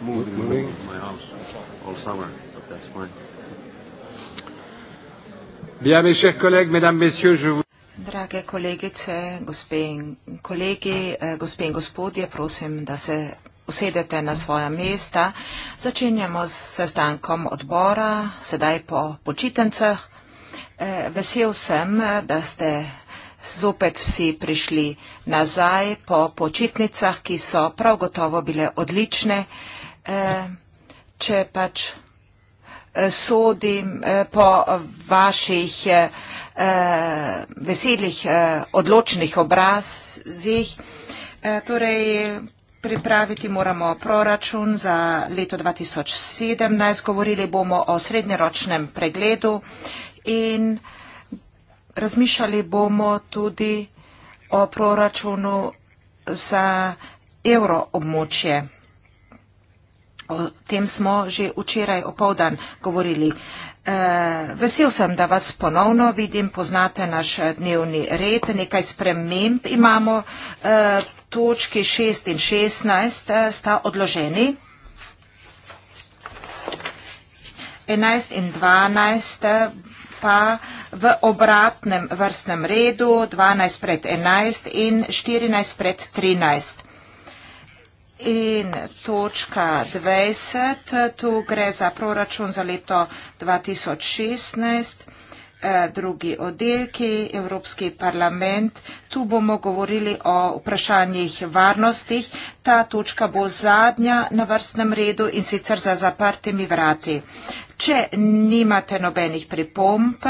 moving, moving my house all summer, but that's fine. Bien, mes chers collègues, mesdames, messieurs, je vous... Drage kolegice, gospe in kolegi, eh, gospe in gospodje, prosim, da se usedete na svoja mesta. Začenjamo s sestankom odbora, sedaj po počitencah. Eh, vesel sem, da ste zopet vsi prišli nazaj po počitnicah, ki so prav gotovo bile odlične. Eh, če pač eh, sodim eh, po vaših veselih odločnih obrazih. Torej, pripraviti moramo proračun za leto 2017. Govorili bomo o srednjeročnem pregledu in razmišljali bomo tudi o proračunu za evroobmočje. O tem smo že včeraj opovdan govorili. E, vesel sem, da vas ponovno vidim, poznate naš dnevni red, nekaj sprememb imamo, e, točki 6 in 16 e, sta odloženi. 11 in 12 e, pa v obratnem vrstnem redu, 12 pred 11 in 14 pred 13 in točka 20, tu gre za proračun za leto 2016, eh, drugi oddelki, Evropski parlament. Tu bomo govorili o vprašanjih varnosti. Ta točka bo zadnja na vrstnem redu in sicer za zaprtimi vrati. Če nimate nobenih pripomp,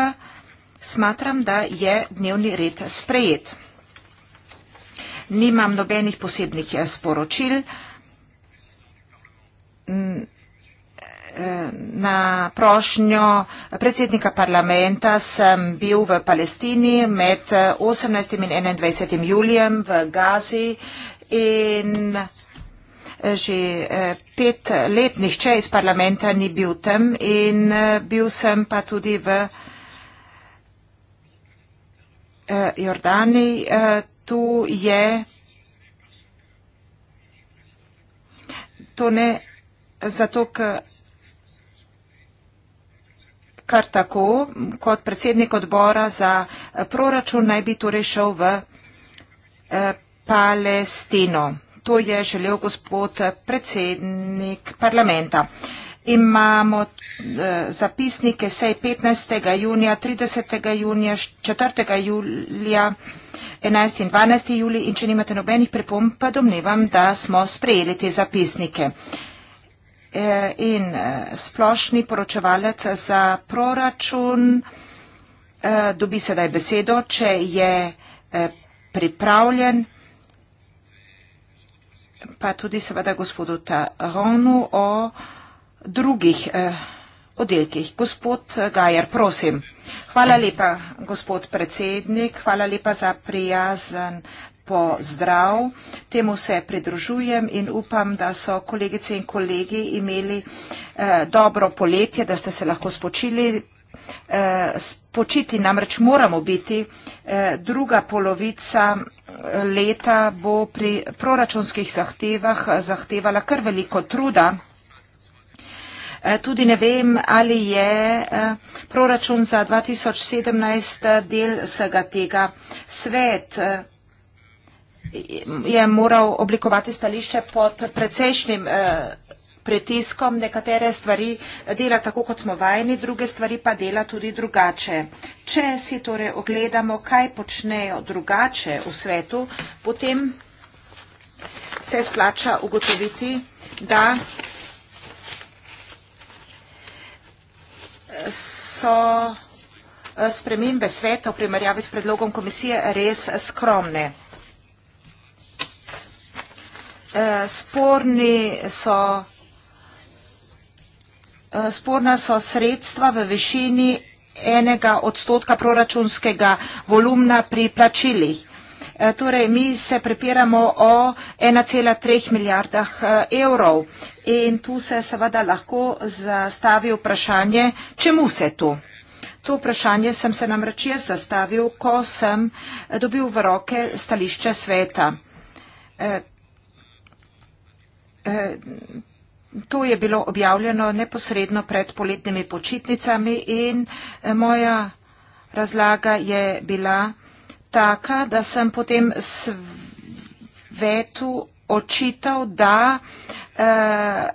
smatram, da je dnevni red sprejet nimam nobenih posebnih eh, sporočil. Eh, na prošnjo predsednika parlamenta sem bil v Palestini med 18. Eh, in 21. julijem v Gazi in že pet let nihče iz parlamenta ni bil tam in bil sem pa tudi v Jordani tu je to ne zato, kar tako, kot predsednik odbora za proračun naj bi torej šel v eh, Palestino. To je želel gospod predsednik parlamenta. Imamo eh, zapisnike sej 15. junija, 30. junija, 4. julija. 11. in 12. julij in če nimate nobenih pripomb, pa domnevam, da smo sprejeli te zapisnike. E, in e, splošni poročevalec za proračun e, dobi sedaj besedo, če je pripravljen, pa tudi seveda gospodu Taronu o drugih oddelkih. Gospod eh, Gajer, prosim. Hvala lepa, gospod predsednik. Hvala lepa za prijazen pozdrav. Temu se pridružujem in upam, da so kolegice in kolegi imeli eh, dobro poletje, da ste se lahko spočili. Eh, spočiti namreč moramo biti. Eh, druga polovica eh, leta bo pri proračunskih zahtevah eh, zahtevala kar veliko truda. Eh, tudi ne vem, ali je eh, proračun za 2017 eh, del vsega tega. Svet je moral oblikovati stališče pod precejšnjim pritiskom. Nekatere stvari dela tako, kot smo vajeni, druge stvari pa dela tudi drugače. Če si torej ogledamo, kaj počnejo drugače v svetu, potem se splača ugotoviti, da so eh, spremembe sveta v primerjavi s predlogom komisije res skromne. Eh, sporni so eh, Sporna so sredstva v višini enega odstotka proračunskega volumna pri plačilih. Torej, mi se prepiramo o 1,3 milijardah evrov in tu se seveda lahko zastavi vprašanje, čemu se to? To vprašanje sem se namreč jaz zastavil, ko sem eh, dobil v roke stališče sveta. Eh, eh, to je bilo objavljeno neposredno pred poletnimi počitnicami in moja razlaga je bila taka, da sem potem svetu očital, da uh,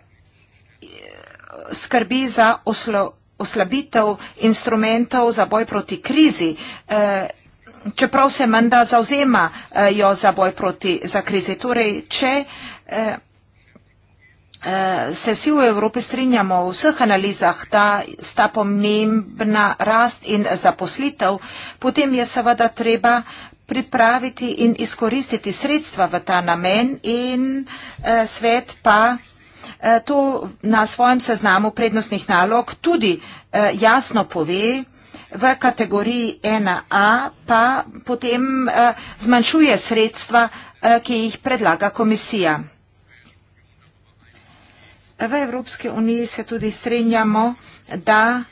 skrbi za oslo, oslabitev instrumentov za boj proti krizi. Uh, čeprav se menda zauzema uh, eh, jo za boj proti za krizi. Torej, če uh, Se vsi v Evropi strinjamo v vseh analizah, da sta pomembna rast in zaposlitev, potem je seveda treba pripraviti in izkoristiti sredstva v ta namen in eh, svet pa eh, to na svojem seznamu prednostnih nalog tudi eh, jasno pove, v kategoriji 1a pa potem eh, zmanjšuje sredstva, eh, ki jih predlaga komisija. V Evropski uniji se tudi strinjamo, da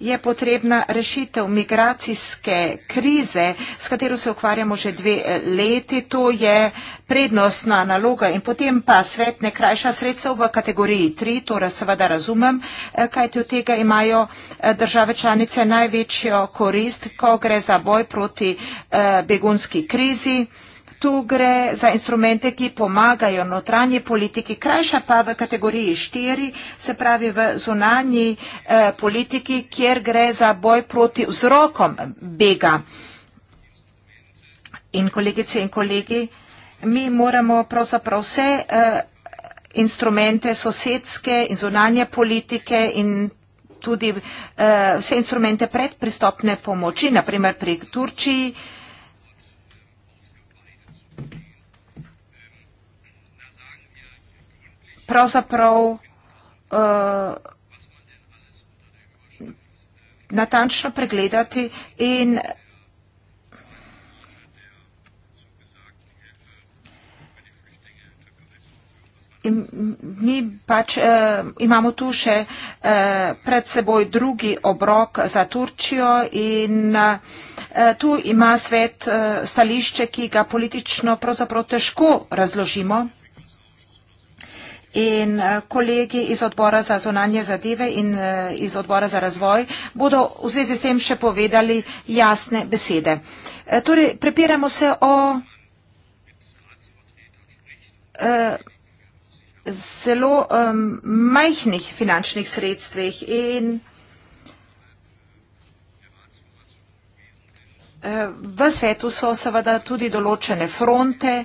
je potrebna rešitev migracijske krize, s katero se ukvarjamo že dve eh, leti. To je prednostna naloga in potem pa svet ne krajša sredstev v kategoriji 3, to torej seveda razumem, eh, kajte od tega imajo eh, države članice največjo korist, ko gre za boj proti begunski krizi. Tu gre za instrumente, ki pomagajo notranji politiki, krajša pa v kategoriji štiri, se pravi v zunanji eh, politiki, kjer gre za boj proti vzrokom bega. In kolegice in kolegi, mi moramo pravzaprav vse eh, instrumente sosedske in zunanje politike in tudi eh, vse instrumente predpristopne pomoči, naprimer pri Turčiji, eh, pravzaprav uh, natančno pregledati in Mi pač eh, imamo tu še eh, pred seboj drugi obrok za Turčijo in eh, tu ima svet eh, stališče, ki ga politično pravzaprav težko razložimo in eh, kolegi iz odbora za zonanje zadeve in eh, iz odbora za razvoj bodo v zvezi s tem še povedali jasne besede. Eh, torej, prepiramo se o zelo majhnih finančnih sredstvih in v svetu so seveda tudi določene fronte,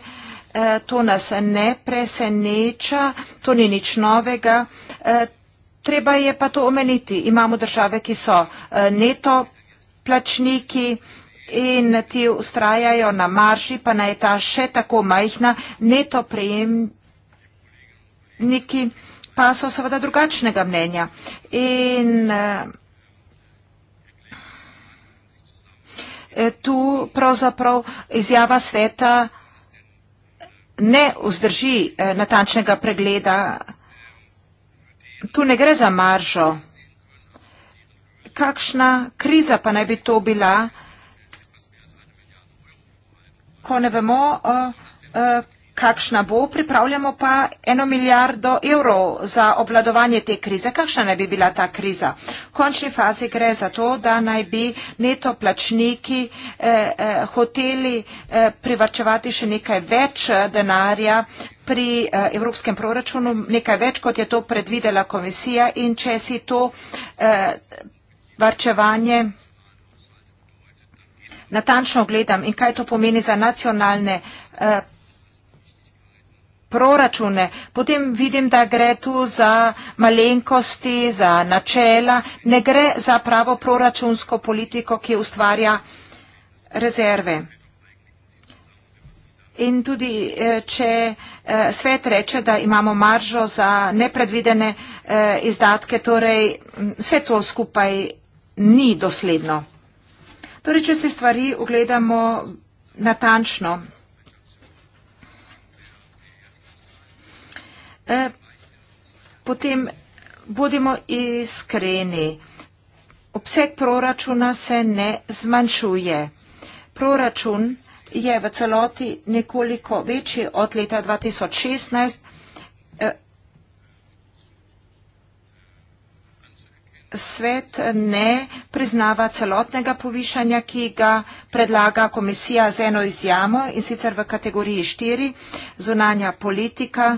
Eh, to nas ne preseneča, to ni nič novega. Eh, treba je pa to omeniti. Imamo države, ki so eh, neto plačniki in ti ustrajajo na marži, pa naj ta še tako majhna, neto prejemniki pa so seveda drugačnega mnenja. In tu pravzaprav izjava sveta ne vzdrži eh, natančnega pregleda. Tu ne gre za maržo. Kakšna kriza pa naj bi to bila, ko ne vemo, eh, eh, kakšna bo, pripravljamo pa eno milijardo evrov za obladovanje te krize. Kakšna naj bi bila ta kriza? V končni fazi gre za to, da naj bi neto plačniki eh, eh, hoteli eh, privrčevati še nekaj več eh, denarja pri eh, evropskem proračunu, nekaj več, kot je to predvidela komisija in če si to eh, varčevanje natančno ogledam in kaj to pomeni za nacionalne eh, proračune, potem vidim, da gre tu za malenkosti, za načela, ne gre za pravo proračunsko politiko, ki ustvarja rezerve. In tudi, eh, če eh, svet reče, da imamo maržo za nepredvidene eh, izdatke, torej vse to skupaj ni dosledno. Torej, če se stvari ugledamo natančno, E, potem bodimo iskreni. Obseg proračuna se ne zmanjšuje. Proračun je v celoti nekoliko večji od leta 2016. E, svet ne priznava celotnega povišanja, ki ga predlaga komisija z eno izjamo in sicer v kategoriji 4 zunanja politika.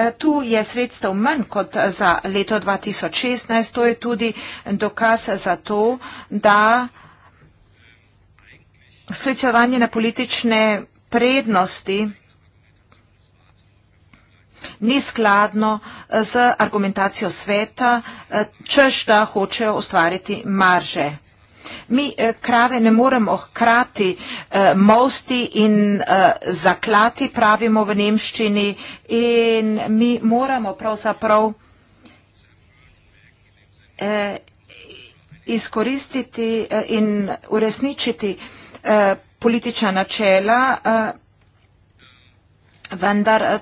Eh, tu je sredstev manj kot eh, za leto 2016. To je tudi dokaz za to, da svečevanje na politične prednosti ni skladno eh, z argumentacijo sveta, češ da hočejo ustvariti marže. Mi eh, krave ne moremo hkrati eh, mosti in eh, zaklati, pravimo v Nemščini, in mi moramo pravzaprav izkoristiti in uresničiti politična načela, vendar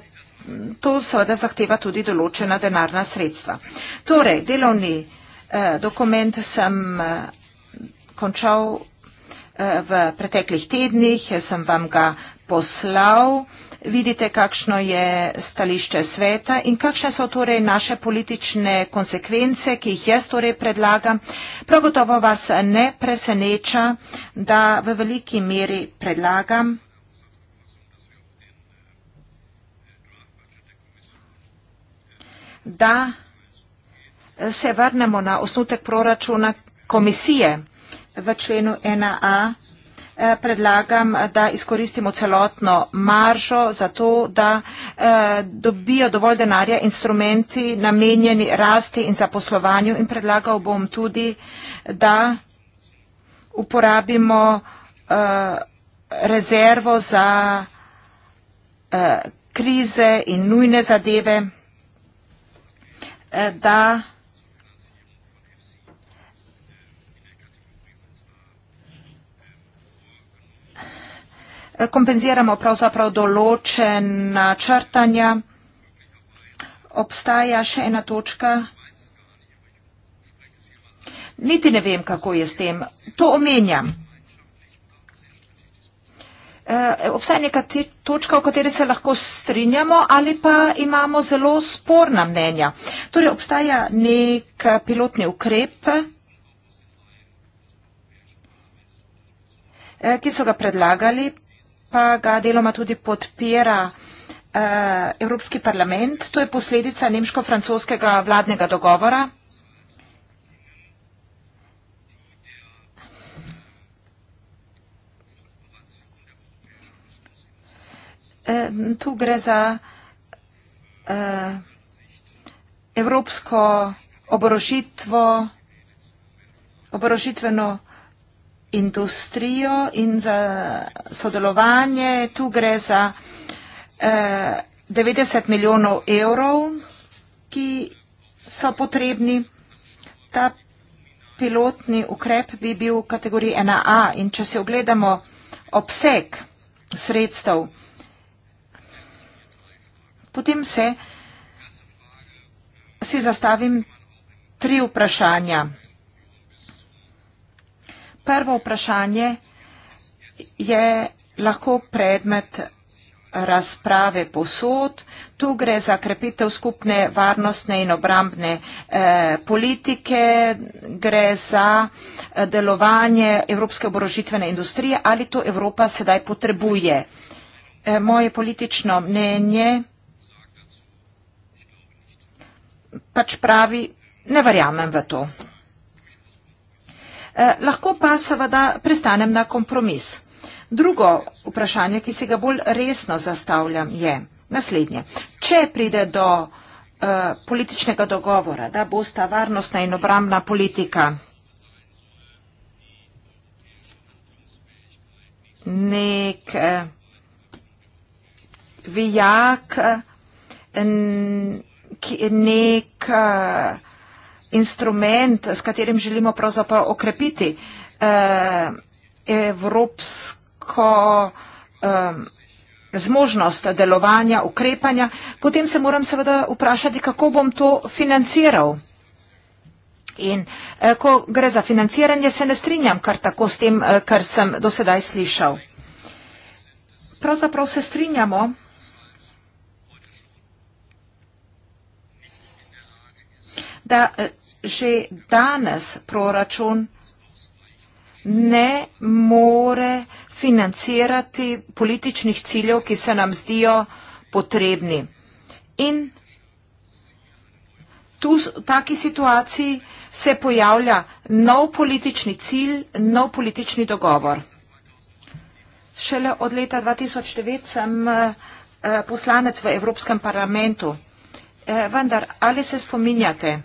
to seveda zahteva tudi določena denarna sredstva. Torej, delovni dokument sem končal eh, v preteklih tednih, sem vam ga poslal. Vidite, kakšno je stališče sveta in kakšne so torej naše politične konsekvence, ki jih jaz torej predlagam. Prav gotovo vas ne preseneča, da v veliki meri predlagam. da se vrnemo na osnutek proračuna komisije v členu 1a eh, predlagam, da izkoristimo celotno maržo za to, da eh, dobijo dovolj denarja instrumenti namenjeni rasti in zaposlovanju in predlagal bom tudi, da uporabimo eh, rezervo za krize in nujne zadeve, da kompenziramo pravzaprav določena črtanja. Obstaja še ena točka. Niti ne vem, kako je s tem. To omenjam. E, obstaja neka točka, o kateri se lahko strinjamo ali pa imamo zelo sporna mnenja. Torej, obstaja nek pilotni ukrep, e, ki so ga predlagali pa ga deloma tudi podpira uh, Evropski parlament. To je posledica nemško-francoskega vladnega dogovora. Eh, tu gre za uh, evropsko oborožitvo, oborožitveno industrijo in za sodelovanje. Tu gre za eh, 90 milijonov evrov, ki so potrebni. Ta pilotni ukrep bi bil v kategoriji 1A in če si ogledamo obseg sredstev, potem se si zastavim tri vprašanja prvo vprašanje je lahko predmet razprave posod. Tu gre za krepitev skupne varnostne in obrambne eh, politike, gre za eh, delovanje evropske oborožitvene industrije ali to Evropa sedaj potrebuje. Eh, moje politično mnenje pač pravi, ne verjamem v to. Eh, lahko pa seveda prestanem na kompromis. Drugo vprašanje, ki si ga bolj resno zastavljam, je naslednje. Če pride do uh, političnega dogovora, da bo sta varnostna in obramna politika nek uh, vijak, uh, nek uh, instrument, s katerim želimo pravzaprav okrepiti eh, evropsko eh, zmožnost delovanja, ukrepanja, potem se moram seveda vprašati, kako bom to financiral. In eh, ko gre za financiranje, se ne strinjam kar tako s tem, eh, kar sem do sedaj slišal. Pravzaprav se strinjamo, da eh, že danes proračun ne more financirati političnih ciljev, ki se nam zdijo potrebni. In tu v taki situaciji se pojavlja nov politični cilj, nov politični dogovor. Šele od leta 2009 sem eh, eh, poslanec v Evropskem parlamentu. Vendar, ali se spominjate?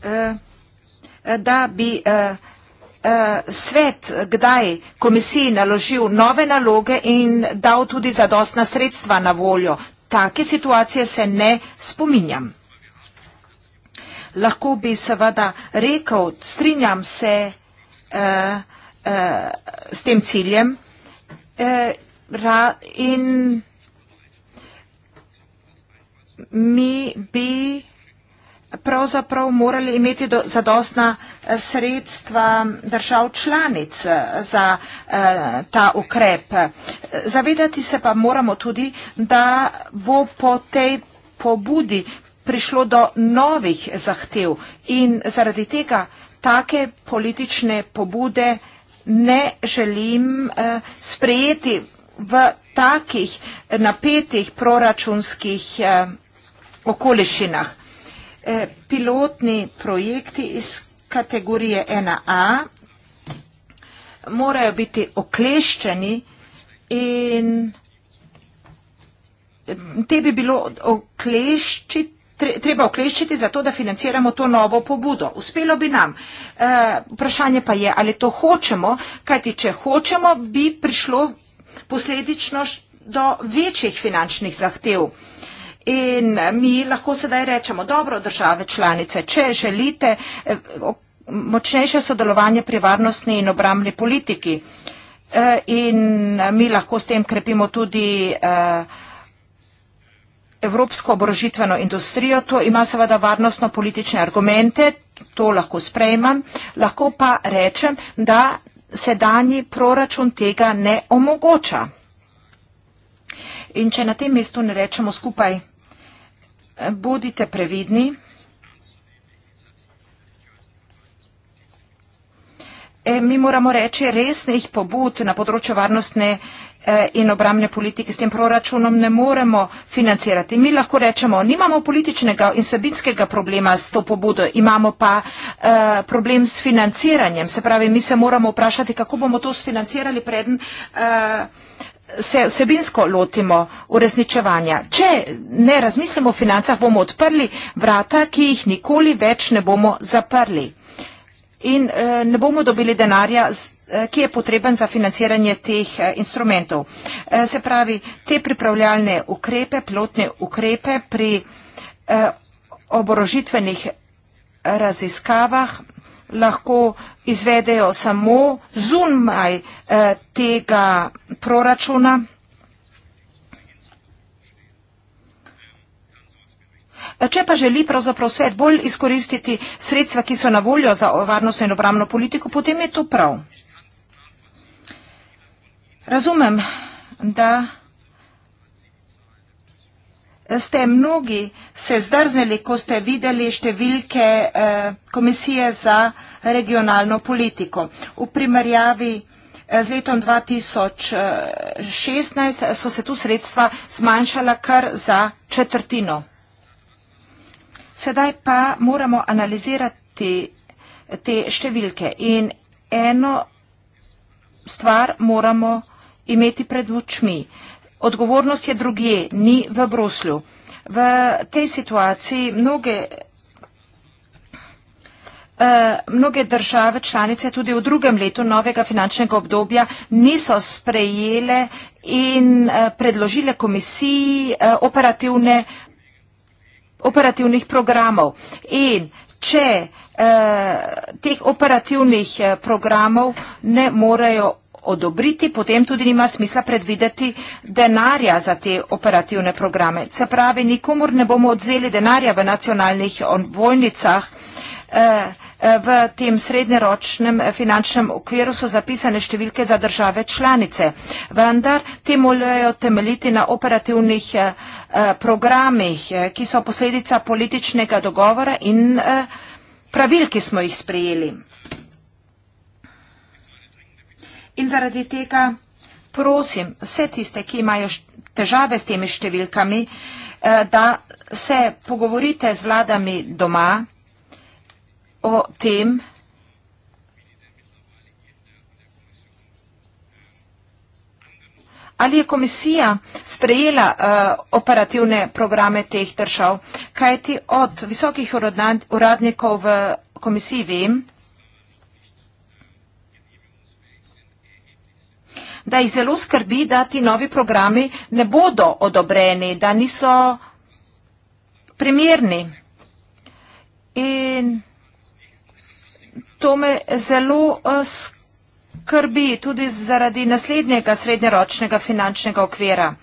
Eh, da bi eh, eh, svet kdaj komisiji naložil nove naloge in dal tudi zadostna sredstva na voljo. Take situacije se ne spominjam. Lahko bi seveda rekel, strinjam se s tem ciljem in mi bi rekel, pravzaprav morali imeti do, zadosna eh, sredstva držav članic eh, za eh, ta ukrep. Zavedati se pa moramo tudi, da bo po tej pobudi prišlo do novih zahtev in zaradi tega take politične pobude ne želim eh, sprejeti v takih napetih proračunskih eh, okoliščinah. Eh, pilotni projekti iz kategorije 1A morajo biti okleščeni in te bi bilo okleščiti treba okleščiti za to, da financiramo to novo pobudo. Uspelo bi nam. E, vprašanje pa je, ali to hočemo, kajti če hočemo, bi prišlo posledično do večjih finančnih zahtev in mi lahko sedaj rečemo, dobro države članice, če želite eh, močnejše sodelovanje pri varnostni in obramni politiki eh, in mi lahko s tem krepimo tudi eh, evropsko oborožitveno industrijo, to ima seveda varnostno politične argumente, to lahko sprejmem, lahko pa rečem, da sedanji proračun tega ne omogoča. In če na tem mestu ne rečemo skupaj Bodite previdni. E, mi moramo reči, resnih pobud na področju varnostne e, in obramne politike s tem proračunom ne moremo financirati. Mi lahko rečemo, nimamo političnega in sabinskega problema s to pobudo, imamo pa e, problem s financiranjem. Se pravi, mi se moramo vprašati, kako bomo to sfinancirali preden se vsebinsko lotimo uresničevanja. Če ne razmislimo o financah, bomo odprli vrata, ki jih nikoli več ne bomo zaprli. In e, ne bomo dobili denarja, eh, ki je potreben za financiranje teh eh, instrumentov. E, se pravi, te pripravljalne ukrepe, pilotne ukrepe pri e, oborožitvenih raziskavah, lahko izvedejo samo zunaj eh, tega proračuna. Eh, če pa želi pravzaprav svet bolj izkoristiti sredstva, ki so na voljo za varnostno in obramno politiko, potem je to prav. Razumem, da ste mnogi se zdrznili, ko ste videli številke eh, Komisije za regionalno politiko. V primerjavi eh, z letom 2016 eh, so se tu sredstva zmanjšala kar za četrtino. Sedaj pa moramo analizirati te številke in eno stvar moramo imeti pred očmi. Odgovornost je drugje, ni v Bruslju. V tej situaciji mnoge, uh, mnoge države članice tudi v drugem letu novega finančnega obdobja niso sprejele in uh, predložile komisiji uh, operativne, operativnih programov. In če uh, teh operativnih uh, programov ne morejo odobriti, potem tudi nima smisla predvideti denarja za te operativne programe. Se pravi, nikomor ne bomo odzeli denarja v nacionalnih vojnicah. Eh, eh, v tem srednjeročnem eh, finančnem okviru so zapisane številke za države članice, vendar te morajo temeljiti na operativnih programih, ki so posledica političnega dogovora in pravil, ki smo jih sprejeli. In zaradi tega prosim vse tiste, ki imajo težave s temi številkami, eh, da se pogovorite z vladami doma o tem, ali je komisija sprejela uh, operativne programe teh držav, kajti od visokih uradnikov v komisiji vem, da jih zelo skrbi, da ti novi programi ne bodo odobreni, da niso primerni. In to me zelo eh, skrbi tudi zaradi naslednjega srednjeročnega finančnega okvira.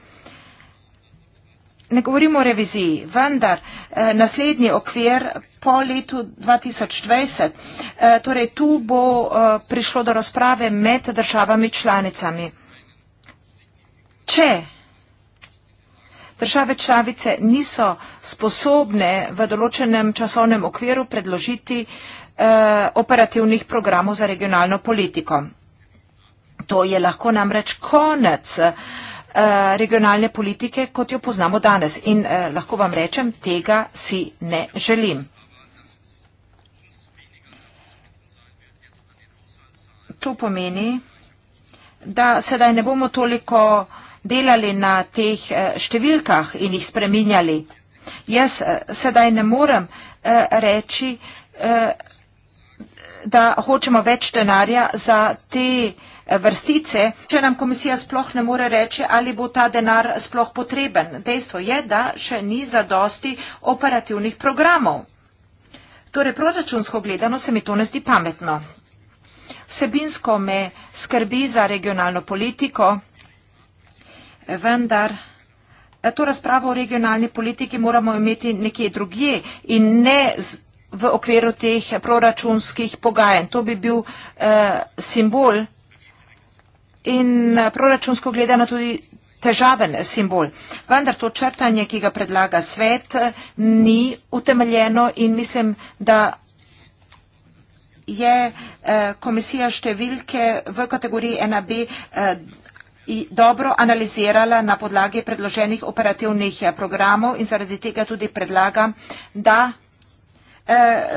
Ne govorimo o reviziji, vendar eh, naslednji okvir po letu 2020. E, torej, tu bo e, prišlo do razprave med državami članicami. Če države članice niso sposobne v določenem časovnem okviru predložiti e, operativnih programov za regionalno politiko. To je lahko namreč konec regionalne politike, kot jo poznamo danes. In lahko vam rečem, tega si ne želim. To pomeni, da sedaj ne bomo toliko delali na teh eh, številkah in jih spreminjali. Jaz eh, sedaj ne morem eh, reči, da hočemo več denarja za te vrstice, če nam komisija sploh ne more reči, ali bo ta denar sploh potreben. Dejstvo je, da še ni za dosti operativnih programov. Torej, proračunsko gledano se mi to ne zdi pametno. Vsebinsko me skrbi za regionalno politiko, vendar eh, to razpravo o regionalni politiki moramo imeti nekje drugje in ne v okviru teh proračunskih pogajanj. To bi bil eh, simbol in eh, proračunsko gledano tudi težaven simbol. Vendar to črtanje, ki ga predlaga svet, ni utemeljeno in mislim, da je eh, komisija številke v kategoriji 1B eh, dobro analizirala na podlagi predloženih operativnih eh, programov in zaradi tega tudi predlagam, da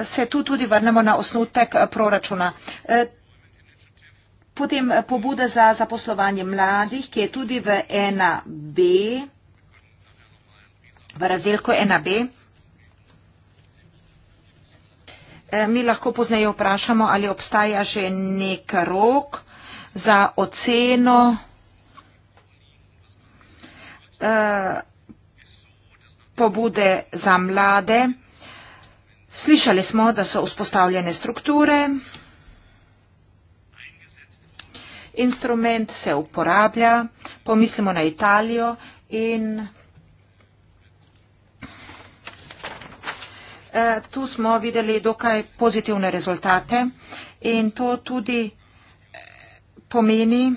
se tu tudi vrnemo na osnutek proračuna. Potem pobuda za zaposlovanje mladih, ki je tudi v 1B, v razdelku 1B, Eh, mi lahko pozneje vprašamo, ali obstaja že nek rok za oceno eh, pobude za mlade. Slišali smo, da so vzpostavljene strukture, instrument se uporablja, pomislimo na Italijo in Eh, tu smo videli dokaj pozitivne rezultate in to tudi eh, pomeni,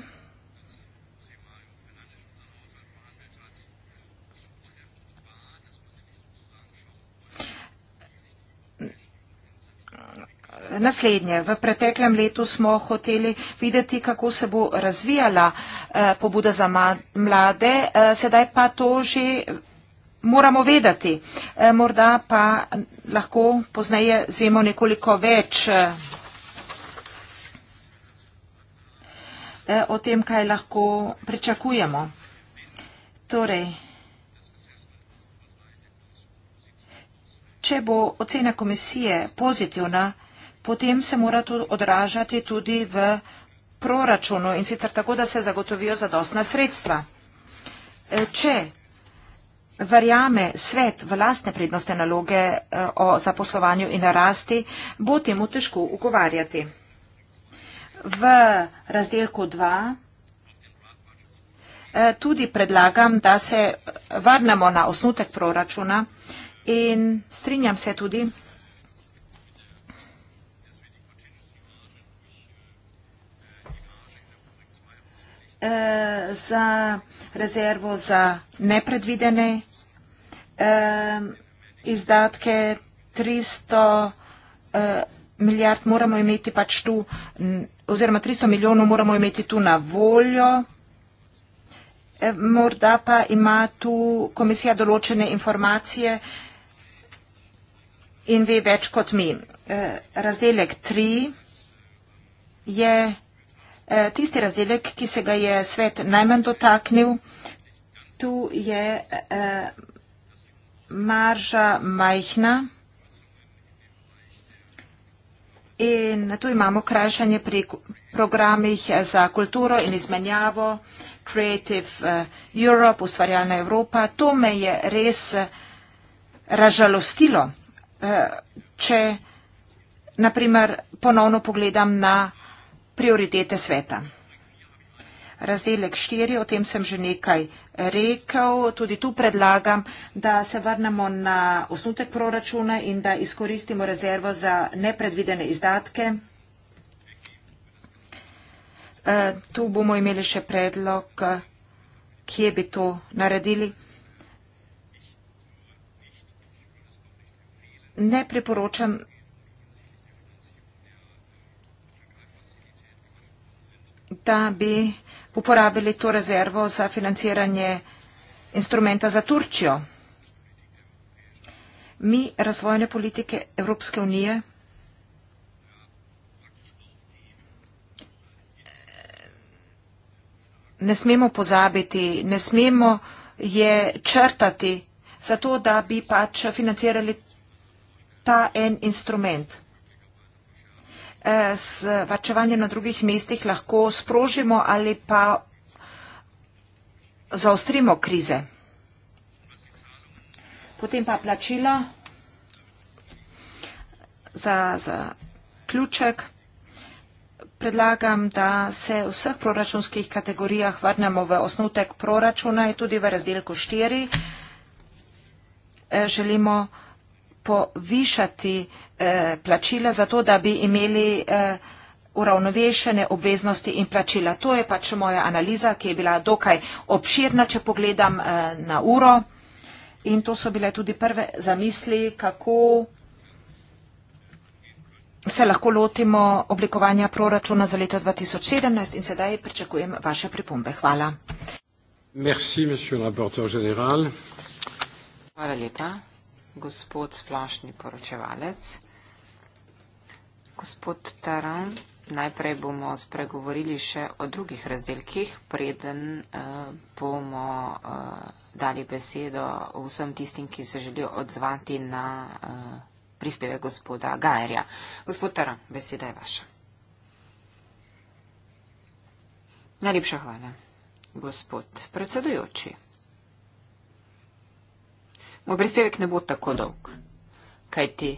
Naslednje, v preteklem letu smo hoteli videti, kako se bo razvijala eh, pobuda za mlade, sedaj pa to že moramo vedeti. Eh, morda pa lahko pozneje zvemo nekoliko več eh, eh, o tem, kaj lahko pričakujemo. Torej, če bo ocena komisije pozitivna, potem se mora to odražati tudi v proračunu in sicer tako, da se zagotovijo zadostna sredstva. Če verjame svet v lastne prednostne naloge eh, o zaposlovanju in rasti, bo temu težko ugovarjati. V razdelku 2 eh, tudi predlagam, da se vrnemo na osnutek proračuna in strinjam se tudi, eh, za rezervo za nepredvidene eh, izdatke 300 eh, milijard moramo imeti pač tu, oziroma 300 milijonov moramo imeti tu na voljo. Eh, morda pa ima tu komisija določene informacije in ve več kot mi. Eh, razdelek 3 je eh, tisti razdelek, ki se ga je svet najmanj dotaknil. Tu je eh, marža majhna in tu imamo krajšanje pri programih za kulturo in izmenjavo Creative eh, Europe, ustvarjalna Evropa. To me je res eh, ražalostilo, eh, če naprimer ponovno pogledam na prioritete sveta razdelek 4, o tem sem že nekaj rekel. Tudi tu predlagam, da se vrnemo na osnutek proračuna in da izkoristimo rezervo za nepredvidene izdatke. E, tu bomo imeli še predlog, kje bi to naredili. Ne priporočam. da bi uh, uporabili to rezervo za financiranje instrumenta za Turčijo. Mi razvojne politike Evropske unije ne smemo pozabiti, ne smemo je črtati, zato da bi pač financirali ta en instrument z eh, vačevanjem na drugih mestih lahko sprožimo ali pa zaostrimo krize. Potem pa plačila za, za ključek. Predlagam, da se v vseh proračunskih kategorijah vrnemo v osnutek proračuna in tudi v razdelku 4. Eh, želimo povišati eh, plačila za to, da bi imeli eh, uravnovešene obveznosti in plačila. To je pač moja analiza, ki je bila dokaj obširna, če pogledam eh, na uro. In to so bile tudi prve zamisli, kako se lahko lotimo oblikovanja proračuna za leto 2017 in sedaj pričakujem vaše pripombe. Hvala. Merci, Hvala lepa gospod splošni poročevalec. Gospod Taran, najprej bomo spregovorili še o drugih razdelkih, preden eh, bomo eh, dali besedo vsem tistim, ki se želijo odzvati na eh, prispeve gospoda Gajerja. Gospod Taran, beseda je vaša. Najlepša hvala, gospod predsedujoči. Moj prispevek ne bo tako dolg, kaj ti.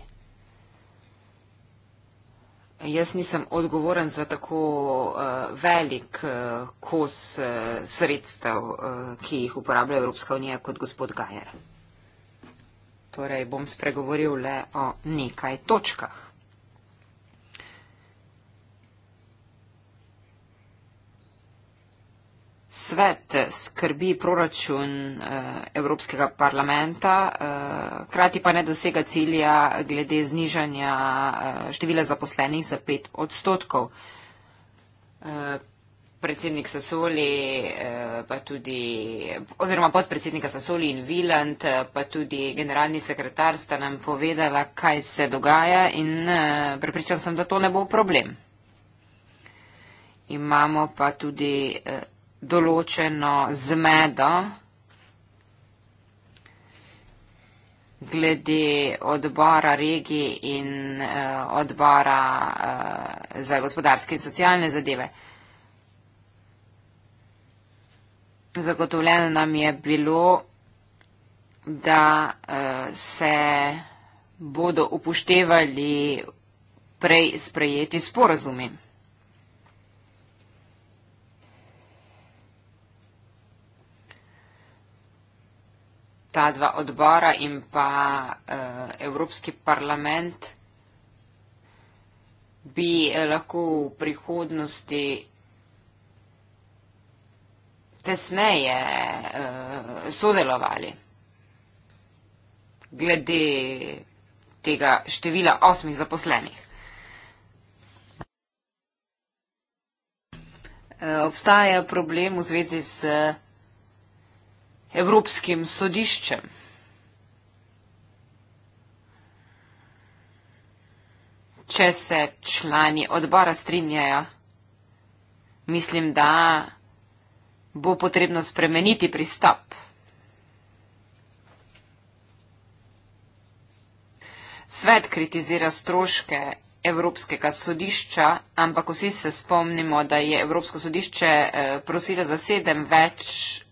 Jaz nisem odgovoren za tako uh, velik uh, kos uh, sredstev, uh, ki jih uporablja Evropska unija kot gospod Gajer. Torej bom spregovoril le o nekaj točkah. svet skrbi proračun eh, Evropskega parlamenta, eh, krati pa ne dosega cilja glede znižanja eh, števila zaposlenih za pet odstotkov. Predsednik Sasoli, pa tudi, oziroma podpredsednika Sasoli in Viland, pa tudi generalni sekretar sta nam povedala, kaj se dogaja in prepričan sem, da to ne bo problem. Imamo pa tudi določeno zmedo glede odbora regije in uh, odbora uh, za gospodarske in socialne zadeve. Zagotovljeno nam je bilo, da uh, se bodo upoštevali prej sprejeti sporazumi. ta dva odbora in pa uh, Evropski parlament bi eh, lahko v prihodnosti tesneje uh, sodelovali glede tega števila osmih zaposlenih. Obstaja problem v zvezi z Evropskim sodiščem. Če se člani odbora strinjajo, mislim, da bo potrebno spremeniti pristop. Svet kritizira stroške Evropskega sodišča, ampak vsi se spomnimo, da je Evropsko sodišče eh, prosilo za sedem, več,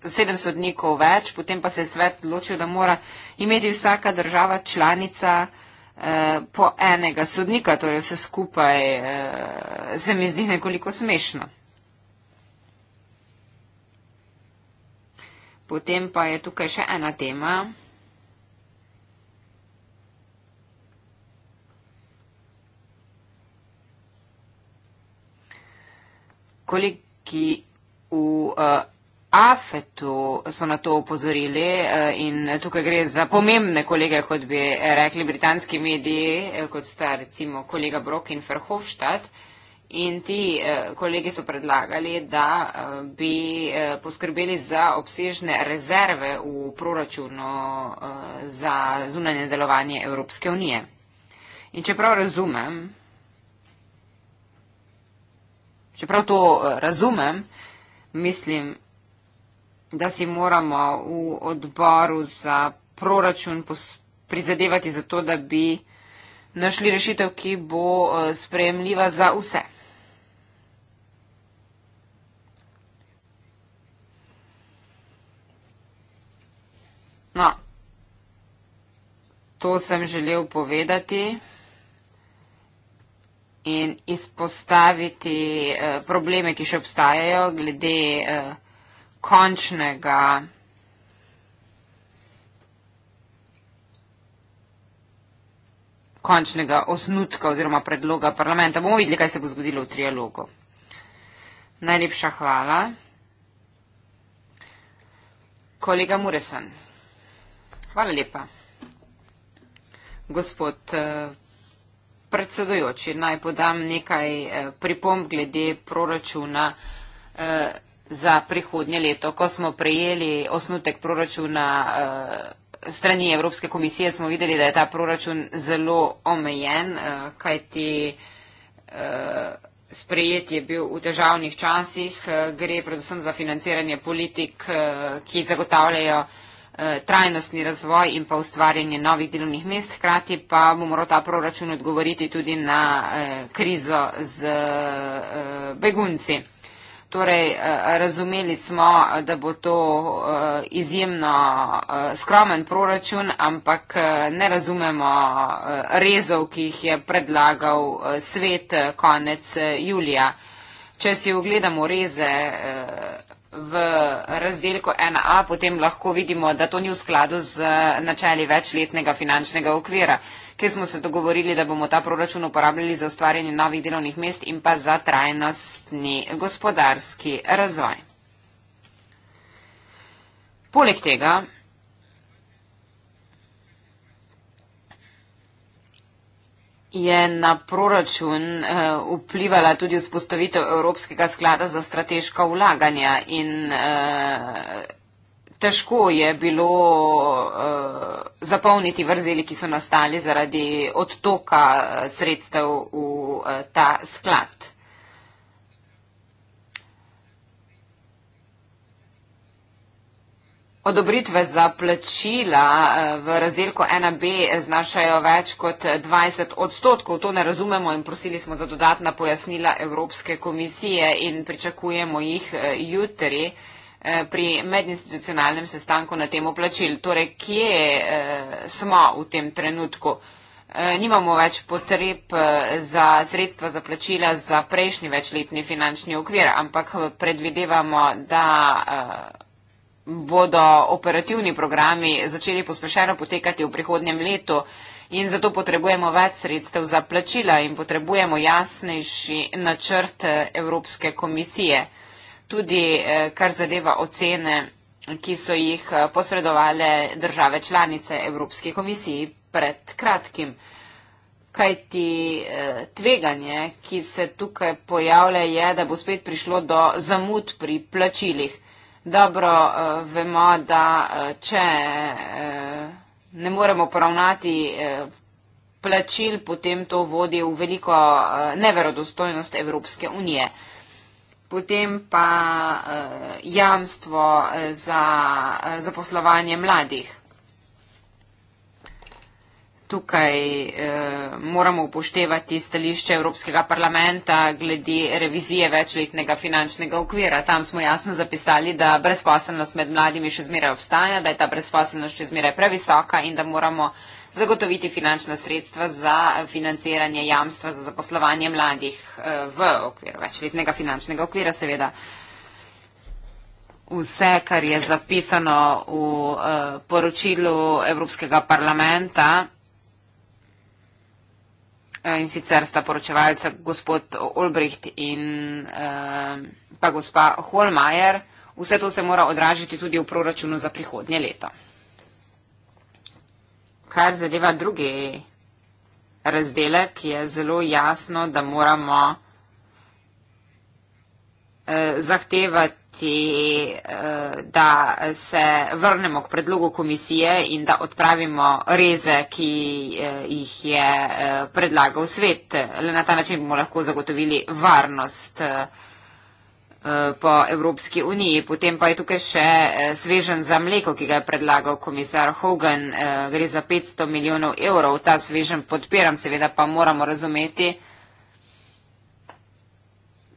sedem sodnikov več, potem pa se je svet odločil, da mora imeti vsaka država članica eh, po enega sodnika, torej vse skupaj eh, se mi zdi nekoliko smešno. Potem pa je tukaj še ena tema. Koliki v uh, Afetu so na to upozorili uh, eh, in tukaj gre za pomembne kolege, kot bi rekli britanski mediji, eh, kot sta recimo kolega Brok in Verhofstadt. In ti eh, kolegi so predlagali, da eh, bi eh, poskrbeli za obsežne rezerve v proračunu eh, za zunanje delovanje Evropske unije. In čeprav razumem, čeprav to eh, razumem, mislim, da si moramo v odboru za proračun prizadevati za to, da bi našli rešitev, ki bo eh, sprejemljiva za vse. No, to sem želel povedati in izpostaviti eh, probleme, ki še obstajajo glede eh, končnega končnega osnutka oziroma predloga parlamenta. Bomo videli, kaj se bo zgodilo v trialogu. Najlepša hvala. Kolega Muresan. Hvala lepa. Gospod eh, predsedujoči, naj podam nekaj eh, pripomb glede proračuna eh, za prihodnje leto. Ko smo prejeli osnutek proračuna eh, strani Evropske komisije, smo videli, da je ta proračun zelo omejen, kajti sprejet je bil v težavnih časih. Gre predvsem za financiranje politik, ki zagotavljajo Eh, trajnostni razvoj in pa ustvarjanje novih delovnih mest. Hkrati pa bo moral ta proračun odgovoriti tudi na eh, krizo z eh, begunci. Torej, eh, razumeli smo, da bo to eh, izjemno skromen proračun, ampak ne razumemo rezov, ki jih je predlagal svet konec julija. Če si ogledamo reze v razdelku 1a, potem lahko vidimo, da to ni v skladu z eh, načeli večletnega finančnega okvira, ki smo se dogovorili, da bomo ta proračun uporabljali za ustvarjanje novih delovnih mest in pa za trajnostni gospodarski razvoj. Poleg tega je na proračun uh, vplivala tudi vzpostavitev Evropskega sklada za strateška vlaganja in uh, težko je bilo uh, zapolniti vrzeli, ki so nastali zaradi odtoka sredstev v uh, ta sklad. Odobritve za plačila eh, v razdelku 1b znašajo več kot 20 odstotkov. To ne razumemo in prosili smo za dodatna pojasnila Evropske komisije in pričakujemo jih eh, jutri eh, pri medinstitucionalnem sestanku na temo plačil. Torej, kje smo v tem trenutku? Nimamo več potreb za sredstva za plačila za prejšnji večletni finančni okvir, ampak predvidevamo, da bodo operativni programi začeli pospešeno potekati v prihodnjem letu in zato potrebujemo več sredstev za plačila in potrebujemo jasnejši načrt eh, Evropske komisije. Tudi eh, kar zadeva ocene, ki so jih eh, posredovale države članice Evropske komisije pred kratkim. Kaj ti tveganje, ki se tukaj pojavlja, je, da bo spet prišlo do zamud pri plačilih dobro uh, vemo, da uh, če uh, ne moremo poravnati uh, plačil, potem to vodi v veliko uh, neverodostojnost Evropske unije. Potem pa uh, jamstvo za uh, zaposlovanje mladih tukaj eh, moramo upoštevati stališče Evropskega parlamenta glede revizije večletnega finančnega okvira. Tam smo jasno zapisali, da brezposelnost med mladimi še zmeraj obstaja, da je ta brezposelnost še zmeraj previsoka in da moramo zagotoviti finančna sredstva za financiranje jamstva za zaposlovanje mladih eh, v okviru večletnega finančnega okvira, seveda. Vse, kar je zapisano v uh, poročilu Evropskega parlamenta, in sicer sta poročevalca gospod Olbricht in eh, pa gospa Holmajer. Vse to se mora odražiti tudi v proračunu za prihodnje leto. Kar zadeva drugi razdelek, je zelo jasno, da moramo Eh, zahtevati, eh, da se vrnemo k predlogu komisije in da odpravimo reze, ki eh, jih je predlagal svet. Le na ta način bomo lahko zagotovili varnost po Evropski uniji. Potem pa je tukaj še svežen za mleko, ki ga je predlagal komisar Hogan. Gre za 500 milijonov evrov. Ta svežen podpiram, seveda pa moramo razumeti,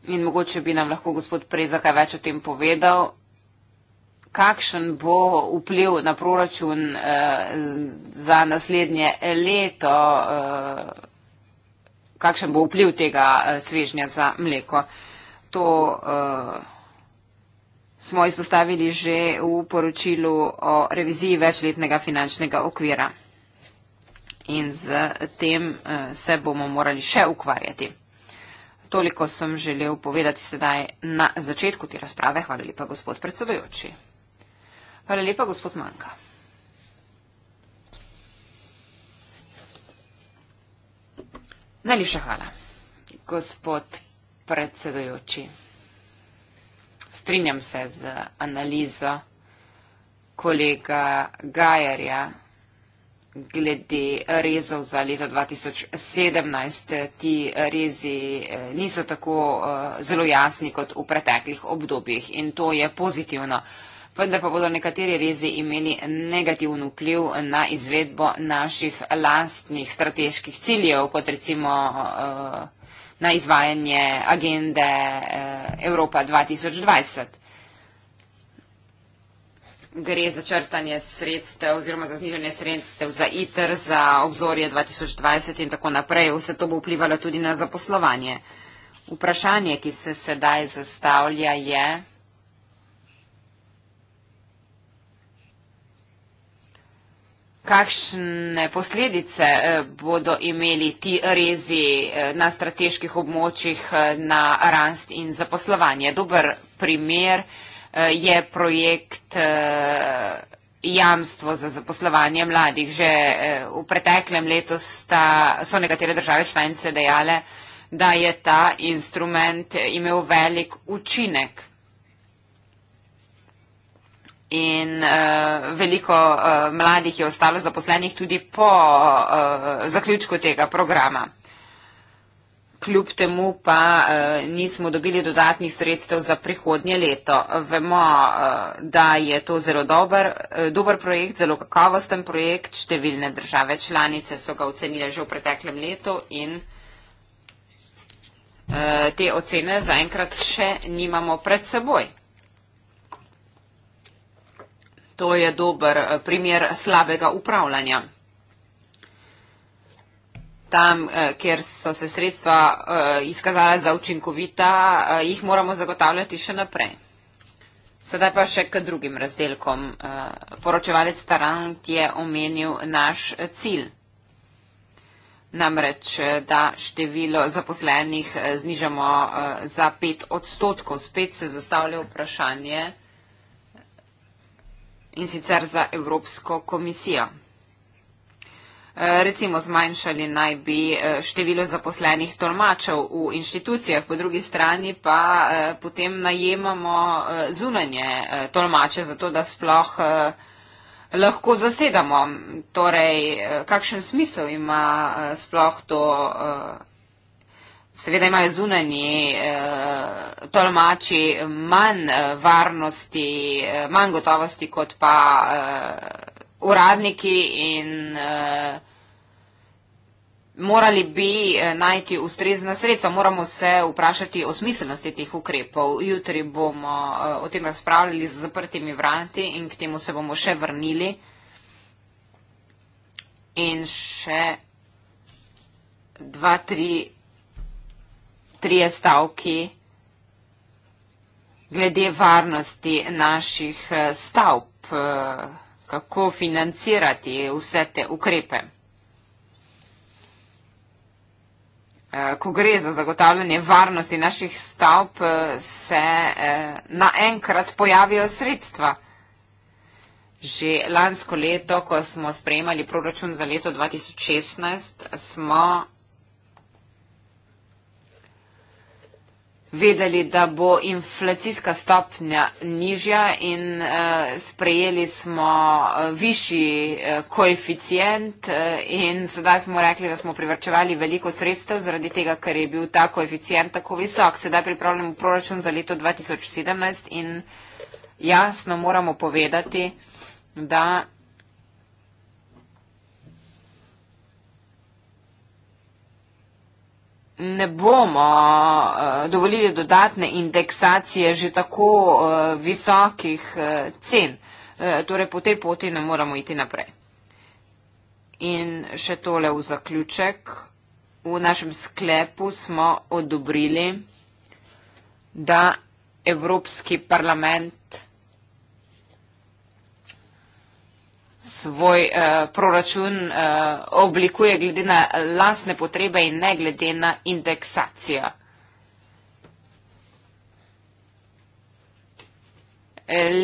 In mogoče bi nam lahko gospod Preza kaj več o tem povedal. Kakšen bo vpliv na proračun eh, za naslednje leto, eh, kakšen bo vpliv tega eh, svežnja za mleko? To eh, smo izpostavili že v poročilu o reviziji večletnega finančnega okvira. In z tem eh, se bomo morali še ukvarjati. Toliko sem želel povedati sedaj na začetku te razprave. Hvala lepa, gospod predsedojoči. Hvala lepa, gospod Manka. Najlepša hvala, gospod predsedojoči. Strinjam se z analizo kolega Gajarja, glede rezov za leto 2017. Ti rezi eh, niso tako eh, zelo jasni kot v preteklih obdobjih in to je pozitivno. Vendar pa bodo nekateri rezi imeli negativen vpliv na izvedbo naših lastnih strateških ciljev, kot recimo eh, na izvajanje agende Evropa 2020 gre za črtanje sredstev oziroma za znižanje sredstev za ITR, za obzorje 2020 in tako naprej. Vse to bo vplivalo tudi na zaposlovanje. Vprašanje, ki se sedaj zastavlja, je. Kakšne posledice eh, bodo imeli ti rezi eh, na strateških območjih eh, na rast in zaposlovanje? Dober primer. Eh, je projekt eh, jamstvo za zaposlovanje mladih. Že eh, v preteklem letu sta, so nekatere države članice dejale, da je ta instrument imel velik učinek. In uh, veliko uh, mladih je ostalo zaposlenih tudi po uh, zaključku tega programa kljub temu pa eh, nismo dobili dodatnih sredstev za prihodnje leto. Vemo, eh, da je to zelo dober, eh, dober projekt, zelo kakovosten projekt, številne države članice so ga ocenile že v preteklem letu in te ocene zaenkrat še nimamo pred seboj. To je dober primer slabega upravljanja tam, eh, kjer so se sredstva eh, izkazala za učinkovita, eh, jih moramo zagotavljati še naprej. Sedaj pa še k drugim razdelkom. Poročevalec Tarant je omenil naš cilj. Namreč, da število zaposlenih znižamo za pet odstotkov. Spet se zastavlja vprašanje in sicer za Evropsko komisijo. Recimo zmanjšali naj bi eh, število zaposlenih tolmačev v inštitucijah, po drugi strani pa eh, potem najemamo eh, zunanje tolmače, zato da sploh lahko zasedamo. Torej, kakšen smisel ima sploh to, seveda imajo zunanji tolmači manj varnosti, manj gotovosti kot pa uradniki in uh, morali bi eh, najti ustrezna sredstva. Moramo se vprašati o smiselnosti teh ukrepov. Jutri bomo uh, o tem razpravljali z zaprtimi vrati in k temu se bomo še vrnili. In še dva, tri, tri stavki glede varnosti naših stavb. Uh, kako financirati vse te ukrepe. Eh, ko gre za zagotavljanje varnosti naših stavb, eh, se eh, naenkrat pojavijo sredstva. Že lansko leto, ko smo sprejemali proračun za leto 2016, smo vedeli, da bo inflacijska stopnja nižja in uh, sprejeli smo uh, višji uh, koeficient uh, in sedaj smo rekli, da smo privrčevali veliko sredstev zaradi tega, ker je bil ta koeficient tako visok. Sedaj pripravljamo proračun za leto 2017 in jasno moramo povedati, da ne bomo eh, dovolili dodatne indeksacije že tako eh, visokih eh, cen. Torej, po tej poti ne moramo iti naprej. In še tole v zaključek. V našem sklepu smo odobrili, da Evropski parlament svoj uh, proračun uh, oblikuje glede na lastne potrebe in ne glede na indeksacijo.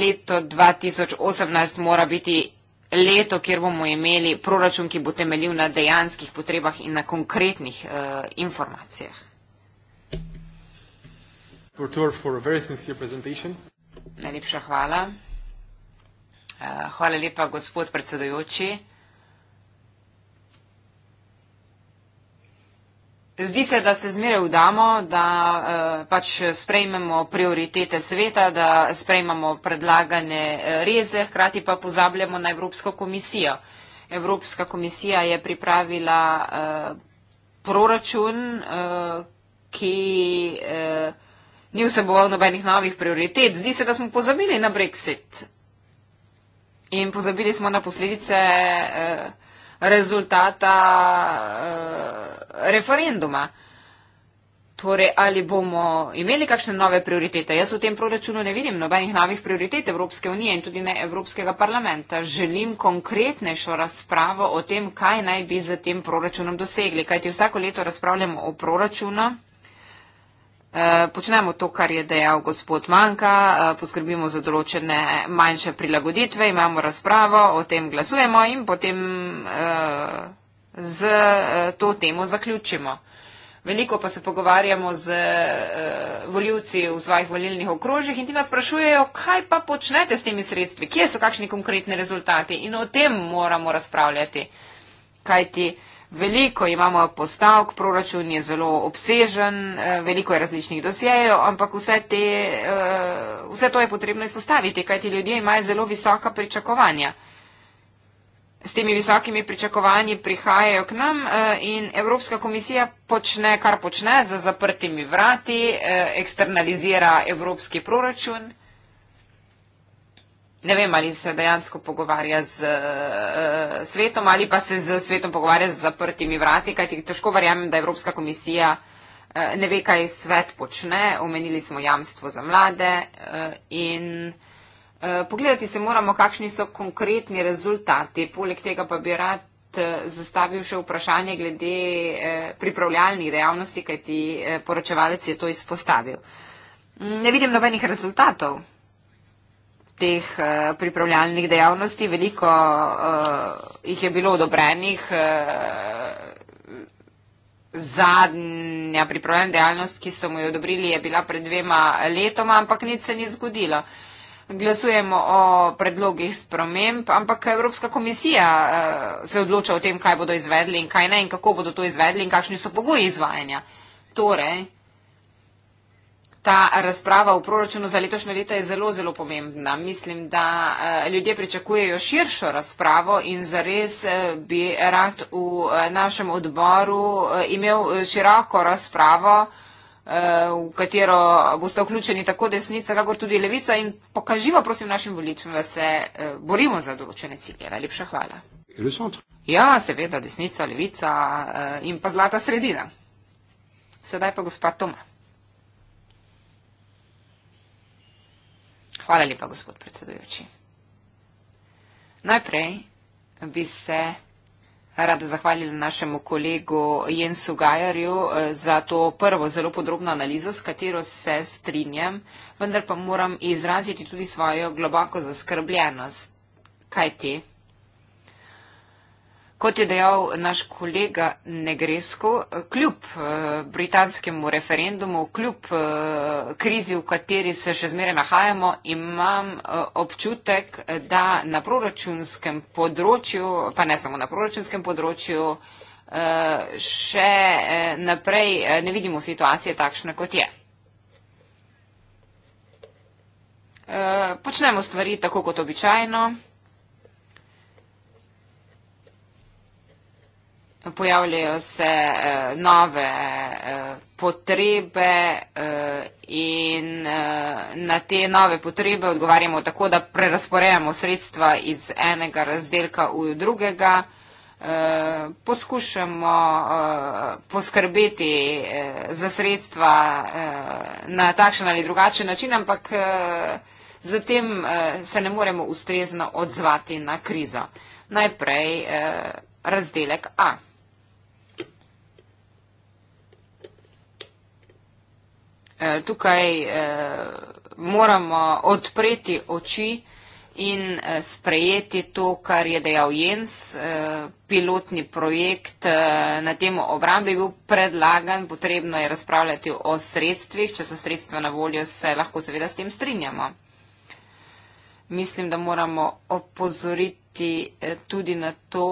Leto 2018 mora biti leto, kjer bomo imeli proračun, ki bo temeljil na dejanskih potrebah in na konkretnih uh, informacijah. Najlepša hvala. Eh, hvala lepa, gospod predsedujoči. Zdi se, da se zmere vdamo, da eh, pač sprejmemo prioritete sveta, da sprejmamo predlagane eh, reze, hkrati pa pozabljamo na Evropsko komisijo. Evropska komisija je pripravila proračun, ki ni vseboval nobenih novih prioritet. Zdi se, da smo pozabili na Brexit in pozabili smo na posledice eh, rezultata eh, referenduma. Torej, ali bomo imeli kakšne nove prioritete? Jaz v tem proračunu ne vidim nobenih novih prioritet Evropske unije in tudi ne Evropskega parlamenta. Želim konkretnejšo razpravo o tem, kaj naj bi z tem proračunom dosegli. Kajti vsako leto razpravljamo o proračunu, Eh, počnemo to, kar je dejal gospod Manka, eh, poskrbimo za določene manjše prilagoditve, imamo razpravo, o tem glasujemo in potem eh, z to temo zaključimo. Veliko pa se pogovarjamo z voljivci v svojih volilnih okrožjih in ti nas sprašujejo, kaj pa počnete s temi sredstvi, kje so kakšni konkretni rezultati in o tem moramo razpravljati. Kaj ti? veliko imamo postavk, proračun je zelo obsežen, eh, veliko je različnih dosjejev, ampak vse, te, eh, vse to je potrebno izpostaviti, kajti ljudje imajo zelo visoka pričakovanja. S temi visokimi pričakovanji prihajajo k nam eh, in Evropska komisija počne, kar počne, za zaprtimi vrati, eksternalizira evropski proračun ne vem, ali se dejansko pogovarja z uh, svetom ali pa se z svetom pogovarja z zaprtimi vrati, kajti težko verjamem, da Evropska komisija uh, ne ve, kaj svet počne. Omenili smo jamstvo za mlade uh, in uh, pogledati se moramo, kakšni so konkretni rezultati. Poleg tega pa bi rad zastavil še vprašanje glede eh, pripravljalnih dejavnosti, kajti eh, poročevalec je to izpostavil. Ne vidim nobenih rezultatov teh uh, pripravljalnih dejavnosti, veliko uh, jih je bilo odobrenih. Uh, zadnja pripravljalna dejavnost, ki so mu jo odobrili, je bila pred dvema letoma, ampak nič se ni zgodilo. Glasujemo o predlogih sprememb, ampak Evropska komisija uh, se odloča o tem, kaj bodo izvedli in kaj ne in kako bodo to izvedli in kakšni so pogoji izvajanja. Torej, ta razprava v proračunu za letošnje leto je zelo, zelo pomembna. Mislim, da eh, ljudje pričakujejo širšo razpravo in zares eh, bi rad v eh, našem odboru imel široko razpravo, v katero boste vključeni tako desnica, kakor tudi levica in pokaživa, prosim, našim volitvam, da se borimo za določene cilje. Najlepša hvala. Ja, seveda, desnica, levica in pa zlata sredina. Sedaj pa gospod Tomas. Hvala lepa, gospod predsedujoči. Najprej bi se rada zahvalila našemu kolegu Jensu Gajarju eh, za to prvo zelo podrobno analizo, s katero se strinjam, vendar pa moram izraziti tudi svojo globoko zaskrbljenost. Kaj ti? Kot je dejal naš kolega Negresko, kljub eh, britanskemu referendumu, kljub eh, krizi, v kateri se še zmeraj nahajamo, imam eh, občutek, da na proračunskem področju, pa ne samo na proračunskem področju, še naprej ne vidimo situacije takšne, kot je. Počnemo stvari tako kot običajno. pojavljajo se uh, nove uh, potrebe uh, in uh, na te nove potrebe odgovarjamo tako, da prerasporejamo sredstva iz enega razdelka v drugega, uh, poskušamo uh, poskrbeti uh, za sredstva uh, na takšen ali drugačen način, ampak uh, Zatem eh, se ne moremo ustrezno odzvati na krizo. Najprej eh, razdelek A. Eh, tukaj eh, moramo odpreti oči in eh, sprejeti to, kar je dejal Jens. Pilotni projekt na temo obrambi je bil predlagan, potrebno je razpravljati o sredstvih, če so sredstva na voljo, se lahko seveda s tem strinjamo. Mislim, da moramo opozoriti tudi na to,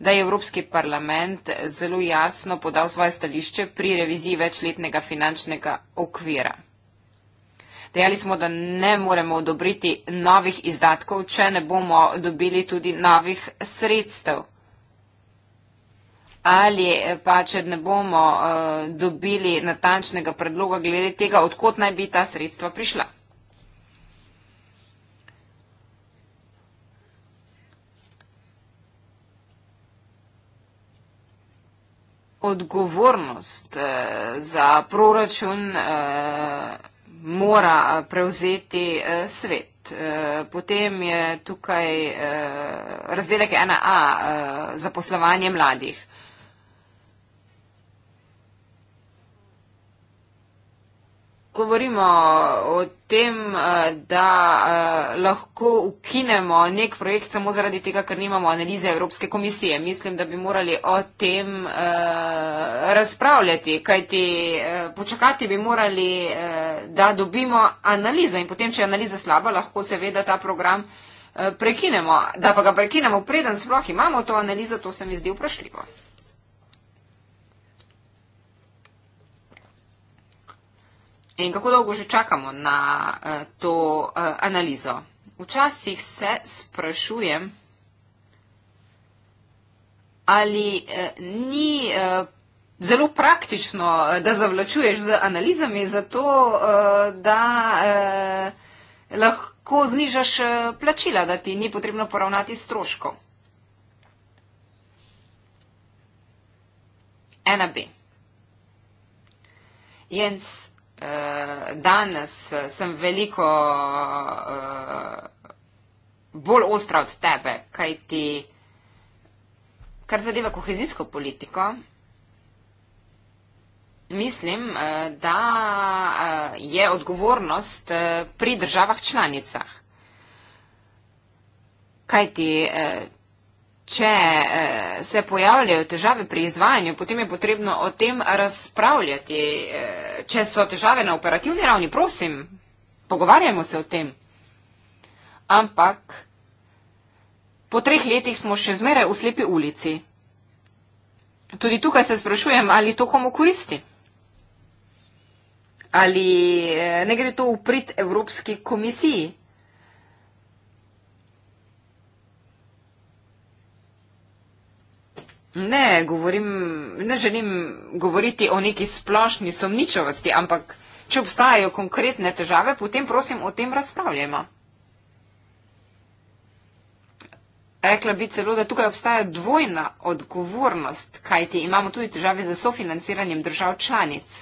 da je Evropski parlament zelo jasno podal svoje stališče pri reviziji večletnega finančnega okvira. Dejali smo, da ne moremo odobriti novih izdatkov, če ne bomo dobili tudi novih sredstev. Ali pa, če ne bomo uh, dobili natančnega predloga glede tega, odkot naj bi ta sredstva prišla. odgovornost eh, za proračun eh, mora prevzeti eh, svet. Potem je tukaj razdelek 1a za poslovanje mladih. Govorimo o tem, eh, da eh, lahko ukinemo nek projekt samo zaradi tega, ker nimamo analize Evropske komisije. Mislim, da bi morali o tem eh, razpravljati, kajti počakati bi morali, da dobimo analizo in potem, če je analiza slaba, lahko seveda ta program prekinemo. Da pa ga prekinemo, preden sploh imamo to analizo, to se mi zdi vprašljivo. In kako dolgo že čakamo na uh, to uh, analizo? Včasih se sprašujem, ali uh, ni uh, zelo praktično, da zavlačuješ z analizami, zato uh, da uh, lahko znižaš plačila, da ti ni potrebno poravnati stroškov. Ena B. Jens Eh, danes eh, sem veliko eh, bolj ostra od tebe, kaj ti, kar zadeva kohezijsko politiko, mislim, da je odgovornost pri državah članicah. Kaj ti, če eh, se pojavljajo težave pri izvajanju, potem je potrebno o tem razpravljati. Eh, če so težave na operativni ravni, prosim, pogovarjamo se o tem. Ampak po treh letih smo še zmeraj v slepi ulici. Tudi tukaj se sprašujem, ali to komu koristi. Ali eh, ne gre to v prid Evropski komisiji? Ne, govorim, ne želim govoriti o neki splošni somničavosti, ampak če obstajajo konkretne težave, potem prosim o tem razpravljamo. Rekla bi celo, da tukaj obstaja dvojna odgovornost, kajti imamo tudi težave za sofinanciranjem držav članic.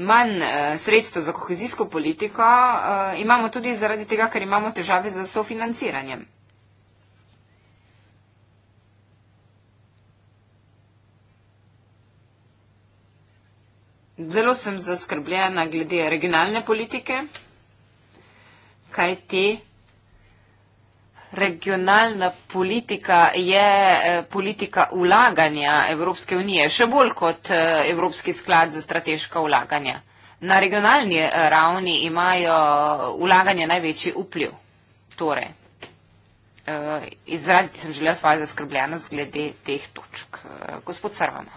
manj eh, sredstev za kohezijsko politiko, eh, imamo tudi zaradi tega, ker imamo težave z sofinanciranjem. Zelo sem zaskrbljena glede regionalne politike, kaj te regionalna politika je eh, politika ulaganja Evropske unije, še bolj kot eh, Evropski sklad za strateška ulaganja. Na regionalni eh, ravni imajo ulaganje največji vpliv. Torej, izraziti sem želela svojo zaskrbljenost glede teh točk. Gospod Sarvana.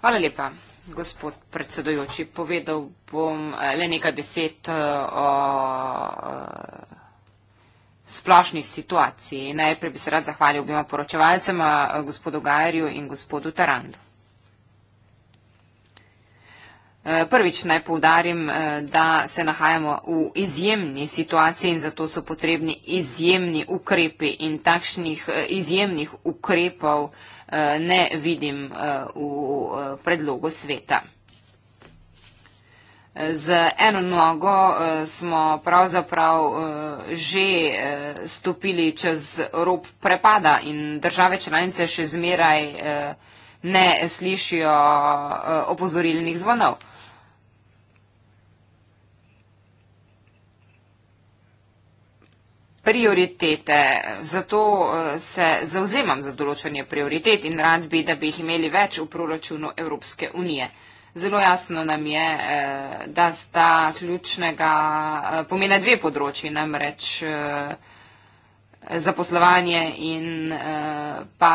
Hvala lepa gospod predsedujoči. Povedal bom eh, le nekaj besed eh, o eh, splošni situaciji. Najprej bi se rad zahvalil obima poročevalcema, gospodu Gajerju in gospodu Tarandu. Prvič naj poudarim, da se nahajamo v izjemni situaciji in zato so potrebni izjemni ukrepi in takšnih izjemnih ukrepov Eh, ne vidim eh, v eh, predlogu sveta. Z eno nogo smo pravzaprav že stopili čez rob prepada in države članice še zmeraj ne slišijo opozorilnih zvonov. prioritete. Zato eh, se zauzemam za določanje prioritet in rad bi, da bi jih imeli več v proračunu Evropske unije. Zelo jasno nam je, eh, da sta ključnega eh, pomena dve področji, namreč zaposlovanje in pa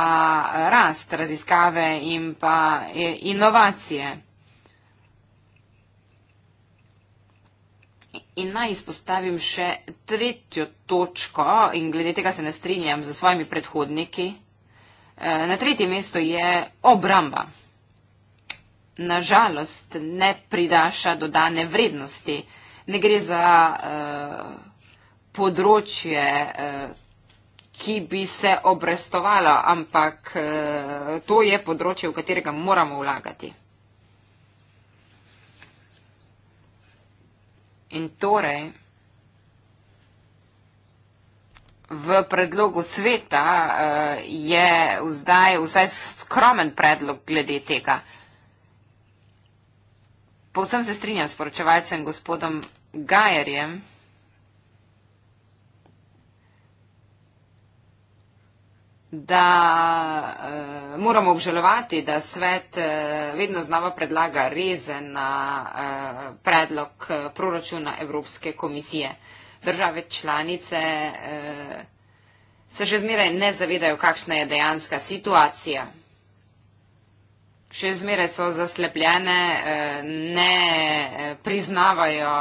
rast, raziskave in pa inovacije. In naj izpostavim še tretjo točko in glede tega se ne strinjam z svojimi predhodniki. E, na tretje mesto je obramba. Nažalost ne pridaša dodane vrednosti. Ne gre za uh, področje, uh, ki bi se obrestovalo, ampak uh, to je področje, v katerega moramo vlagati. In torej v predlogu sveta uh, je vzdaj vsaj skromen predlog glede tega. Povsem se strinjam s poročevalcem gospodom Gajerjem. da uh, moramo obžalovati, da svet uh, vedno znova predlaga reze na uh, predlog proračuna Evropske komisije. Države članice uh, se že zmeraj ne zavedajo, kakšna je dejanska situacija. Še zmeraj so zaslepljene, ne priznavajo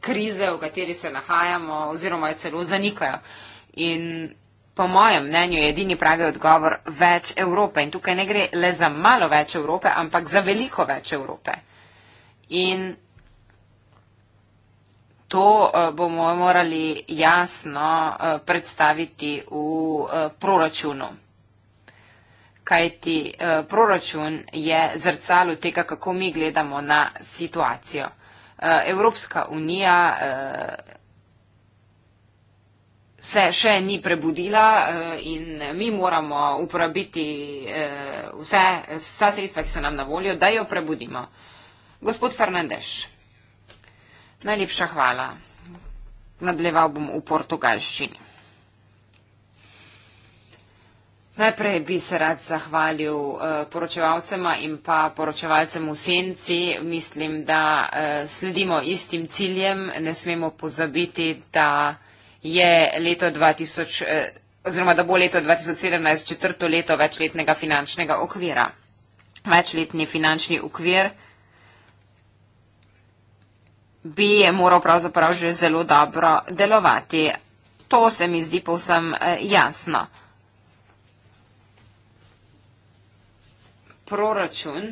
krize, v kateri se nahajamo oziroma jo celo zanikajo. In Po mojem mnenju je edini pravi odgovor več Evrope in tukaj ne gre le za malo več Evrope, ampak za veliko več Evrope. In to uh, bomo morali jasno uh, predstaviti v uh, proračunu. Kajti uh, proračun je zrcalo tega, kako mi gledamo na situacijo. Uh, Evropska unija. Uh, se še ni prebudila eh, in mi moramo uporabiti eh, vse, vsa sredstva, ki so nam na voljo, da jo prebudimo. Gospod Fernandeš, najlepša hvala. Nadaljeval bom v portugalščini. Najprej bi se rad zahvalil eh, poročevalcema in pa poročevalcem v senci. Mislim, da sledimo istim ciljem. Ne smemo pozabiti, da je leto 2000, eh, oziroma da bo leto 2017 četrto leto večletnega finančnega okvira. Večletni finančni okvir bi je moral pravzaprav že zelo dobro delovati. To se mi zdi povsem eh, jasno. Proračun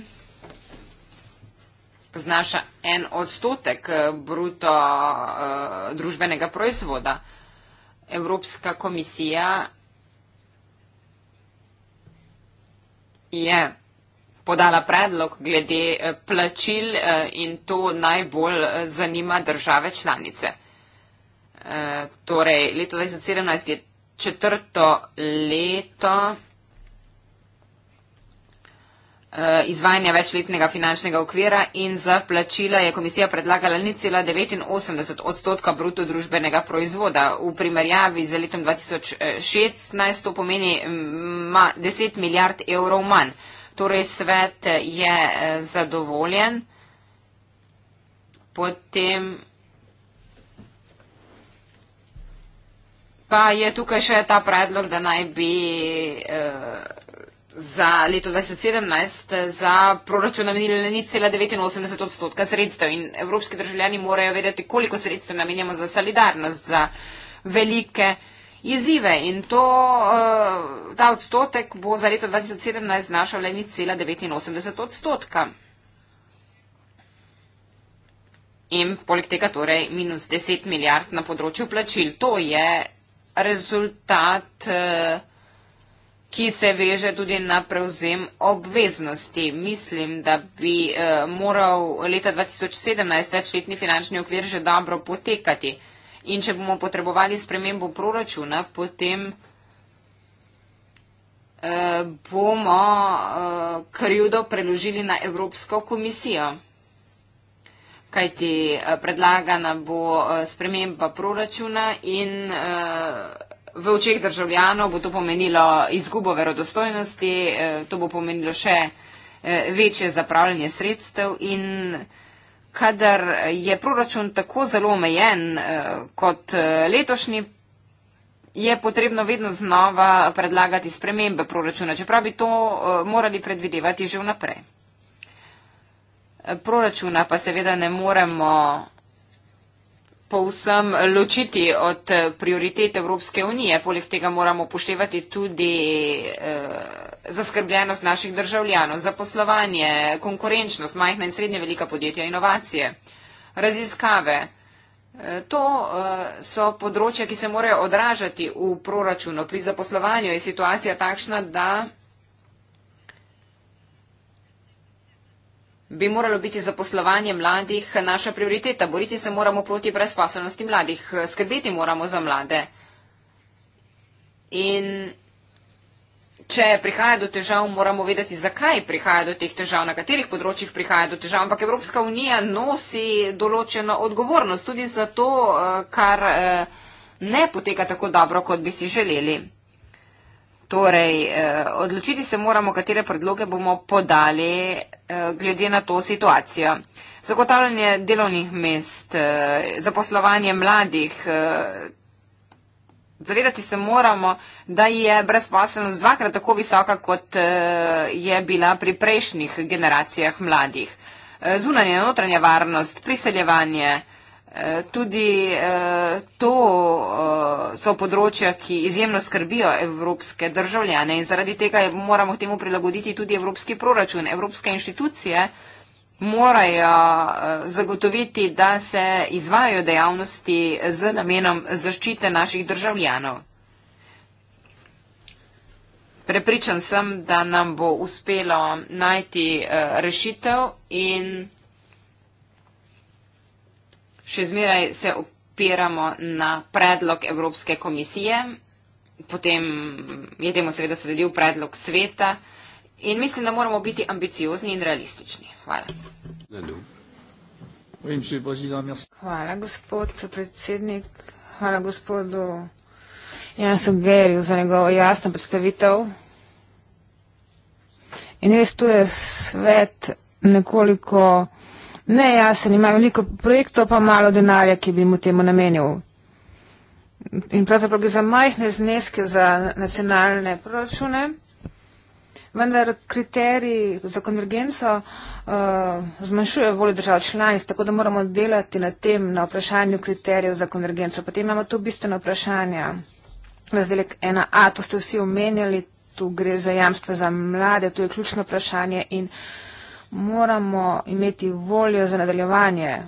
znaša en odstotek eh, bruto uh, družbenega proizvoda. Evropska komisija je podala predlog glede eh, plačil eh, in to najbolj eh, zanima države članice. Torej, leto 2017 je četrto leto Eh, izvajanja večletnega finančnega okvira in za plačila je komisija predlagala 0,89 odstotka bruto družbenega proizvoda. V primerjavi z letom 2016 to pomeni 10 mm, milijard evrov manj. Torej svet je eh, zadovoljen. Potem pa je tukaj še ta predlog, da naj bi. Uh, za leto 2017 za proračun namenili le ni cela 89 odstotka sredstev in evropski državljani morajo vedeti, koliko sredstev namenjamo za solidarnost, za velike izzive in to, eh, ta odstotek bo za leto 2017 znašal le ni cela 89 odstotka. In poleg tega torej minus 10 milijard na področju plačil. To je rezultat uh, ki se veže tudi na prevzem obveznosti. Mislim, da bi eh, moral leta 2017 večletni finančni okvir že dobro potekati. In če bomo potrebovali spremembo proračuna, potem eh, bomo eh, krivdo preložili na Evropsko komisijo. Kajti predlagana bo sprememba proračuna in v očeh državljanov bo to pomenilo izgubo verodostojnosti, eh, to bo pomenilo še eh, večje zapravljanje sredstev in kadar je proračun tako zelo omejen eh, kot letošnji, je potrebno vedno znova predlagati spremembe proračuna, čeprav bi to morali predvidevati že vnaprej. Proračuna pa seveda ne moremo povsem ločiti od prioritet Evropske unije. Poleg tega moramo upoštevati tudi eh, zaskrbljenost naših državljanov, zaposlovanje, konkurenčnost, majhna in srednja velika podjetja, inovacije, raziskave. Eh, to eh, so področja, ki se morajo odražati v proračunu. Pri zaposlovanju je situacija takšna, da bi moralo biti zaposlovanje mladih naša prioriteta. Boriti se moramo proti brezposelnosti mladih, skrbeti moramo za mlade. In če prihaja do težav, moramo vedeti, zakaj prihaja do teh težav, na katerih področjih prihaja do težav. Ampak Evropska unija nosi določeno odgovornost tudi za to, eh, kar eh, ne poteka tako dobro, kot bi si želeli. Torej, eh, odločiti se moramo, katere predloge bomo podali eh, glede na to situacijo. Zagotavljanje delovnih mest, eh, zaposlovanje mladih. Eh, zavedati se moramo, da je brezposelnost dvakrat tako visoka, kot eh, je bila pri prejšnjih generacijah mladih. Eh, zunanje, notranja varnost, priseljevanje. Eh, Eh, tudi eh, to eh, so področja, ki izjemno skrbijo evropske državljane in zaradi tega moramo temu prilagoditi tudi evropski proračun. Evropske inštitucije morajo zagotoviti, da se izvajo dejavnosti z namenom zaščite naših državljanov. Prepričan sem, da nam bo uspelo najti rešitev in še zmeraj se opiramo na predlog Evropske komisije, potem je temu seveda sledil predlog sveta in mislim, da moramo biti ambiciozni in realistični. Hvala. Hvala, gospod predsednik. Hvala gospodu Jansu Geriju za njegovo jasno predstavitev. In res tu je svet nekoliko. Ne, jasen, imajo veliko projektov, pa malo denarja, ki bi mu temu namenil. In pravzaprav gre za majhne zneske za nacionalne proračune, vendar kriteriji za konvergenco uh, zmanjšujejo voljo držav članic, tako da moramo delati na tem, na vprašanju kriterijev za konvergenco. Potem imamo tu bistveno vprašanje. Razdelek 1a, to ste vsi omenjali, tu gre za jamstva za mlade, to je ključno vprašanje. In, uh, moramo imeti voljo za nadaljevanje.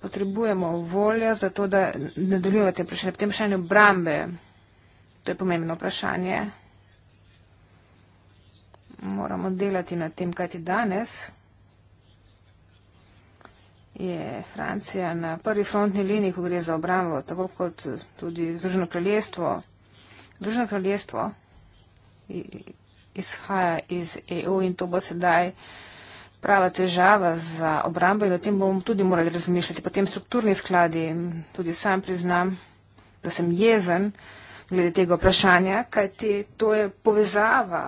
Potrebujemo voljo za to, da nadaljujete vprašanje. Potem vprašanje obrambe. To je pomembno vprašanje. Moramo delati na tem, kaj ti danes je Francija na prvi frontni liniji, ko gre za obrambo, tako kot tudi Združeno kraljestvo. Združeno kraljestvo izhaja iz EU in to bo sedaj prava težava za obrambo in o tem bomo tudi morali razmišljati. Potem strukturni skladi, tudi sam priznam, da sem jezen glede tega vprašanja, kajti to je povezava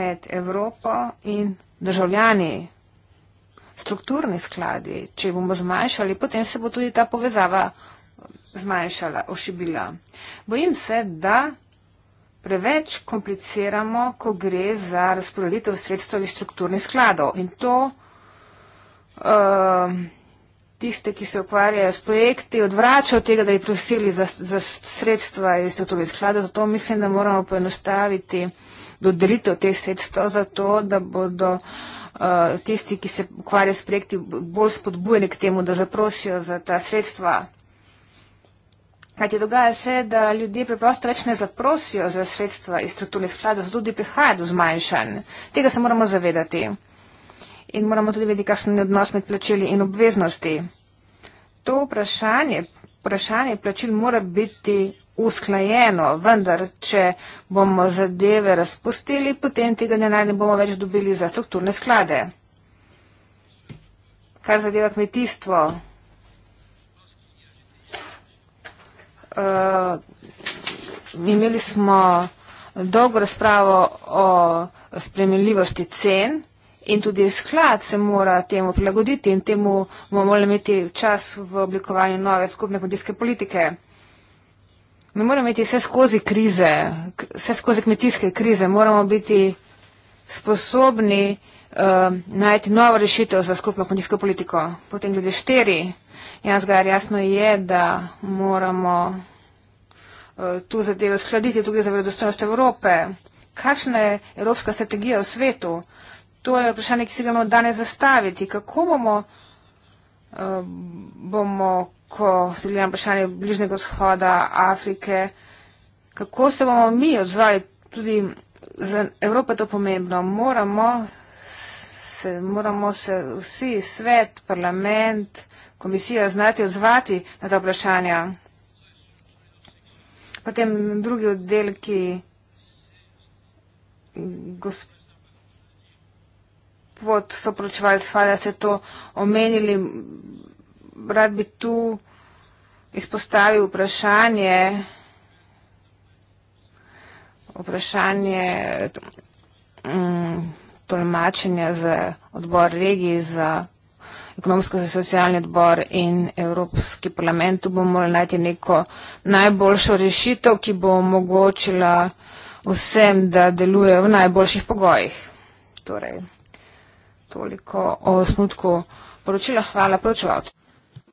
med Evropo in državljani. Strukturni skladi, če bomo zmanjšali, potem se bo tudi ta povezava zmanjšala, ošibila. Bojim se, da preveč kompliciramo, ko gre za razporeditev sredstev iz strukturnih skladov. In to uh, tiste, ki se ukvarjajo s projekti, odvračajo tega, da bi prosili za, za sredstva iz strukturnih skladov. Zato mislim, da moramo poenostaviti dodelitev teh sredstev, zato da bodo uh, tisti, ki se ukvarjajo s projekti, bolj spodbujeni k temu, da zaprosijo za ta sredstva. Kajti dogaja se, da ljudje preprosto več ne zaprosijo za sredstva iz strukturnih skladov, zato tudi prihaja do zmanjšanj. Tega se moramo zavedati. In moramo tudi vedeti, kakšen je odnos med plačili in obveznosti. To vprašanje, vprašanje plačil mora biti usklajeno, vendar, če bomo zadeve razpustili, potem tega denarja ne bomo več dobili za strukturne sklade. Kar zadeva kmetijstvo, uh, imeli smo dolgo razpravo o spremenljivosti cen in tudi sklad se mora temu prilagoditi in temu bomo morali imeti čas v oblikovanju nove skupne kmetijske politike. Ne moramo imeti vse skozi krize, vse skozi kmetijske krize, moramo biti sposobni uh, najti novo rešitev za skupno kmetijsko politiko. Potem glede štiri. Jaz ga jasno je, da moramo eh, tu zadeve skladiti tudi za vredostojnost Evrope. Kakšna je evropska strategija v svetu? To je vprašanje, ki si ga moramo danes zastaviti. Kako bomo, eh, bomo ko se gledam vprašanje Bližnjega vzhoda, Afrike, kako se bomo mi odzvali tudi za Evropo je to pomembno. Moramo se, moramo se vsi, svet, parlament, komisija znati odzvati na ta vprašanja. Potem drugi oddel, ki gospod soproučevalc, hvala, da ste to omenili. Rad bi tu izpostavil vprašanje, vprašanje mm, tolmačenja za odbor regij za ekonomsko-socialni odbor in Evropski parlament, tu bomo morali najti neko najboljšo rešitev, ki bo omogočila vsem, da delujejo v najboljših pogojih. Torej, toliko o osnutku poročila. Hvala poročevalcu.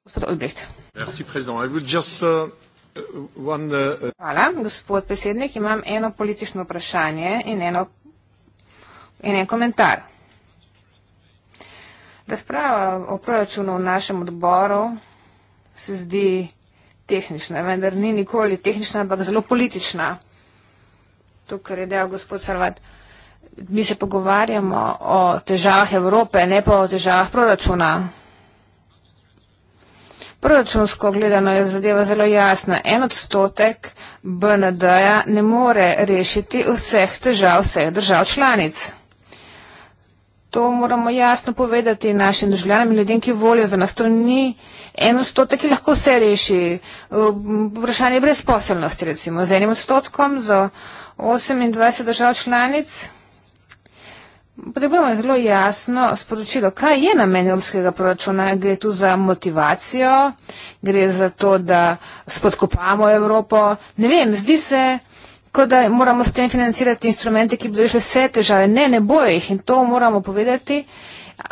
Gospod Odbricht. Uh, uh, uh, Hvala, gospod predsednik. Imam eno politično vprašanje in, eno, in en komentar. Razprava o proračunu v našem odboru se zdi tehnična, vendar ni nikoli tehnična, ampak zelo politična. To, kar je dejal gospod Salvat, mi se pogovarjamo o težavah Evrope, ne pa o težavah proračuna. Proračunsko gledano je zadeva zelo jasna. En odstotek BND-ja ne more rešiti vseh težav vseh držav članic. To moramo jasno povedati našim državljanom in ljudem, ki volijo za nas. To ni en odstotek, ki lahko vse reši. Eh, vprašanje brezposelnosti, recimo, z enim odstotkom, za 28 držav članic. Potrebujemo zelo jasno sporočilo, kaj je namen evropskega proračuna. Gre tu za motivacijo, gre za to, da spodkopamo Evropo. Ne vem, zdi se kot da moramo s tem financirati instrumente, ki bodo rešili vse težave. Ne, ne bojo jih in to moramo povedati,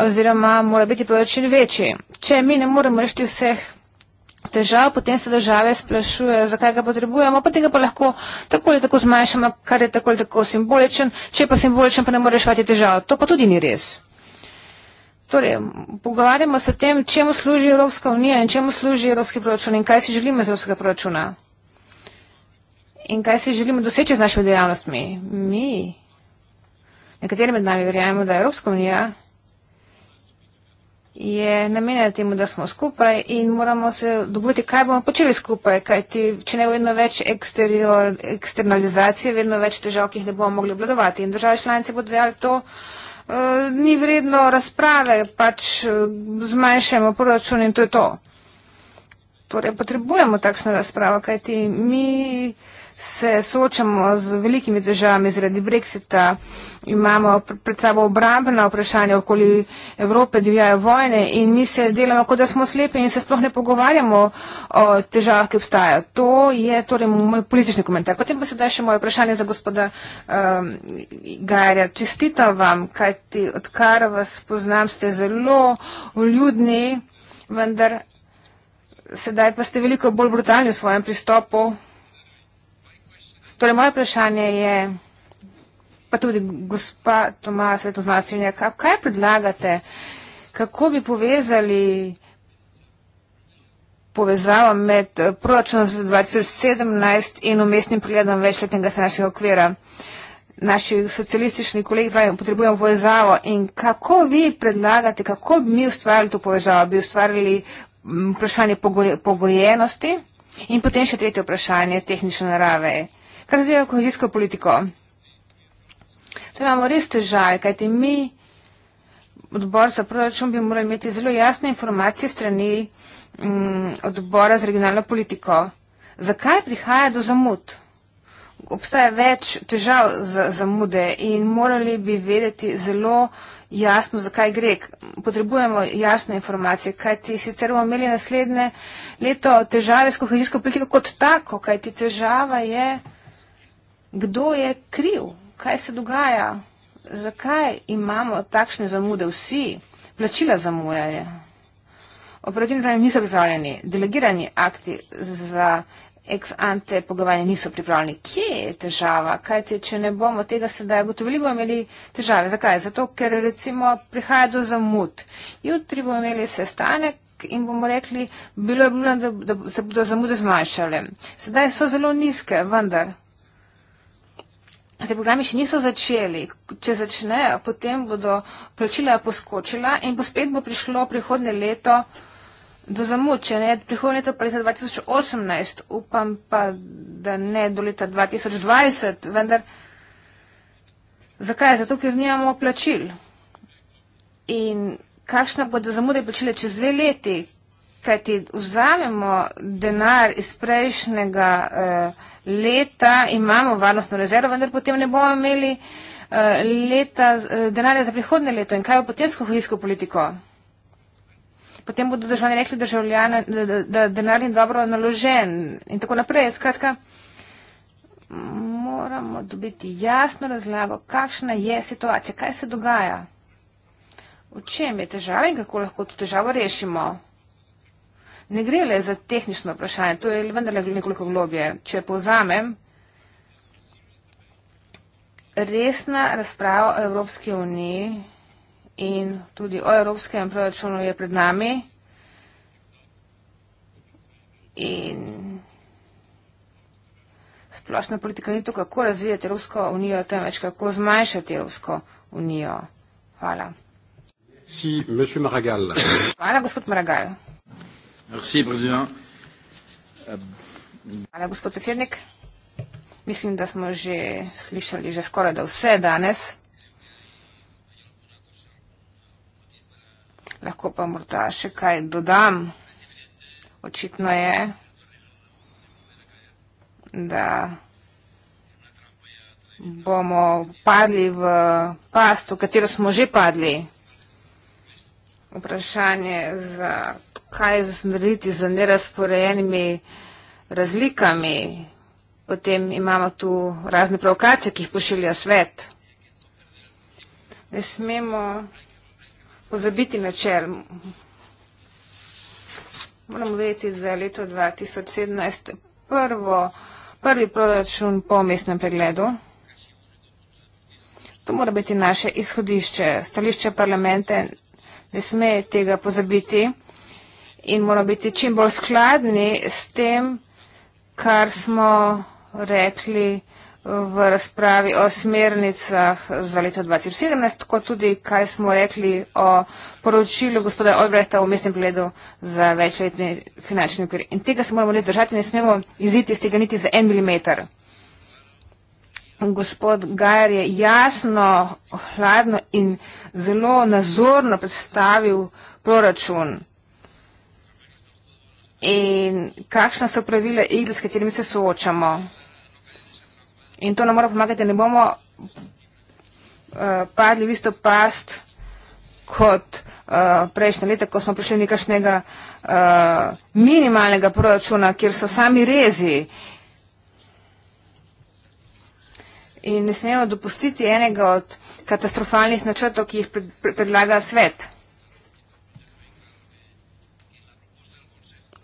oziroma mora biti proračun večji. Če mi ne moremo rešiti vseh težav, potem se države sprašujejo, zakaj ga potrebujemo, potem ga pa lahko tako ali tako zmanjšamo, kar je tako ali tako simboličen, če je pa simboličen, pa ne more rešiti težav. To pa tudi ni res. Torej, pogovarjamo se o tem, čemu služi Evropska unija in čemu služi Evropski proračun in kaj si želimo iz Evropskega proračuna in kaj si želimo doseči z našimi dejavnostmi. Mi, nekateri med nami verjamemo, da je Evropska unija je namenjena temu, da smo skupaj in moramo se dogovoriti, kaj bomo počeli skupaj, kajti če ne bo vedno več eksterior, eksternalizacije, vedno več težav, ki jih ne bomo mogli obladovati. In države članice bodo dejali to. Eh, ni vredno razprave, pač eh, zmanjšamo proračun in to je to. Torej, potrebujemo takšno razpravo, kajti mi se soočamo z velikimi državami zaradi Brexita, imamo pred sabo obrambna vprašanja okoli Evrope, divjajo vojne in mi se delamo, kot da smo slepi in se sploh ne pogovarjamo o težavah, ki obstajajo. To je torej moj politični komentar. Potem pa se da še moje vprašanje za gospoda um, Gajarja. Čestitam vam, kajti odkar vas poznam, ste zelo vljudni, vendar sedaj pa ste veliko bolj brutalni v svojem pristopu. Torej, moje vprašanje je, pa tudi gospa Toma Svetoznasilnja, kaj predlagate, kako bi povezali povezava med eh, proračunom za 2017 in umestnim pregledom večletnega finančnega okvira. Naši socialistični kolegi pravijo, potrebujemo povezavo in kako vi predlagate, kako bi mi ustvarili to povezavo, bi ustvarili mm, vprašanje pogojenosti in potem še tretje vprašanje tehnične narave. Kar zadeva kohezijsko politiko. Tu imamo res težave, kajti mi, odbor za proračun, bi morali imeti zelo jasne informacije strani mm, odbora za regionalno politiko. Zakaj prihaja do zamud? Obstaja več težav za zamude in morali bi vedeti zelo jasno, zakaj gre. Potrebujemo jasne informacije, kajti sicer bomo imeli naslednje leto težave s kohezijsko politiko kot tako, kajti težava je kdo je kriv, kaj se dogaja, zakaj imamo takšne zamude vsi, plačila zamujajo. Operativni programi niso pripravljeni, delegirani akti za ex ante pogovanje niso pripravljeni. Kje je težava? Kaj te, če ne bomo tega sedaj ugotovili, bomo imeli težave. Zakaj? Zato, ker recimo prihaja do zamud. Jutri bomo imeli sestanek in bomo rekli, bilo je bilo, da, da se bodo zamude zmanjšale. Sedaj so zelo nizke, vendar Zdaj, programi še niso začeli. Če začnejo, potem bodo plačila poskočila in bo spet bo prišlo prihodne leto do zamučenja. Prihodne leto pa leta 2018, upam pa, da ne do leta 2020, vendar zakaj? Zato, ker nimamo plačil. In kakšna bodo zamude plačile čez dve leti, kajti vzamemo denar iz prejšnjega eh, leta, imamo varnostno rezervo, vendar potem ne bomo imeli eh, leta, eh, denarja za prihodne leto. In kaj bo potem s kohijsko politiko? Potem bodo državljani rekli državljane, da, da, da denar ni dobro naložen in tako naprej. Skratka, moramo dobiti jasno razlago, kakšna je situacija, kaj se dogaja, v čem je težava in kako lahko to težavo rešimo ne gre le za tehnično vprašanje, to je vendarle nekoliko globje. Če povzamem, resna razprava o Evropski uniji in tudi o Evropskem proračunu je pred nami in splošna politika ni to, kako razvijati Evropsko unijo, temveč kako zmanjšati Evropsko unijo. Hvala. Si, Hvala, gospod Maragal. Euh, Hvala, gospod predsednik. Mislim, da smo že slišali že skoraj da vse danes. Lahko pa morda še kaj dodam. Očitno je, da bomo padli v past, v katero smo že padli. Vprašanje za kaj se narediti z nerazporejenimi razlikami. Potem imamo tu razne provokacije, ki jih pošilja svet. Ne smemo pozabiti načel. Moramo vedeti, da je leto 2017 prvo, prvi proračun po mestnem pregledu. To mora biti naše izhodišče. Stališče parlamente ne sme tega pozabiti in moramo biti čim bolj skladni s tem, kar smo rekli v razpravi o smernicah za leto 2017, tako tudi, kaj smo rekli o poročilu gospoda Odbreta v mestnem pogledu za večletni finančni okvir. In tega se moramo res držati, ne smemo iziti iz tega niti za en milimeter. Gospod Gajer je jasno, hladno in zelo nazorno predstavil proračun. In kakšna so pravila igre, s katerimi se soočamo? In to nam mora pomagati, da ne bomo uh, padli v isto past kot uh, eh, prejšnje leta, ko smo prišli nekašnega uh, eh, minimalnega proračuna, kjer so sami rezi. In ne smemo dopustiti enega od katastrofalnih načrtov, ki jih predlaga svet.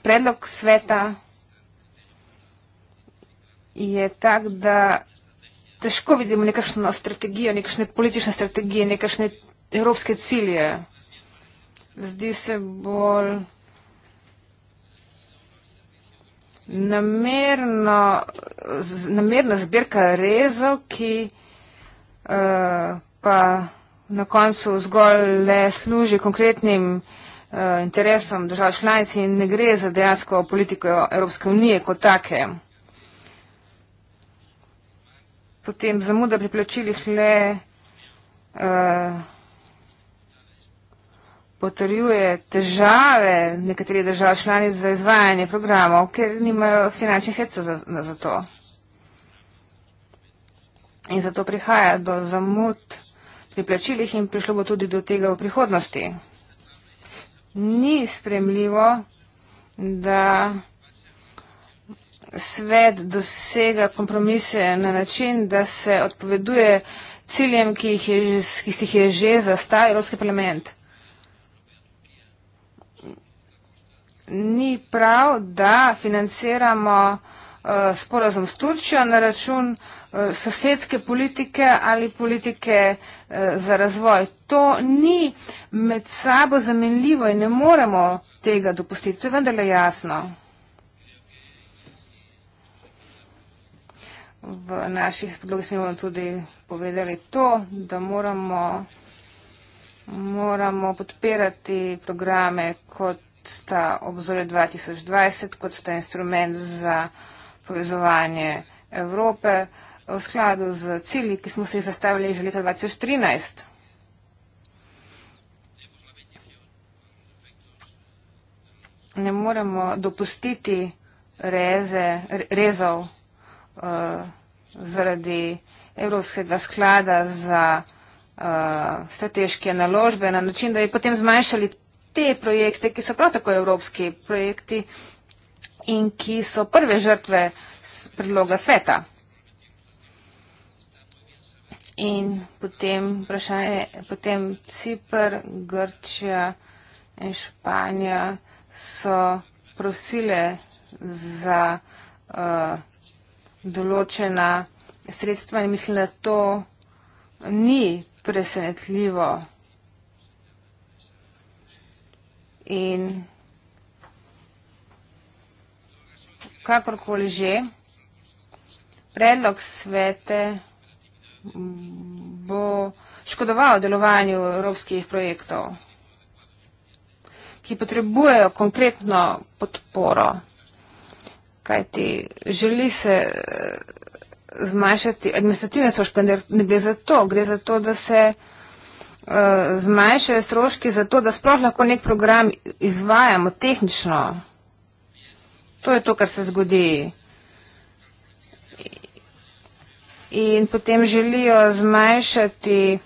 predlog sveta je tak, da težko vidimo nekakšno strategijo, nekakšne politične strategije, nekakšne evropske cilje. Zdi se bolj namerno, namerna zbirka rezov, ki uh, pa na koncu zgolj le služi konkretnim uh, Eh, interesom držav članic in ne gre za dejansko politiko Evropske unije kot take. Potem zamuda pri plačilih le uh, potrjuje težave nekaterih držav članic za izvajanje programov, ker nimajo finančnih sredstev za, za to. In zato prihaja do zamud pri plačilih in prišlo bo tudi do tega v prihodnosti ni spremljivo, da svet dosega kompromise na način, da se odpoveduje ciljem, ki, jih je, ki si jih je že zastavil Evropski parlament. Ni prav, da financiramo Eh, sporazum s Turčijo na račun eh, sosedske politike ali politike eh, za razvoj. To ni med sabo zamenljivo in ne moremo tega dopustiti. To je vendarle jasno. V naših predlogih smo tudi povedali to, da moramo, moramo podpirati programe kot sta obzore 2020, kot sta instrument za povezovanje Evrope v skladu z cilji, ki smo se jih zastavili že leta 2013. Ne moremo dopustiti reze, rezov uh, zaradi Evropskega sklada za uh, strateške naložbe na način, da bi potem zmanjšali te projekte, ki so prav tako evropski projekti, uh, in ki so prve žrtve predloga sveta. In potem, vprašanje, potem Cipr, Grčija in Španija so prosile za uh, določena sredstva in mislim, da to ni presenetljivo. In kakorkoli že, predlog svete bo škodoval delovanju evropskih projektov, ki potrebujejo konkretno podporo, kajti želi se eh, zmanjšati administrativne stroške, ne, ne gre za to, gre za to, da se uh, zmanjšajo stroške, za to, da sploh lahko nek program izvajamo tehnično. To je to, kar se zgodi. In potem želijo zmanjšati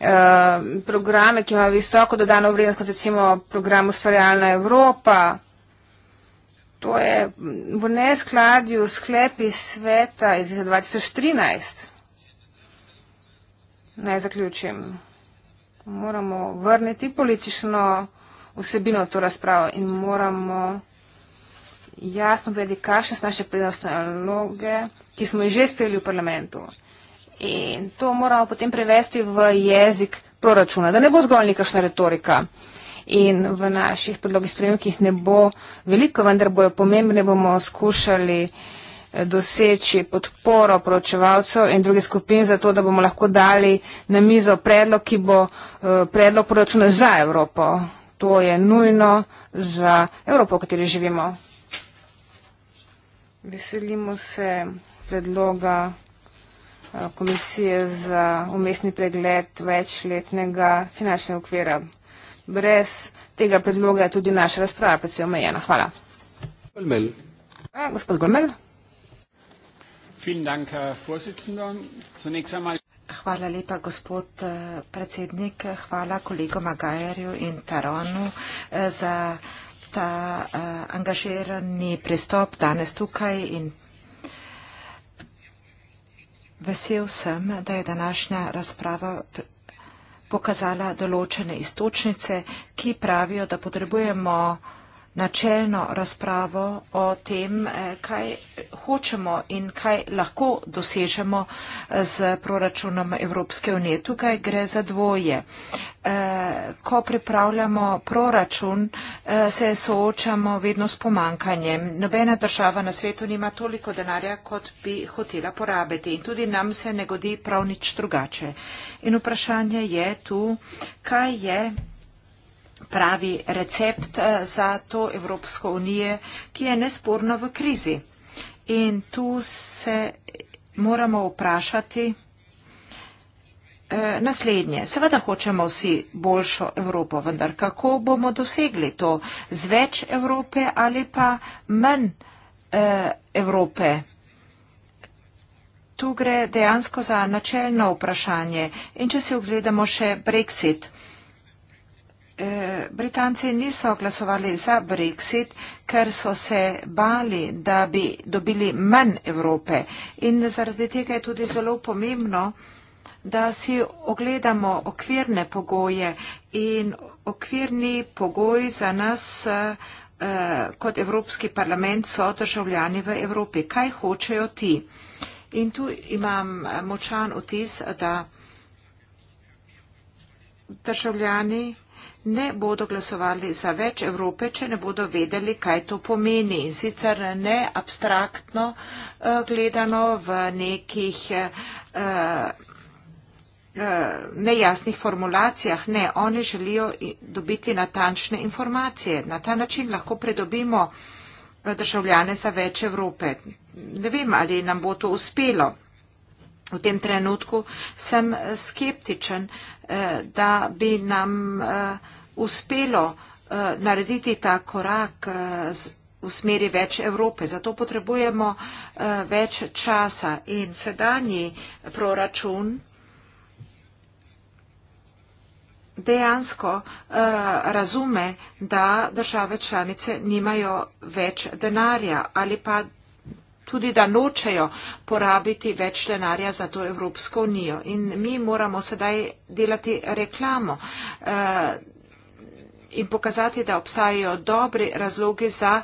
uh, programe, ki imajo visoko dodano vrednost, kot recimo program Ustvarjalna Evropa. To je v neskladju sklepi sveta iz 2013. Naj zaključim. Moramo vrniti politično vsebino v to razpravo in moramo jasno vedeti, kakšne so naše prednostne naloge, ki smo jih že sprejeli v parlamentu. In to moramo potem prevesti v jezik proračuna, da ne bo zgolj nekašna retorika. In v naših predlogih sprejemov, ki jih ne bo veliko, vendar bojo pomembne, bomo skušali eh, doseči podporo poročevalcev in drugih skupin za to, da bomo lahko dali na mizo predlog, ki bo eh, predlog proračuna za Evropo. To je nujno za Evropo, v kateri živimo. Veselimo se predloga eh, komisije za umestni pregled večletnega finančnega okvira. Brez tega predloga je tudi naša razprava predvsej omejena. Hvala. Golmel. A, gospod Golmel. Hvala lepa, gospod eh, predsednik. Hvala kolegoma Gajerju in Taronu eh, za ta uh, angažirani pristop danes tukaj in vesel sem, da je današnja razprava pokazala določene istočnice, ki pravijo, da potrebujemo načelno razpravo o tem, eh, kaj hočemo in kaj lahko dosežemo z eh, proračunom Evropske unije. Tukaj gre za dvoje. Eh, ko pripravljamo proračun, se soočamo vedno s pomankanjem. Nobena država na svetu nima toliko denarja, kot bi hotela porabiti in tudi nam se ne godi prav nič drugače. In vprašanje je tu, kaj je pravi recept eh, za to Evropsko unijo, ki je nesporno v krizi. In tu se moramo vprašati eh, naslednje. Seveda hočemo vsi boljšo Evropo, vendar kako bomo dosegli to? Z več Evrope ali pa manj eh, Evrope? Tu gre dejansko za načelno vprašanje. In če si ogledamo še Brexit. Britanci niso glasovali za Brexit, ker so se bali, da bi dobili manj Evrope. In zaradi tega je tudi zelo pomembno, da si ogledamo okvirne pogoje in okvirni pogoji za nas eh, kot Evropski parlament so državljani v Evropi. Kaj hočejo ti? In tu imam eh, močan vtis, da državljani ne bodo glasovali za več Evrope, če ne bodo vedeli, kaj to pomeni. Sicer ne abstraktno eh, gledano v nekih eh, eh, nejasnih formulacijah. Ne, oni želijo dobiti natančne informacije. Na ta način lahko pridobimo državljane za več Evrope. Ne vem, ali nam bo to uspelo v tem trenutku sem eh, skeptičen, eh, da bi nam eh, uspelo narediti ta korak v smeri več Evrope. Zato potrebujemo več časa in sedanji proračun dejansko razume, da države članice nimajo več denarja ali pa denarja tudi da nočejo porabiti več denarja za to Evropsko unijo. In mi moramo sedaj delati reklamo eh, in pokazati, da obstajajo dobri razlogi za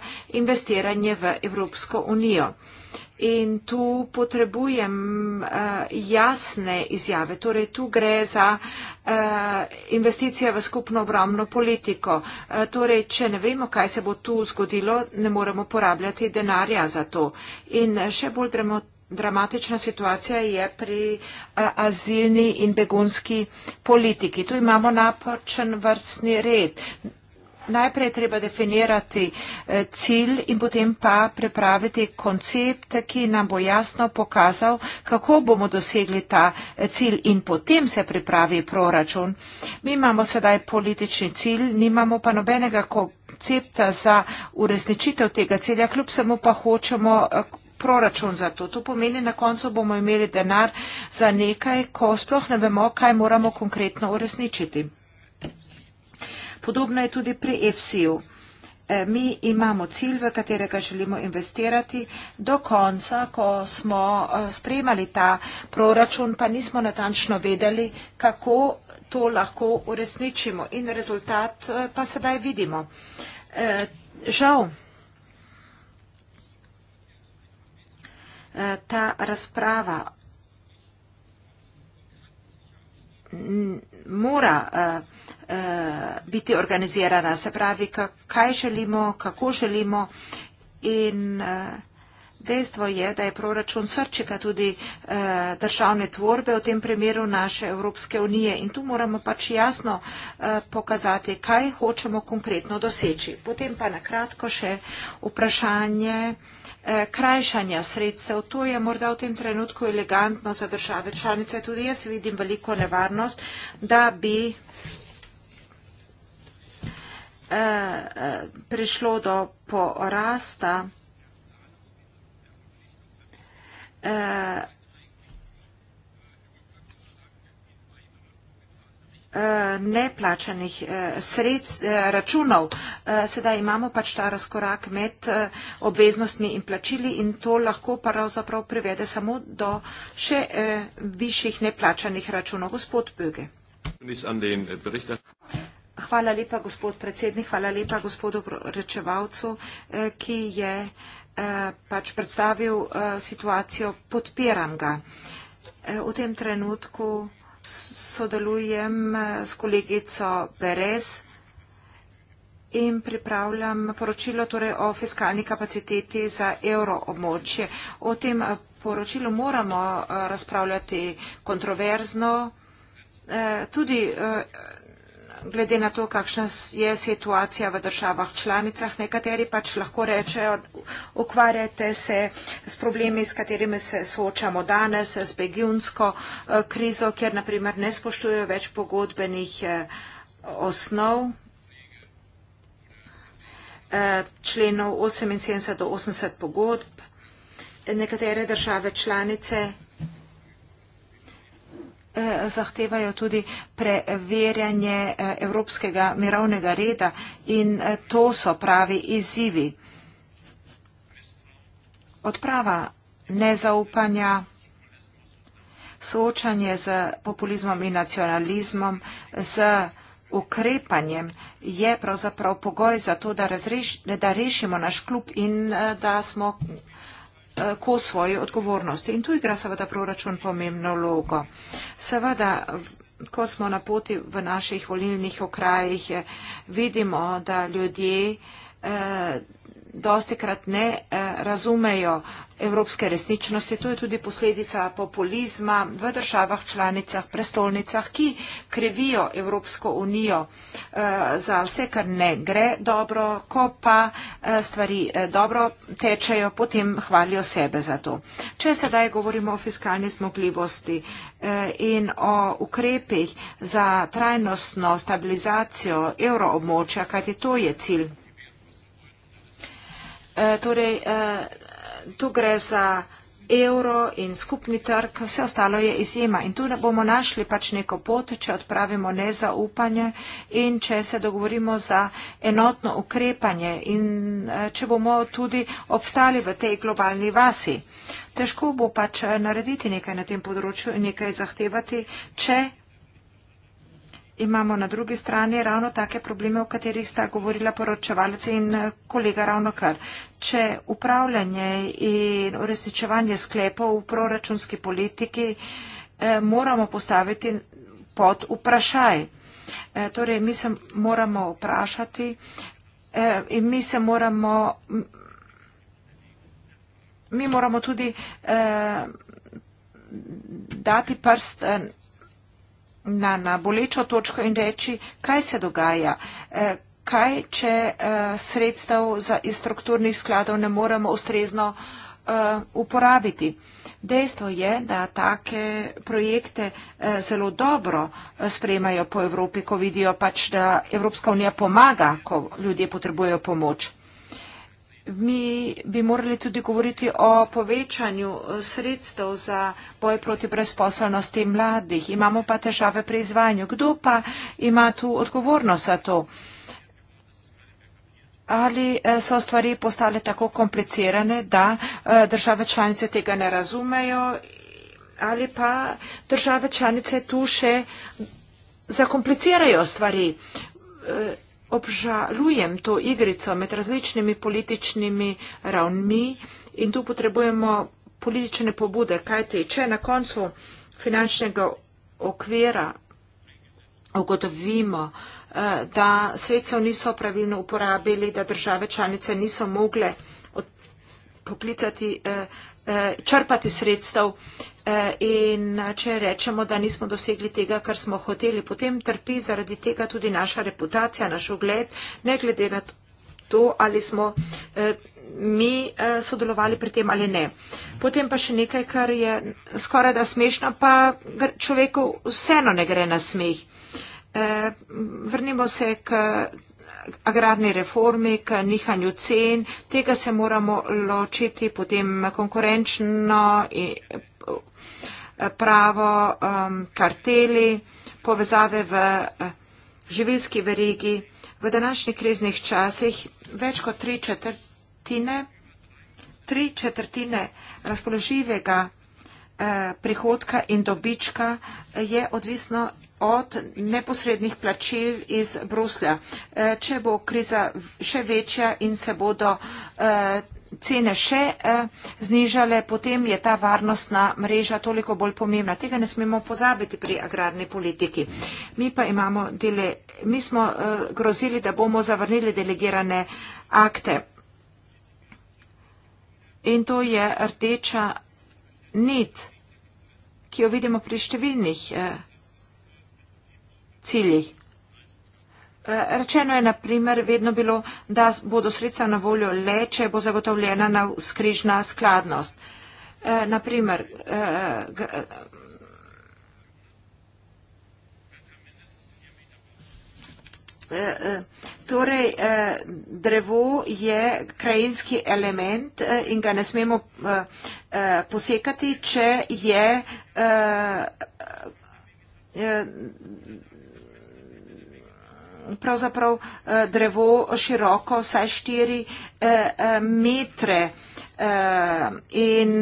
investiranje v Evropsko unijo. Uh, In tu potrebujem uh, jasne izjave. Torej, tu gre za uh, investicije v skupno obramno politiko. Uh, torej, če ne vemo, kaj se bo tu zgodilo, ne moremo porabljati denarja za to. In še bolj dremo. Dramatična situacija je pri uh, azilni in begunski politiki. Tu imamo napačen vrstni red najprej treba definirati eh, cilj in potem pa pripraviti koncept, ki nam bo jasno pokazal, kako bomo dosegli ta eh, cilj in potem se pripravi proračun. Mi imamo sedaj politični cilj, nimamo pa nobenega koncepta za uresničitev tega cilja, kljub samo pa hočemo eh, proračun za to. To pomeni, na koncu bomo imeli denar za nekaj, ko sploh ne vemo, kaj moramo konkretno uresničiti. Podobno je tudi pri EFSI-ju. E, mi imamo cilj, v katerega želimo investirati. Do konca, ko smo e, sprejemali ta proračun, pa nismo natančno vedeli, kako to lahko uresničimo. In rezultat e, pa sedaj vidimo. Žal, ta razprava mora uh, uh, biti organizirana, se pravi, kaj želimo, kako želimo in uh, Dejstvo je, da je proračun srčika tudi eh, državne tvorbe, v tem primeru naše Evropske unije. In tu moramo pač jasno eh, pokazati, kaj hočemo konkretno doseči. Potem pa na kratko še vprašanje eh, krajšanja sredstev. To je morda v tem trenutku elegantno za države članice. Tudi jaz vidim veliko nevarnost, da bi eh, eh prišlo do porasta Eh, neplačanih eh, eh, računov. Sedaj imamo pač ta razkorak med obveznostmi in plačili in to lahko pravzaprav privede samo do še višjih neplačanih računov. Gospod Böge. Hvala lepa, gospod predsednik. Hvala lepa gospodu rečevalcu, ki je Eh, pač predstavil eh, situacijo, podpiram ga. Eh, v tem trenutku sodelujem s kolegico Perez in pripravljam poročilo torej o fiskalni kapaciteti za euroobmočje. O tem poročilu moramo razpravljati kontroverzno, tudi glede na to, kakšna je situacija v državah članicah. Nekateri pač lahko rečejo, ukvarjate se s problemi, s katerimi se soočamo danes, s begunsko eh, krizo, kjer naprimer ne spoštujejo več pogodbenih eh, osnov eh, členov 78 do 80 pogodb. Nekatere države članice Eh, zahtevajo tudi preverjanje eh, evropskega mirovnega reda in eh, to so pravi izzivi. Odprava nezaupanja, soočanje z populizmom in nacionalizmom, z ukrepanjem je pravzaprav pogoj za to, da, razreš, da rešimo naš klub in da smo Eh, ko svoji odgovornosti. In tu igra seveda proračun pomembno vlogo. Seveda, ko smo na poti v naših volilnih okrajih, eh, vidimo, da ljudje eh, dosti krat ne eh, razumejo eh, evropske resničnosti. To je tudi posledica populizma v državah, članicah, prestolnicah, ki krivijo Evropsko unijo eh, za vse, kar ne gre dobro, ko pa eh, stvari eh, dobro tečejo, potem hvalijo sebe za to. Če sedaj govorimo o fiskalni zmogljivosti in o ukrepih za trajnostno stabilizacijo evroobmočja, kajti to je cilj. Torej, tu gre za evro in skupni trg, vse ostalo je izjema. In tu bomo našli pač neko pot, če odpravimo nezaupanje in če se dogovorimo za enotno ukrepanje in eh, če bomo tudi obstali v tej globalni vasi. Težko bo pač eh, narediti nekaj na tem področju in nekaj zahtevati, če imamo na drugi strani ravno take probleme, o katerih sta govorila poročevalci in eh, kolega ravno kar. Če upravljanje in uresničevanje sklepov v proračunski politiki eh, moramo postaviti pod vprašaj. Eh, torej, mi se moramo vprašati eh, in mi se moramo. Mi moramo tudi eh, dati prst. Eh, na, na bolečo točko in reči, kaj se dogaja, e, kaj če e, sredstev za, iz strukturnih skladov ne moremo ustrezno e, uporabiti. Dejstvo je, da take projekte zelo dobro sprejmajo po Evropi, ko vidijo pač, da Evropska unija pomaga, ko ljudje potrebujejo pomoč. Mi bi morali tudi govoriti o povečanju eh, sredstev za boj proti brezposelnosti mladih. Imamo pa težave pri izvajanju. Kdo pa ima tu odgovornost za to? Ali eh, so stvari postale tako komplicirane, da eh, države članice tega ne razumejo ali pa države članice tu še zakomplicirajo stvari? obžalujem to igrico med različnimi političnimi ravnmi in tu potrebujemo politične pobude, kajti če na koncu finančnega okvira ugotovimo, eh, da sredstev niso pravilno uporabili, da države članice niso mogle poklicati eh, Eh, črpati sredstev eh, in eh, če rečemo, da nismo dosegli tega, kar smo hoteli, potem trpi zaradi tega tudi naša reputacija, naš ugled, ne glede na to, ali smo mi sodelovali pri tem ali ne. Potem pa še nekaj, kar je skoraj da smešno, pa človeku vseeno ne gre na smeh. Vrnimo se k agrarni reformi, k nihanju cen, tega se moramo ločiti potem konkurenčno in pravo, um, karteli, povezave v eh, živilski verigi. V današnjih kriznih časih več kot tri četrtine, tri četrtine razpoložljivega Eh, prihodka in dobička eh, je odvisno od neposrednih plačil iz Bruslja. Eh, če bo kriza še večja in se bodo cene še znižale, potem je ta varnostna mreža toliko bolj pomembna. Tega ne smemo pozabiti pri agrarni politiki. Mi pa imamo dele, mi smo grozili, da bomo zavrnili delegirane akte. In to je rdeča nit, ki jo vidimo pri številnih eh, ciljih. Eh, rečeno je naprimer vedno bilo, da bodo sredstva na voljo le, če bo zagotovljena na skrižna skladnost. Eh, naprimer, eh, Eh, eh, torej, eh, drevo je krajinski element in ga ne smemo posekati, če je pravzaprav drevo široko vsaj štiri metre in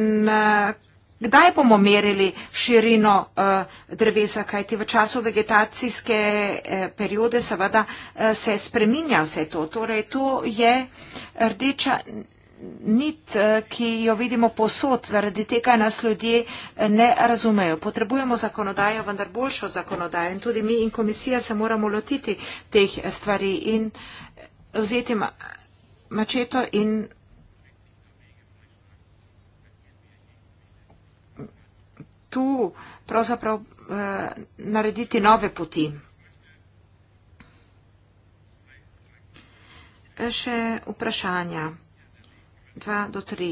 Kdaj bomo merili širino uh, drevesa, kajti v času vegetacijske uh, periode seveda uh, se spreminja vse to. Torej, to je rdeča nit, uh, ki jo vidimo posod, zaradi tega nas ljudje ne razumejo. Potrebujemo zakonodajo, vendar boljšo zakonodajo in tudi mi in komisija se moramo lotiti teh stvari in vzeti ma mačeto in tu pravzaprav eh, narediti nove poti. E, še vprašanja. Dva do tri.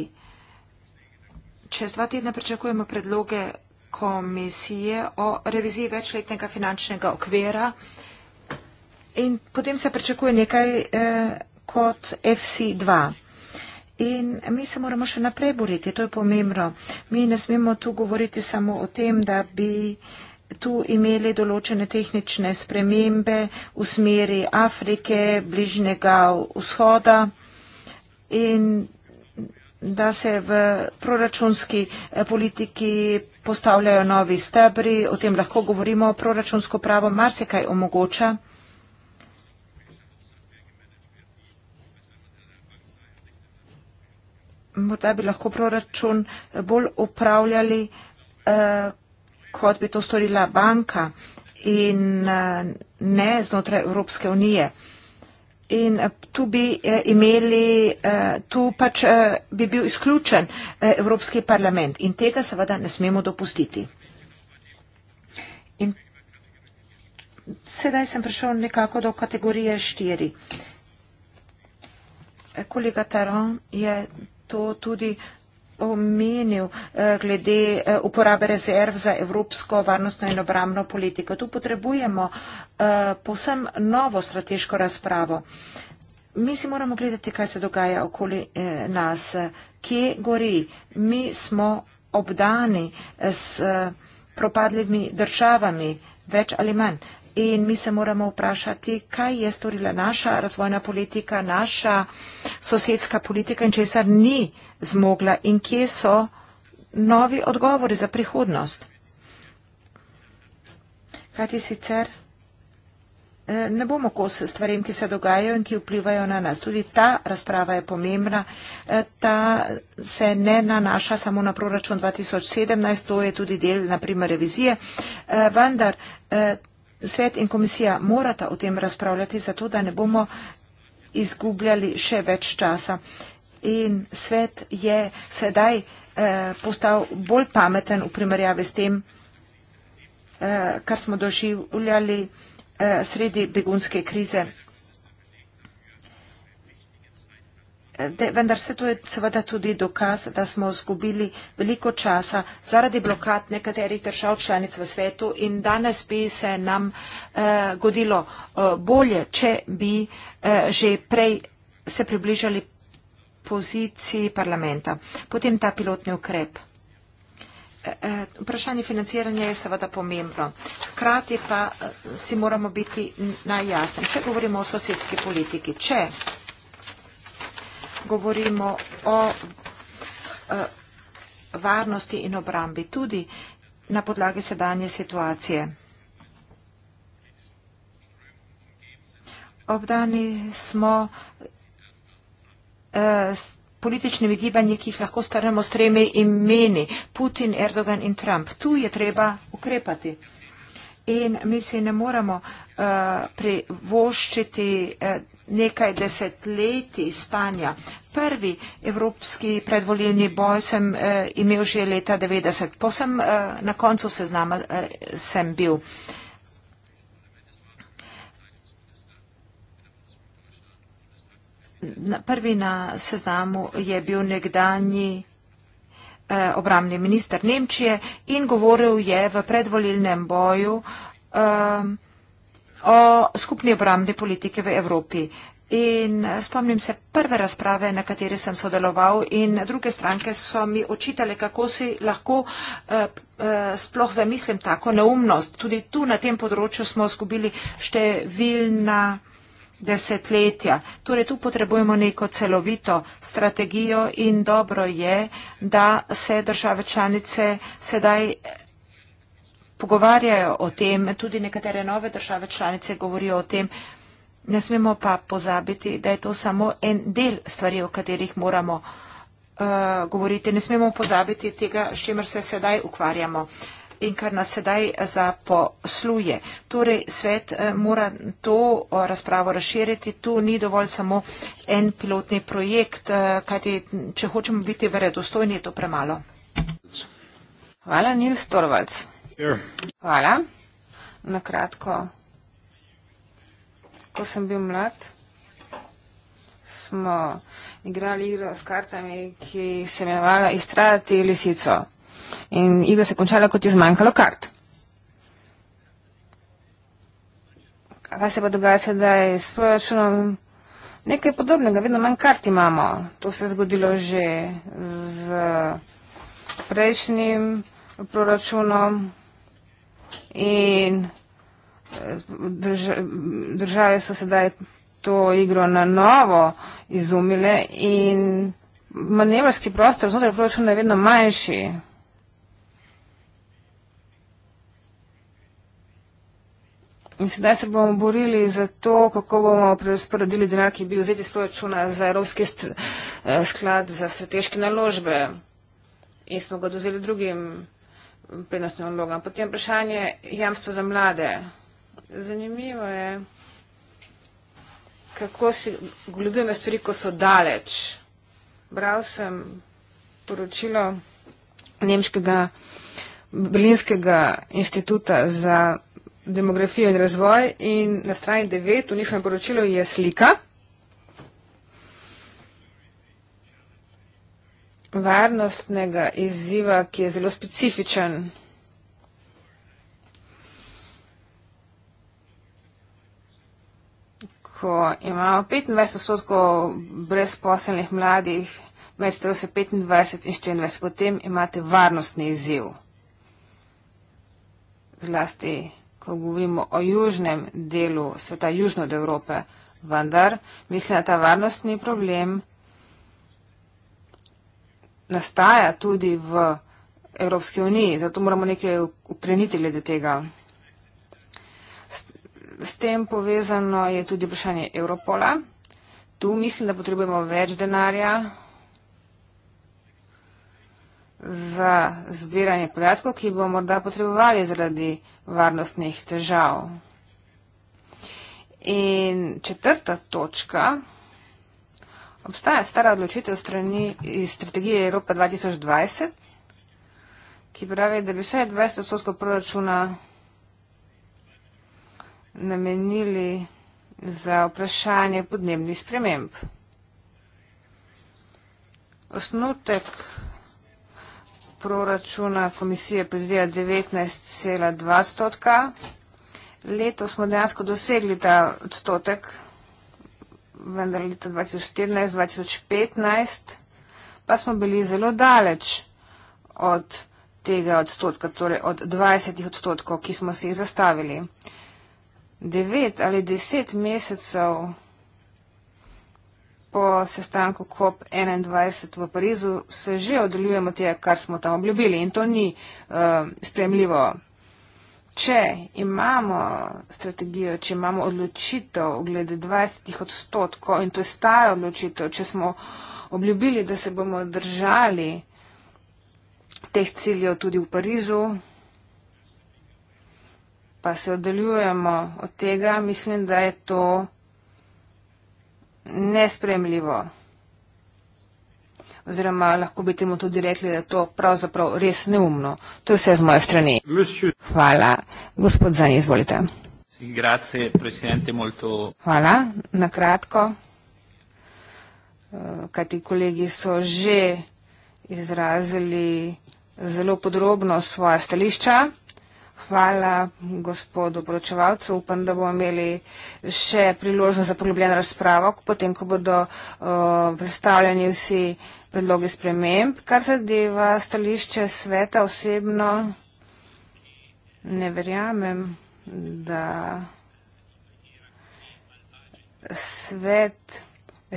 Čez dva tedna pričakujemo predloge komisije o reviziji večletnega finančnega okvira in potem se pričakuje nekaj eh, kot FC2. In mi se moramo še naprej boriti, to je pomembno. Mi ne smemo tu govoriti samo o tem, da bi tu imeli določene tehnične spremembe v smeri Afrike, bližnjega vzhoda in da se v proračunski eh, politiki postavljajo novi stebri, o tem lahko govorimo, proračunsko pravo marsikaj omogoča. morda bi lahko proračun bolj upravljali, eh, kot bi to storila banka in eh, ne znotraj Evropske unije. In eh, tu bi imeli, tu pač bi bil izključen Evropski parlament in tega seveda ne smemo dopustiti. In sedaj sem prišel nekako do kategorije štiri. Kolega Taron je to tudi omenil eh, glede eh, uporabe rezerv za evropsko varnostno in obramno politiko. Tu potrebujemo eh, povsem novo strateško razpravo. Mi si moramo gledati, kaj se dogaja okoli nas, kje gori. Mi smo obdani s propadljivimi državami, več ali manj. In mi se moramo vprašati, kaj je storila naša razvojna politika, naša sosedska politika in česar ni zmogla in kje so novi odgovori za prihodnost. Kaj ti sicer? Eh, ne bomo kos stvarem, ki se dogajajo in ki vplivajo na nas. Tudi ta razprava je pomembna. Eh, ta se ne nanaša samo na proračun 2017, to je tudi del, naprimer, revizije. Eh, vendar Svet in komisija morata o tem razpravljati, zato da ne bomo izgubljali še več časa. In svet je sedaj eh, postal bolj pameten v primerjavi s tem, eh, kar smo doživljali eh, sredi begunske krize. De, vendar se to je seveda tudi dokaz, da smo zgubili veliko časa zaradi blokad nekaterih držav članic v svetu in danes bi se nam eh, godilo eh, bolje, če bi eh, že prej se približali poziciji parlamenta. Potem ta pilotni ukrep. Eh, eh, vprašanje financiranja je seveda pomembno. Hkrati pa eh, si moramo biti najjasni. Če govorimo o sosedski politiki, če govorimo o eh, varnosti in obrambi, tudi na podlagi sedanje situacije. Obdani smo eh, s političnimi gibanji, ki jih lahko staramo s tremi imeni, Putin, Erdogan in Trump. Tu je treba ukrepati. In mi si ne moremo uh, privoščiti uh, nekaj desetletij spanja. Prvi evropski predvoljeni boj sem eh, imel že leta 90, posem eh, na koncu seznama eh, sem bil. Na prvi na seznamu je bil nekdanji eh, obramni minister Nemčije in govoril je v predvolilnem boju eh, o skupni obrambni politiki v Evropi. In spomnim se prve razprave, na kateri sem sodeloval in druge stranke so mi očitale, kako si lahko uh, uh, sploh zamislim tako neumnost. Tudi tu na tem področju smo zgubili številna desetletja. Torej tu potrebujemo neko celovito strategijo in dobro je, da se države članice sedaj pogovarjajo o tem, tudi nekatere nove države članice govorijo o tem. Ne smemo pa pozabiti, da je to samo en del stvari, o katerih moramo uh, govoriti. Ne smemo pozabiti tega, s čimer se sedaj ukvarjamo in kar nas sedaj zaposluje. Torej, svet eh, mora to eh, razpravo razširiti. Tu ni dovolj samo en pilotni projekt, kajti če hočemo biti verodostojni, je to premalo. Hvala, Nils Torvalds. Hvala. Na kratko, ko sem bil mlad, smo igrali igro s kartami, ki se imenovala Istrati lisico. In igra se končala, kot je zmanjkalo kart. Kaj se pa dogaja sedaj s proračunom? Nekaj podobnega, vedno manj kart imamo. To se je zgodilo že z prejšnjim proračunom, in eh, drža, države so sedaj to igro na novo izumile in manevrski prostor znotraj proračuna je vedno manjši. In sedaj se bomo borili za to, kako bomo prerasporedili denar, ki bi vzet iz proračuna za Evropski eh, sklad za strateške naložbe. In smo ga dozeli drugim prednostne vloge. Potem vprašanje jamstva za mlade. Zanimivo je, kako si gledujeme stvari, ko so daleč. Bral sem poročilo Nemškega Berlinskega inštituta za demografijo in razvoj in na strani 9 v njihovem poročilu je slika. varnostnega izziva, ki je zelo specifičen. Ko imamo 25 odstotkov brezposelnih mladih, med starosti 25 in 24, potem imate varnostni izziv. Zlasti, ko govorimo o južnem delu sveta, južno od Evrope, vendar mislim, da ta varnostni problem nastaja tudi v Evropski uniji, zato moramo nekaj ukreniti glede tega. S, s tem povezano je tudi vprašanje Europola. Tu mislim, da potrebujemo več denarja za zbiranje podatkov, ki bomo morda potrebovali zaradi varnostnih težav. In četrta točka obstaja stara odločitev strani iz strategije Evropa 2020, ki pravi, da bi vsaj 20 odstotkov proračuna namenili za vprašanje podnebnih sprememb. Osnutek proračuna komisije predvideva 19,2 odstotka. Letos smo dejansko dosegli ta odstotek vendar leta 2014, 2015, pa smo bili zelo daleč od tega odstotka, torej od 20 odstotkov, ki smo si jih zastavili. 9 ali 10 mesecev po sestanku COP21 v Parizu se že oddaljujemo tega, kar smo tam obljubili in to ni uh, eh, spremljivo če imamo strategijo, če imamo odločitev glede 20 odstotkov in to je stara odločitev, če smo obljubili, da se bomo držali teh ciljev tudi v Parizu, pa se oddaljujemo od tega, mislim, da je to nespremljivo oziroma lahko bi temu tudi rekli, da je to pravzaprav res neumno. To je vse z moje strani. Monsieur. Hvala. Gospod Zani, izvolite. Grazie, presidente, molto. Hvala. Na kratko, eh, kaj ti kolegi so že izrazili zelo podrobno svoja stališča. Hvala gospodu poročevalcu. Upam, da bomo imeli še priložnost za poglobljeno razpravo, potem, ko bodo uh, predstavljeni vsi uh, predloge sprememb. Kar zadeva stališče sveta osebno, ne verjamem, da svet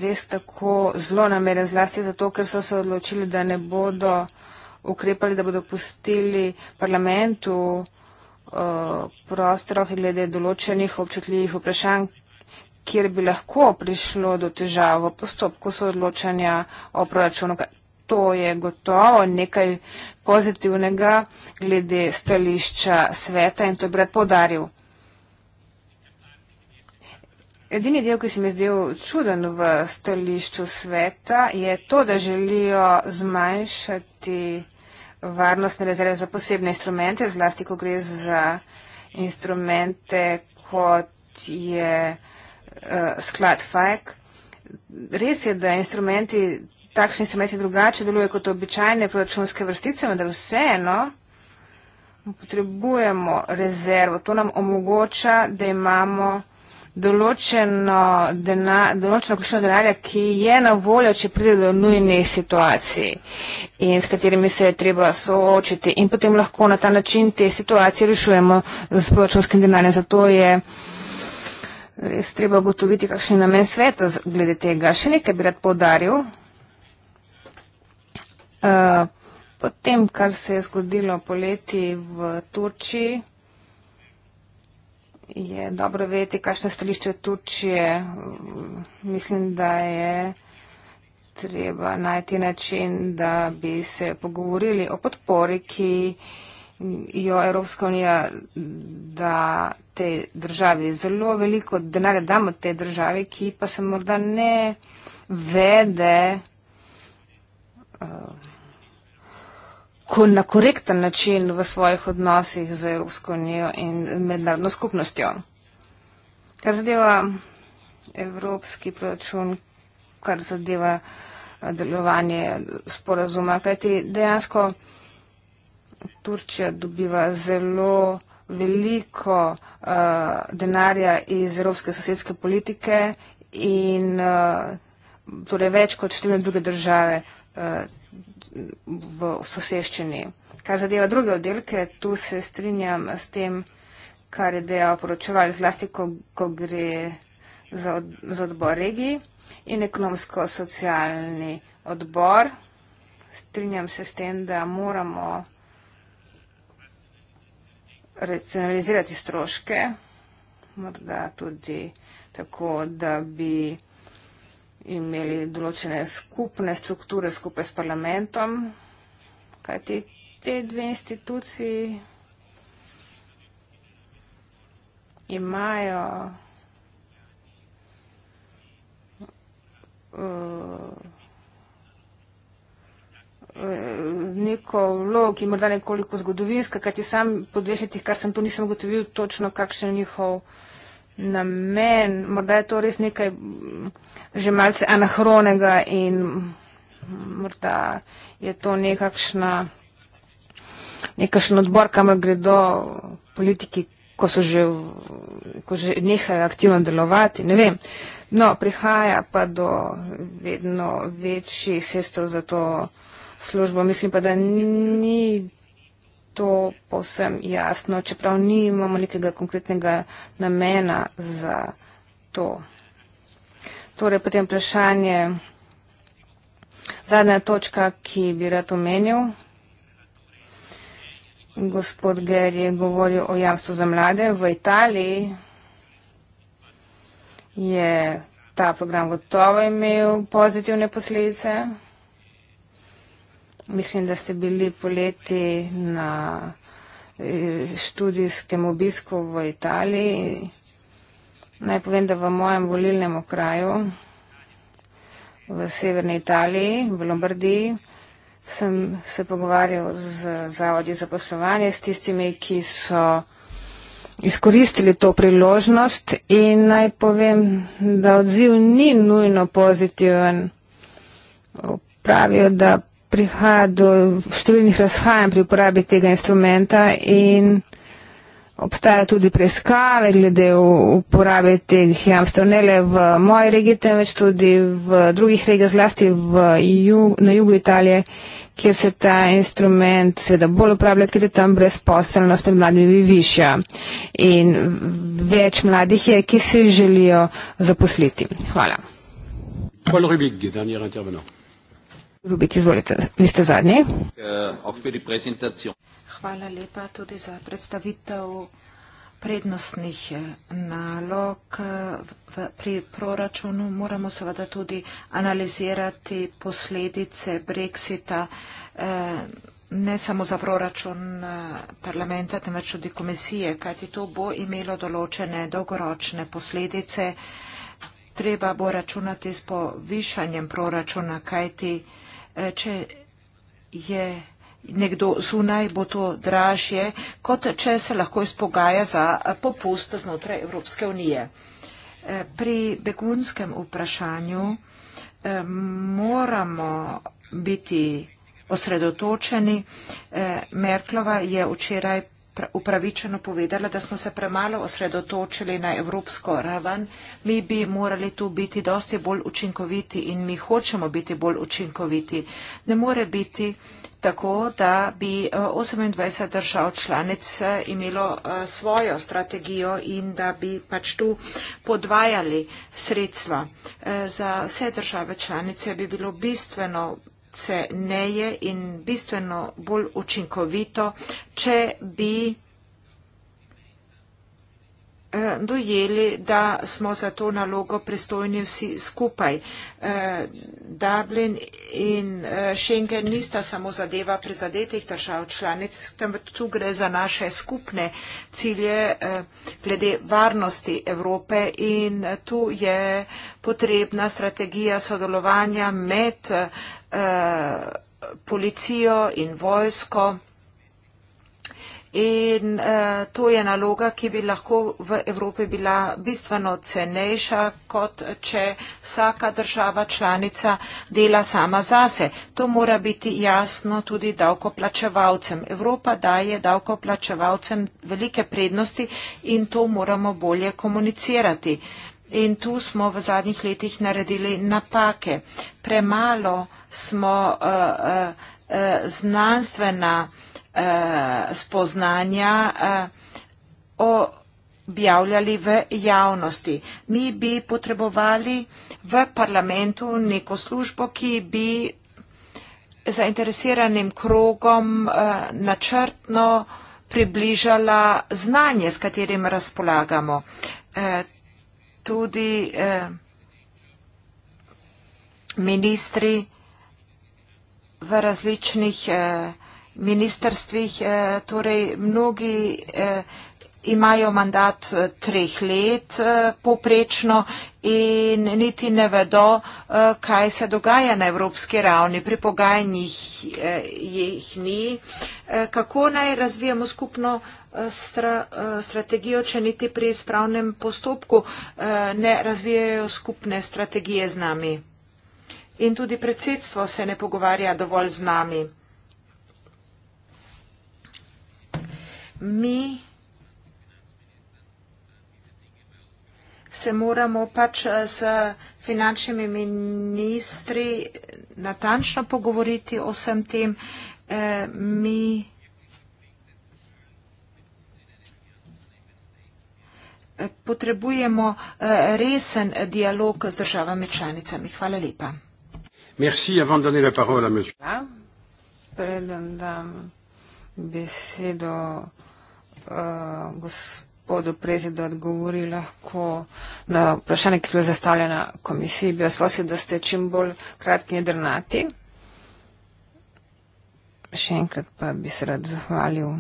res tako zelo namere zlasti zato, ker so se odločili, da ne bodo ukrepali, da bodo pustili parlamentu eh, prostoroh in glede določenih občutljivih vprašanj, kjer bi lahko prišlo do težav v postopku soodločanja o proračunu. To je gotovo nekaj pozitivnega glede stališča sveta in to je brat podaril. Edini del, ki se mi je zdel čuden v stališču sveta, je to, da želijo zmanjšati varnostne rezerve za posebne instrumente, zlasti ko gre za instrumente, kot je uh, sklad FAEK. Res je, da instrumenti, takšni instrumenti drugače delujejo kot običajne proračunske vrstice, vendar vseeno potrebujemo rezervo. To nam omogoča, da imamo določeno, dena, določeno količino denarja, ki je na voljo, če pride do nujnih situacij in s katerimi se je treba soočiti. In potem lahko na ta način te situacije rešujemo z proračunskim denarjem. Zato je uh, res treba ugotoviti, kakšen je namen sveta glede tega. Še nekaj bi rad podaril. Uh, eh, potem, kar se je zgodilo poleti v Turčiji, je dobro vedeti, kakšno stališče Turčije. Mislim, da je treba najti način, da bi se pogovorili o podpori, ki jo Evropska unija da tej državi. Zelo veliko denarja damo tej državi, ki pa se morda ne vede uh, na korekten način v svojih odnosih z Evropsko unijo in mednarodno skupnostjo. Kar zadeva evropski proračun, kar zadeva eh, delovanje sporazuma, kajti dejansko Turčija dobiva zelo veliko uh, denarja iz evropske sosedske politike in uh, torej več kot številne druge države uh, v soseščini. Kar zadeva druge oddelke, tu se strinjam s tem, kar je dejal poročevalj, zlasti ko, ko gre za, od, za odbor regij in ekonomsko-socialni odbor. Strinjam se s tem, da moramo racionalizirati stroške, morda tudi tako, da bi imeli določene skupne strukture skupaj s parlamentom, kajti te dve instituciji imajo uh, Eh, neko vlogo, ki je morda nekoliko zgodovinska, kajti sam po dveh letih, kar sem tu, nisem ugotovil točno, kakšen je njihov namen. Morda je to res nekaj mm, že malce anahronega in morda je to nekakšna, nekakšen odbor, kamor gredo politiki, ko so že, ko že nehajo aktivno delovati, ne vem. No, prihaja pa do vedno večjih sestav za to, službo. Mislim pa, da ni to povsem jasno, čeprav ni imamo nekega konkretnega namena za to. Torej, potem vprašanje, zadnja točka, ki bi rad omenil. Gospod Ger je govoril o jamstvu za mlade. V Italiji je ta program gotovo imel pozitivne posledice. Mislim, da ste bili poleti na eh, študijskem obisku v Italiji. Naj povem, da v mojem volilnem okraju v severni Italiji, v Lombardiji, sem se pogovarjal z zavodi za poslovanje, s tistimi, ki so izkoristili to priložnost in naj povem, da odziv ni nujno pozitiven. Pravijo, da prihaja do številnih razhajanj pri uporabi tega instrumenta in obstaja tudi preiskave glede uporabe teh jamstv, ne le v moji regiji, temveč tudi v drugih regijah, zlasti v jug, na jugu Italije, kjer se ta instrument seveda bolj uporablja, ker je tam brezposelnost med mladimi višja in več mladih je, ki se želijo zaposliti. Hvala. Paul Rubik, dernier intervenant. Rubik, izvolite, vi ste zadnji. Eh, Hvala lepa tudi za predstavitev prednostnih eh, nalog. V, pri proračunu moramo seveda tudi analizirati posledice Brexita, eh, ne samo za proračun parlamenta, temveč tudi komisije, kajti to bo imelo določene dolgoročne posledice. Treba bo računati s povišanjem proračuna, kajti Eh, če je nekdo zunaj, bo to dražje, kot če se lahko izpogaja za eh, popust znotraj Evropske unije. Eh, pri begunskem vprašanju moramo biti osredotočeni. Merklova je včeraj upravičeno povedala, da smo se premalo osredotočili na evropsko raven. Mi bi morali tu biti dosti bolj učinkoviti in mi hočemo biti bolj učinkoviti. Ne more biti tako, da bi 28 eh, držav članic eh, imelo eh, svojo strategijo in da bi pač tu podvajali sredstva. Za vse države članice bi bilo bistveno ceneje in bistveno bolj učinkovito, če bi eh, dojeli, da smo za to nalogo pristojni vsi skupaj. Eh, Dublin in eh, Schengen nista samo zadeva prizadetih držav članic, temveč tu gre za naše skupne cilje glede varnosti Evrope in tu je potrebna strategija sodelovanja med eh, policijo in vojsko. In eh, to je naloga, ki bi lahko v Evropi bila bistveno cenejša, kot če vsaka država članica dela sama zase. To mora biti jasno tudi davkoplačevalcem. Evropa daje davkoplačevalcem velike prednosti in to moramo bolje komunicirati. Eh, In tu smo v zadnjih letih naredili napake. Premalo smo uh, uh, znanstvena uh, spoznanja uh, objavljali v javnosti. Mi bi potrebovali v parlamentu neko službo, ki bi zainteresiranim krogom uh, načrtno približala znanje, s katerim razpolagamo tudi eh, ministri v različnih eh, ministrstvih, eh, torej mnogi imajo mandat eh, treh let eh, poprečno in niti ne vedo, eh, kaj se dogaja na evropski ravni. Pri pogajanjih jih ni. Kako naj razvijemo skupno stra, strategijo, če niti pri spravnem postopku ne razvijajo skupne strategije z nami? In tudi predsedstvo se ne pogovarja dovolj z nami. Mi se moramo pač eh, s finančnimi ministri natančno pogovoriti o vsem tem. Eh, mi eh, potrebujemo resen dialog z državami članicami. Hvala lepa. Merci, avant de donner la parole à monsieur. Ja, predam dam besedo uh, gospodinu gospodu prezidu odgovori lahko na vprašanje, ki je bilo zastavljeno komisiji, bi vas prosil, da ste čim bolj kratki in drnati. Še enkrat pa bi se rad zahvalil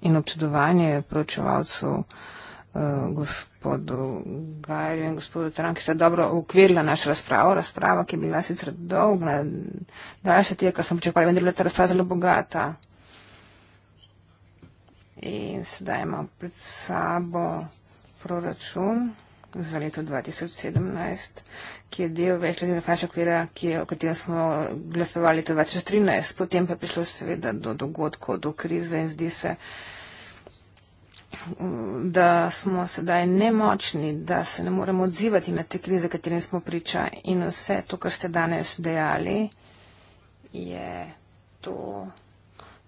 in občudovanje pročevalcu eh, gospodu Gajerju in gospodu Tran, ki sta dobro ukvirila našo razpravo. Razprava, ki je bila sicer dolga, daljša tega, kar sem pričakovala, vendar je bila ta razprava zelo bogata in sedaj imam pred sabo proračun za leto 2017, ki je del večletnega finančnega okvira, o katerem smo glasovali leta 2013. Potem pa je prišlo seveda do dogodkov, do krize in zdi se, da smo sedaj nemočni, da se ne moremo odzivati na te krize, katerim smo priča in vse to, kar ste danes dejali, je to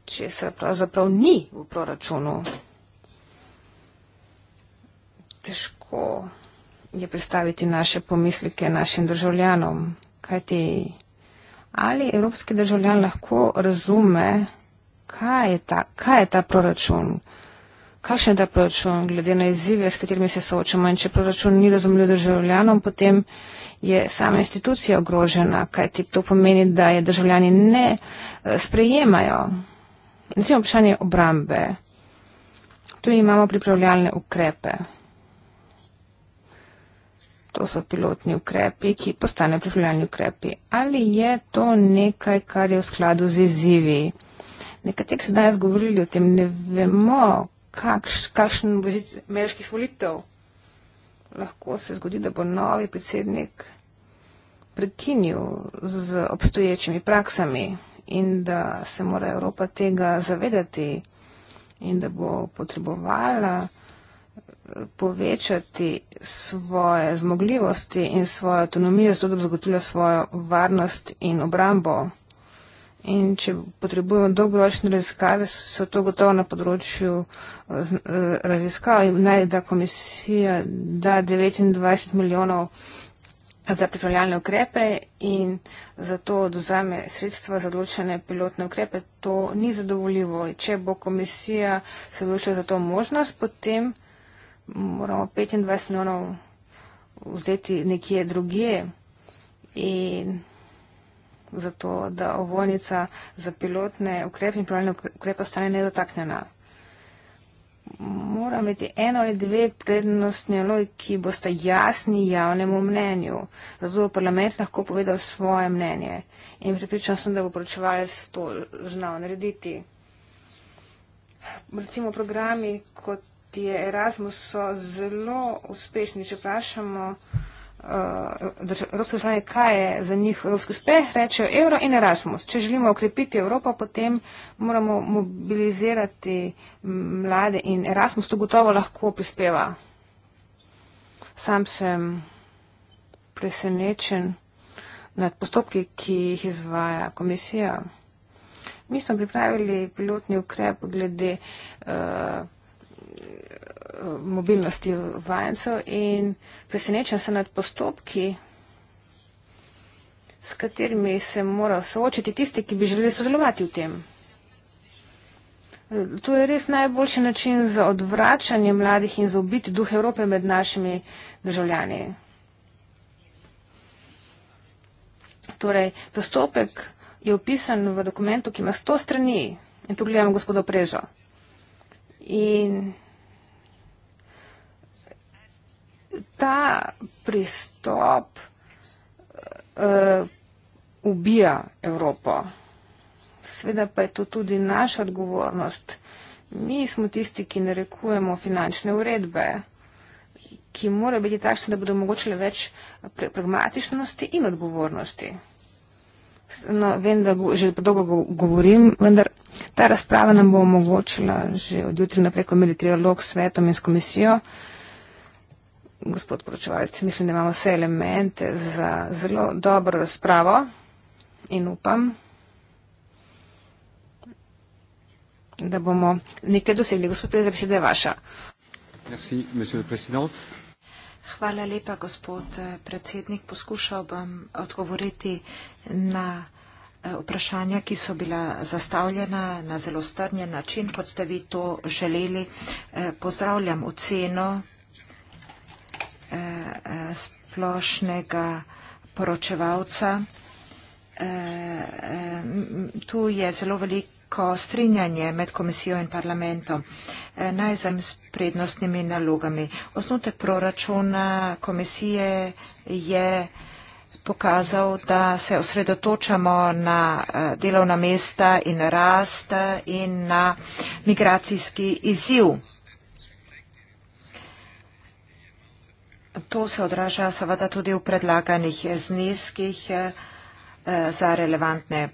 česar pravzaprav ni v proračunu. Težko je predstaviti naše pomislike našim državljanom, kajti ali evropski državljan lahko razume, kaj je ta, kaj je ta proračun, kakšen je ta proračun, glede na izzive, s katerimi se soočamo. In če proračun ni razumljiv državljanom, potem je sama institucija ogrožena, kajti to pomeni, da je državljani ne eh, sprejemajo. Recimo vprašanje obrambe. Tu imamo pripravljalne ukrepe. To so pilotni ukrepi, ki postanejo pripravljalni ukrepi. Ali je to nekaj, kar je v skladu z izzivi? Nekateri so danes govorili o tem, ne vemo, kakš, kakšen bo zid ameriških volitev. Lahko se zgodi, da bo novi predsednik prekinil z obstoječimi praksami, in da se mora Evropa tega zavedati in da bo potrebovala eh, povečati svoje zmogljivosti in svojo avtonomijo, zato da bo zagotovila svojo varnost in obrambo. In če potrebujemo dolgoročne raziskave, so to gotovo na področju eh, eh, raziskav. Naj da komisija da 29 milijonov za pripravljalne ukrepe in zato dozame sredstva za določene pilotne ukrepe. To ni zadovoljivo. Če bo komisija se odločila za to možnost, potem moramo 25 milijonov vzeti nekje drugje in zato, da ovojnica za pilotne ukrepe in pripravljalne ukrepe ostane nedotaknjena mora imeti eno ali dve prednostne loj, ki boste jasni javnemu mnenju. Zato bo parlament lahko povedal svoje mnenje. In pripričan sem, da bo poročevalec to znal narediti. Recimo programi, kot je Erasmus, so zelo uspešni, če vprašamo. Uh, Eh, evropske države, kaj je za njih evropski uspeh, rečejo evro in Erasmus. Če želimo okrepiti Evropo, potem moramo mobilizirati mlade in Erasmus to gotovo lahko prispeva. Sam sem presenečen nad postopki, ki jih izvaja komisija. Mi smo pripravili pilotni ukrep glede. Uh, mobilnosti vajencev in presenečen sem nad postopki, s katerimi se morajo soočiti tisti, ki bi želeli sodelovati v tem. To je res najboljši način za odvračanje mladih in za obiti duh Evrope med našimi državljani. Torej, postopek je opisan v dokumentu, ki ima sto strani in tu gledam gospodo Prežo. In ta pristop uh, ubija Evropo. Sveda pa je to tudi naša odgovornost. Mi smo tisti, ki narekujemo finančne uredbe, ki morajo biti takšne, da bodo omogočile več eh, pragmatičnosti in odgovornosti. No, vem, da go, že predolgo go, govorim, vendar ta razprava nam bo omogočila že od jutri naprej, ko imeli trialog s svetom in s komisijo, uh, gospod poročevalec, mislim, da imamo vse elemente za zelo dobro razpravo in upam, da bomo nekaj dosegli. Gospod predsednik, beseda je vaša. Merci, Hvala lepa, gospod eh, predsednik. Poskušal bom odgovoriti na eh, vprašanja, ki so bila zastavljena na zelo strnjen način, kot ste vi to želeli. Eh, pozdravljam oceno Eh, eh, splošnega poročevalca. Eh, tu je zelo veliko strinjanje med komisijo in parlamentom. Naj zem s prednostnimi nalogami. Osnutek proračuna komisije je pokazal, da se osredotočamo na delovna mesta in rast in na migracijski izziv. To se odraža seveda tudi v predlaganih zneskih eh, za relevantne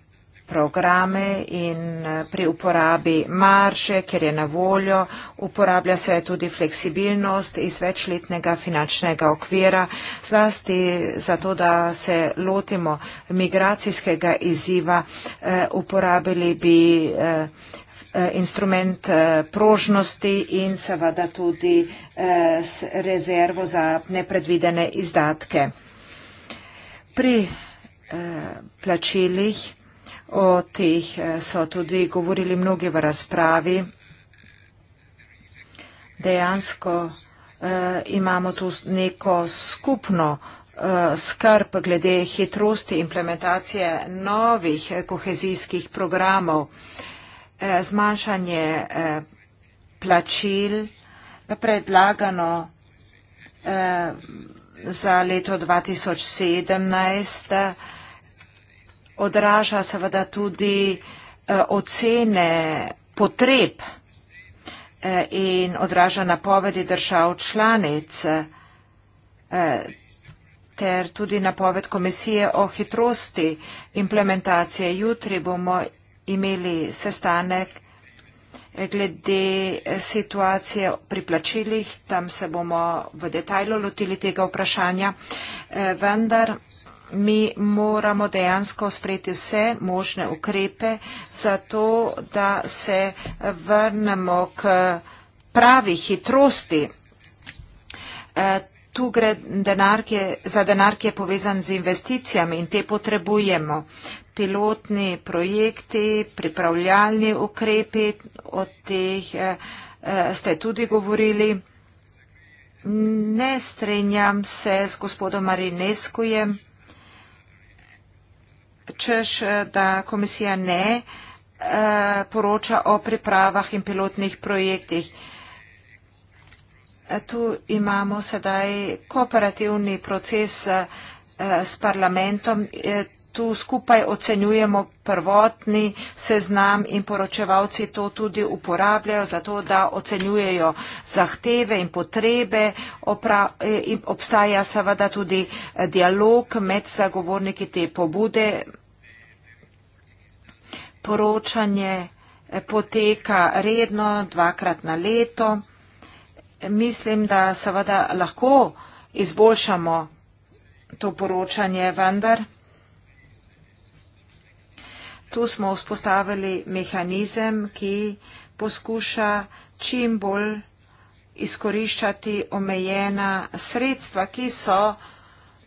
programe in eh, pri uporabi marže, ker je na voljo, uporablja se tudi fleksibilnost iz večletnega finančnega okvira, zlasti zato, da se lotimo migracijskega izziva, eh, uporabili bi Eh, instrument eh, prožnosti in seveda tudi eh, s rezervo za nepredvidene izdatke. Pri plačilih, o teh so tudi govorili mnogi v razpravi, dejansko imamo tu neko skupno skrb glede hitrosti implementacije novih kohezijskih programov zmanjšanje eh, plačil predlagano eh, za leto 2017 odraža seveda tudi eh, ocene potreb in odraža napovedi držav članic ter tudi napoved komisije o hitrosti implementacije. Jutri bomo imeli sestanek glede situacije pri plačilih. Tam se bomo v detajlu lotili tega vprašanja. Eh, vendar mi moramo dejansko sprejeti vse možne ukrepe za to, da se vrnemo k pravi hitrosti. Eh, tu gre denar, za denar, ki je povezan z investicijami in te potrebujemo pilotni projekti, pripravljalni ukrepi, o teh eh, eh, ste tudi govorili. Ne strenjam se s gospodom Marineskujem, češ, eh, da komisija ne poroča o pripravah in pilotnih projektih. Tu imamo sedaj kooperativni proces projekti, Eh, s parlamentom. Eh, tu skupaj ocenjujemo prvotni seznam in poročevalci to tudi uporabljajo, zato da ocenjujejo zahteve in potrebe. Eh, obstaja seveda tudi dialog med zagovorniki te pobude. Poročanje poteka redno, dvakrat na leto. Mislim, da seveda lahko izboljšamo to poročanje, vendar tu smo vzpostavili mehanizem, ki poskuša čim bolj izkoriščati omejena sredstva, ki so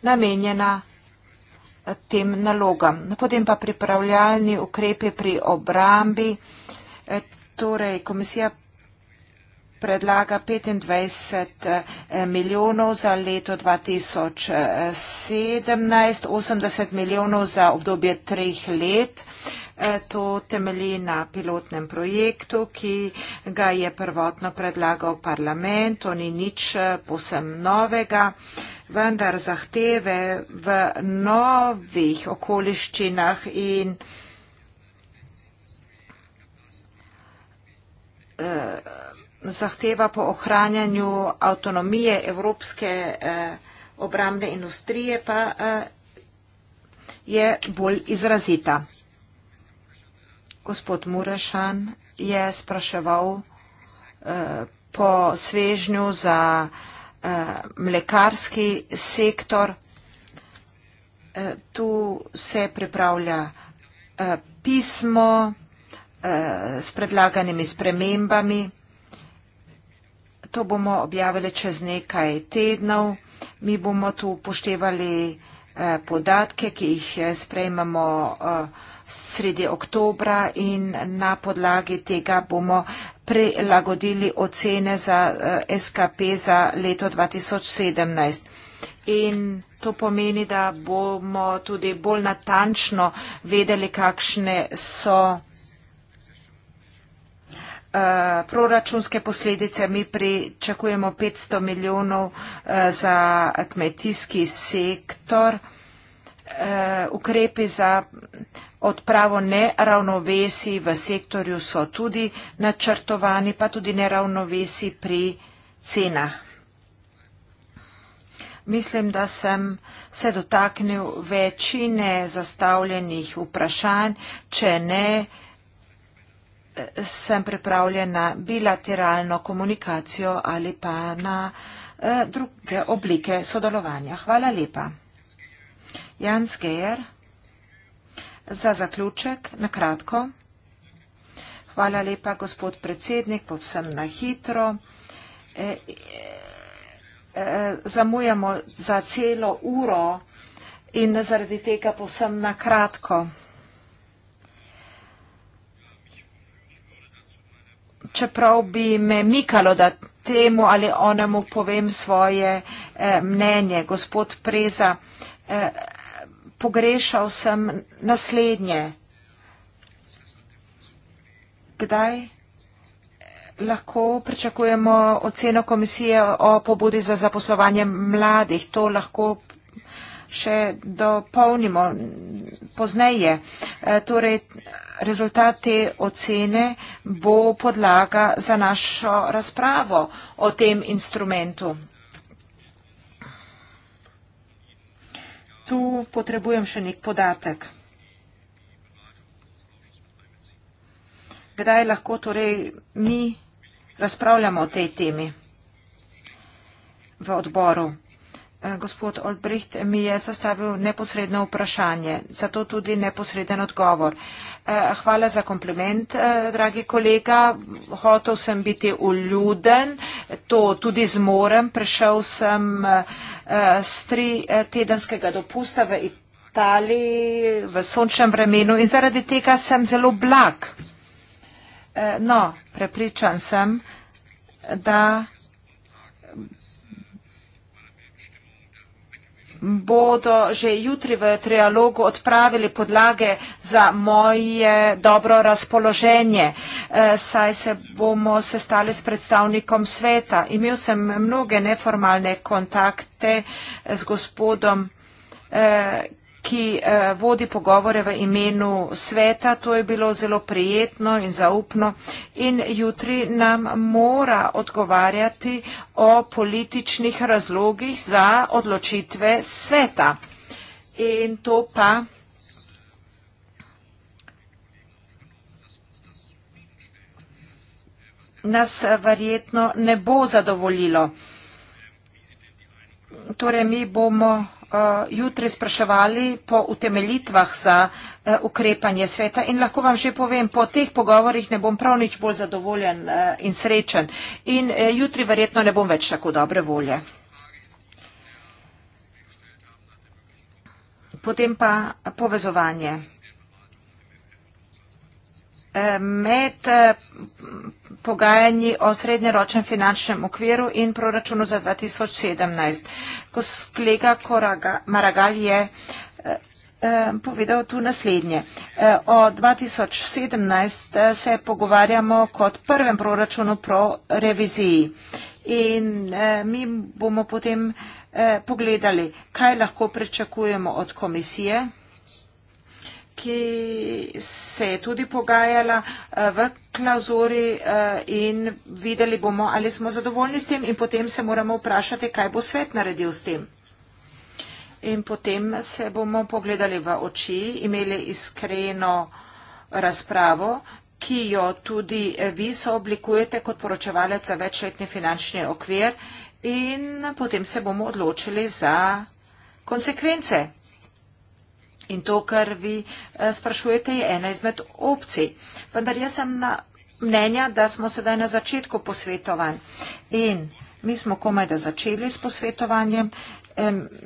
namenjena tem nalogam. Potem pa pripravljalni ukrepe pri obrambi. E, torej, komisija predlaga 25 eh, milijonov za leto 2017, 80 milijonov za obdobje treh let. Eh, to temelji na pilotnem projektu, ki ga je prvotno predlagal parlament. To ni nič eh, posem novega, vendar zahteve v novih okoliščinah in uh, zahteva po ohranjanju avtonomije evropske eh, obrambne industrije pa eh, je bolj izrazita. Gospod Murešan je spraševal eh, po svežnju za eh, mlekarski sektor. Eh, tu se pripravlja eh, pismo eh, s predlaganimi spremembami to bomo objavili čez nekaj tednov. Mi bomo tu upoštevali eh, podatke, ki jih eh, sprejmemo eh, sredi oktobra in na podlagi tega bomo prilagodili ocene za SKP za leto 2017. In to pomeni, da bomo tudi bolj natančno vedeli, kakšne so Eh, proračunske posledice. Mi pričakujemo 500 milijonov eh, za kmetijski sektor. Eh, ukrepi za odpravo neravnovesi v sektorju so tudi načrtovani, pa tudi neravnovesi pri cenah. Mislim, da sem se dotaknil večine zastavljenih vprašanj. Če ne, sem prepravljen na bilateralno komunikacijo ali pa na eh, druge oblike sodelovanja. Hvala lepa. Jans Gejer, za zaključek, nakratko. Hvala lepa, gospod predsednik, povsem na hitro. Eh, eh, zamujamo za celo uro in zaradi tega povsem nakratko. čeprav bi me mikalo, da temu ali onemu povem svoje eh, mnenje. Gospod Preza, eh, pogrešal sem naslednje. Kdaj eh, lahko pričakujemo oceno komisije o pobudi za zaposlovanje mladih? To lahko še dopolnimo pozneje. E, torej, rezultati ocene bo podlaga za našo razpravo o tem instrumentu. Tu potrebujem še nek podatek. Kdaj lahko torej mi razpravljamo o tej temi v odboru? Eh, gospod Olbricht mi je zastavil neposredno vprašanje, zato tudi neposreden odgovor. Eh, hvala za kompliment, eh, dragi kolega. Hotel sem biti uljuden, to tudi zmorem. Prešel sem z tri tedenskega dopusta v Italiji v sončnem vremenu in zaradi tega sem zelo blag. No, prepričan sem, da bodo že jutri v trialogu odpravili podlage za moje dobro razpoloženje. Eh, saj se bomo sestali s predstavnikom sveta. Imel sem mnoge neformalne kontakte z gospodom eh, ki eh, vodi pogovore v imenu sveta. To je bilo zelo prijetno in zaupno in jutri nam mora odgovarjati o političnih razlogih za odločitve sveta. In to pa. nas eh, verjetno ne bo zadovoljilo. Torej, mi bomo Eh, jutri spraševali po utemeljitvah za eh, ukrepanje sveta in lahko vam že povem, po teh pogovorih ne bom prav nič bolj zadovoljen eh, in srečen in jutri verjetno ne bom več tako dobre volje. Potem pa povezovanje. Med pogajanji o srednjeročnem finančnem okviru in proračunu za 2017. Kolega Maragal je eh, eh, povedal tu naslednje. Eh, o 2017 se pogovarjamo kot prvem proračunu pro reviziji in mi bomo potem pogledali, kaj lahko pričakujemo od komisije ki se je tudi pogajala eh, v klauzuri eh, in videli bomo, ali smo zadovoljni s tem in potem se moramo vprašati, kaj bo svet naredil s tem. In potem se bomo pogledali v oči, imeli iskreno razpravo, ki jo tudi eh, vi sooblikujete kot poročevalec za večletni finančni okvir in potem se bomo odločili za konsekvence. In to, kar vi eh, sprašujete, je ena izmed opcij. Vendar jaz sem na mnenja, da smo sedaj na začetku posvetovanj. In mi smo komaj da začeli s posvetovanjem.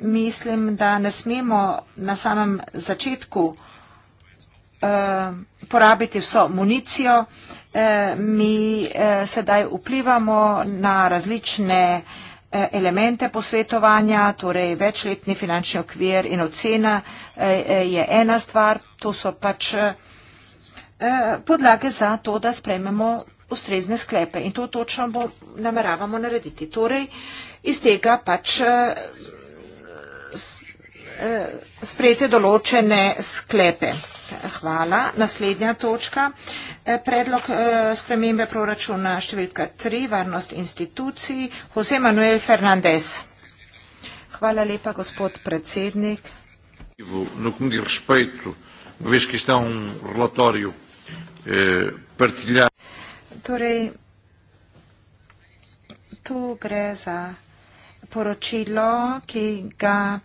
Mislim, da ne smemo na samem začetku eh, porabiti vso municijo. Eh, mi sedaj vplivamo na različne Eh, elemente posvetovanja, torej večletni finančni okvir in ocena eh, eh, je ena stvar, to so pač podlage za to, da sprememo ustrezne sklepe in to točno bo, nameravamo narediti. Torej, iz tega pač sprejete določene sklepe. Hvala. Naslednja točka. Uh, Eh, predlog eh, spremembe proračuna številka 3, varnost institucij. Jose Manuel Fernandez. Hvala lepa, gospod predsednik. No que me diz respeito, uma vez que isto é um relatório eh, partilhado. Torej, tu gre za poročilo, ki ga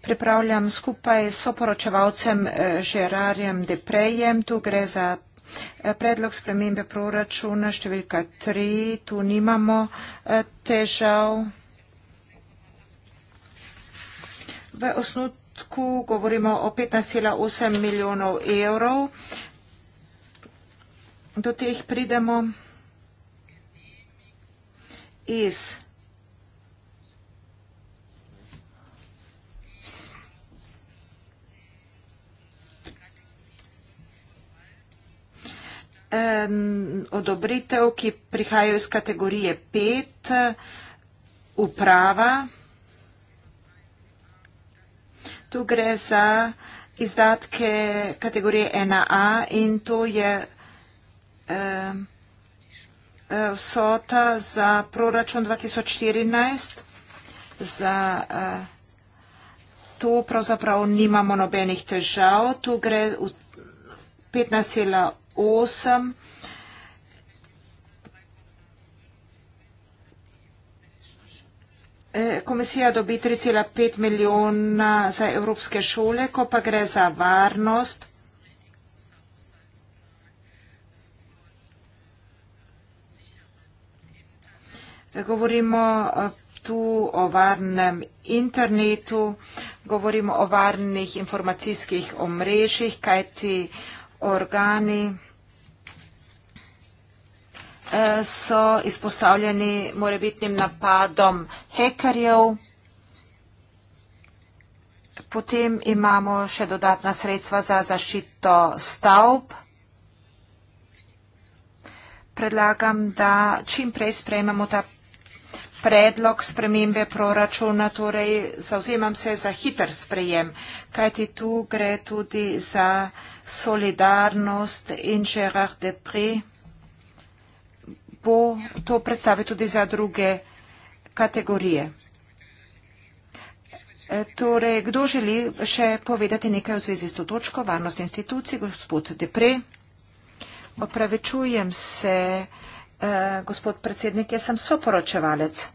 Pripravljam skupaj s soporočevalcem Žerarjem eh, Deprejem. Tu gre za eh, predlog spremembe proračuna številka 3. Tu nimamo eh, težav. V osnutku govorimo o 15,8 milijonov evrov. Do teh pridemo iz proračuna odobritev, ki prihajajo iz kategorije 5, uprava. Tu gre za izdatke kategorije 1A in to je vsota za proračun 2014. Za eh, to pravzaprav nimamo nobenih težav. Tu gre v 15,8 8. E, komisija dobi 3,5 milijona za evropske šole, ko pa gre za varnost. Govorimo e, tu o varnem internetu, govorimo o varnih informacijskih omrežjih, kajti organi eh, so izpostavljeni morebitnim napadom hekarjev. Potem imamo še dodatna sredstva za zašito stavb. Predlagam, da čim prej sprejmemo ta predlog spremembe proračuna, torej zauzemam se za hiter sprejem, kajti tu gre tudi za solidarnost in Gerard Depré bo to predstavil tudi za druge kategorije. E, torej, kdo želi še povedati nekaj v zvezi s to točko, varnost institucij, gospod Depré? Opravičujem se eh, gospod predsednik, jaz sem soporočevalec.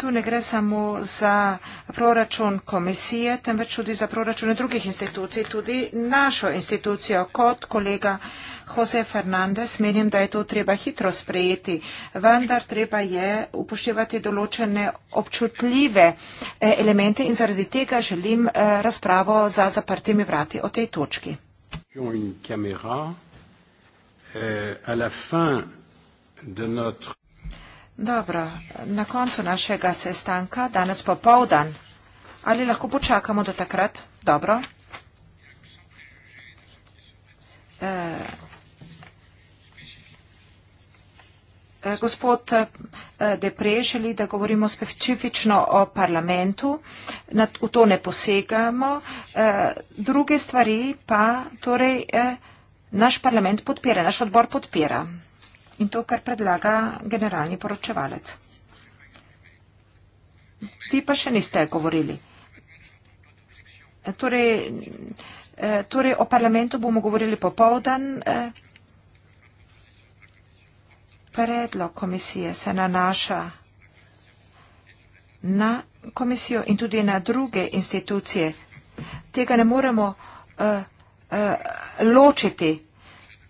Tu ne gre samo za proračun komisije, temveč tudi za proračune drugih institucij, tudi našo institucijo. Kot kolega Jose Fernandez menim, da je to treba hitro sprejeti, vendar treba je upoštevati določene občutljive eh, elemente in zaradi tega želim eh, razpravo za zaprtimi vrati o tej točki. Jean-Yves Camera. Euh, à la fin de notre Dobro, na koncu našega sestanka danes popoldan. Ali lahko počakamo do takrat? Dobro. Eh, eh, gospod eh, Depre želi, da govorimo specifično o parlamentu, v to ne posegamo. Druge stvari pa torej naš parlament podpira, naš odbor podpira in to, kar predlaga generalni poročevalec. Vi pa še niste govorili. Torej, eh, torej o parlamentu bomo govorili popovdan. Eh, predlog komisije se nanaša na komisijo in tudi na druge institucije. Tega ne moremo uh, uh, ločiti.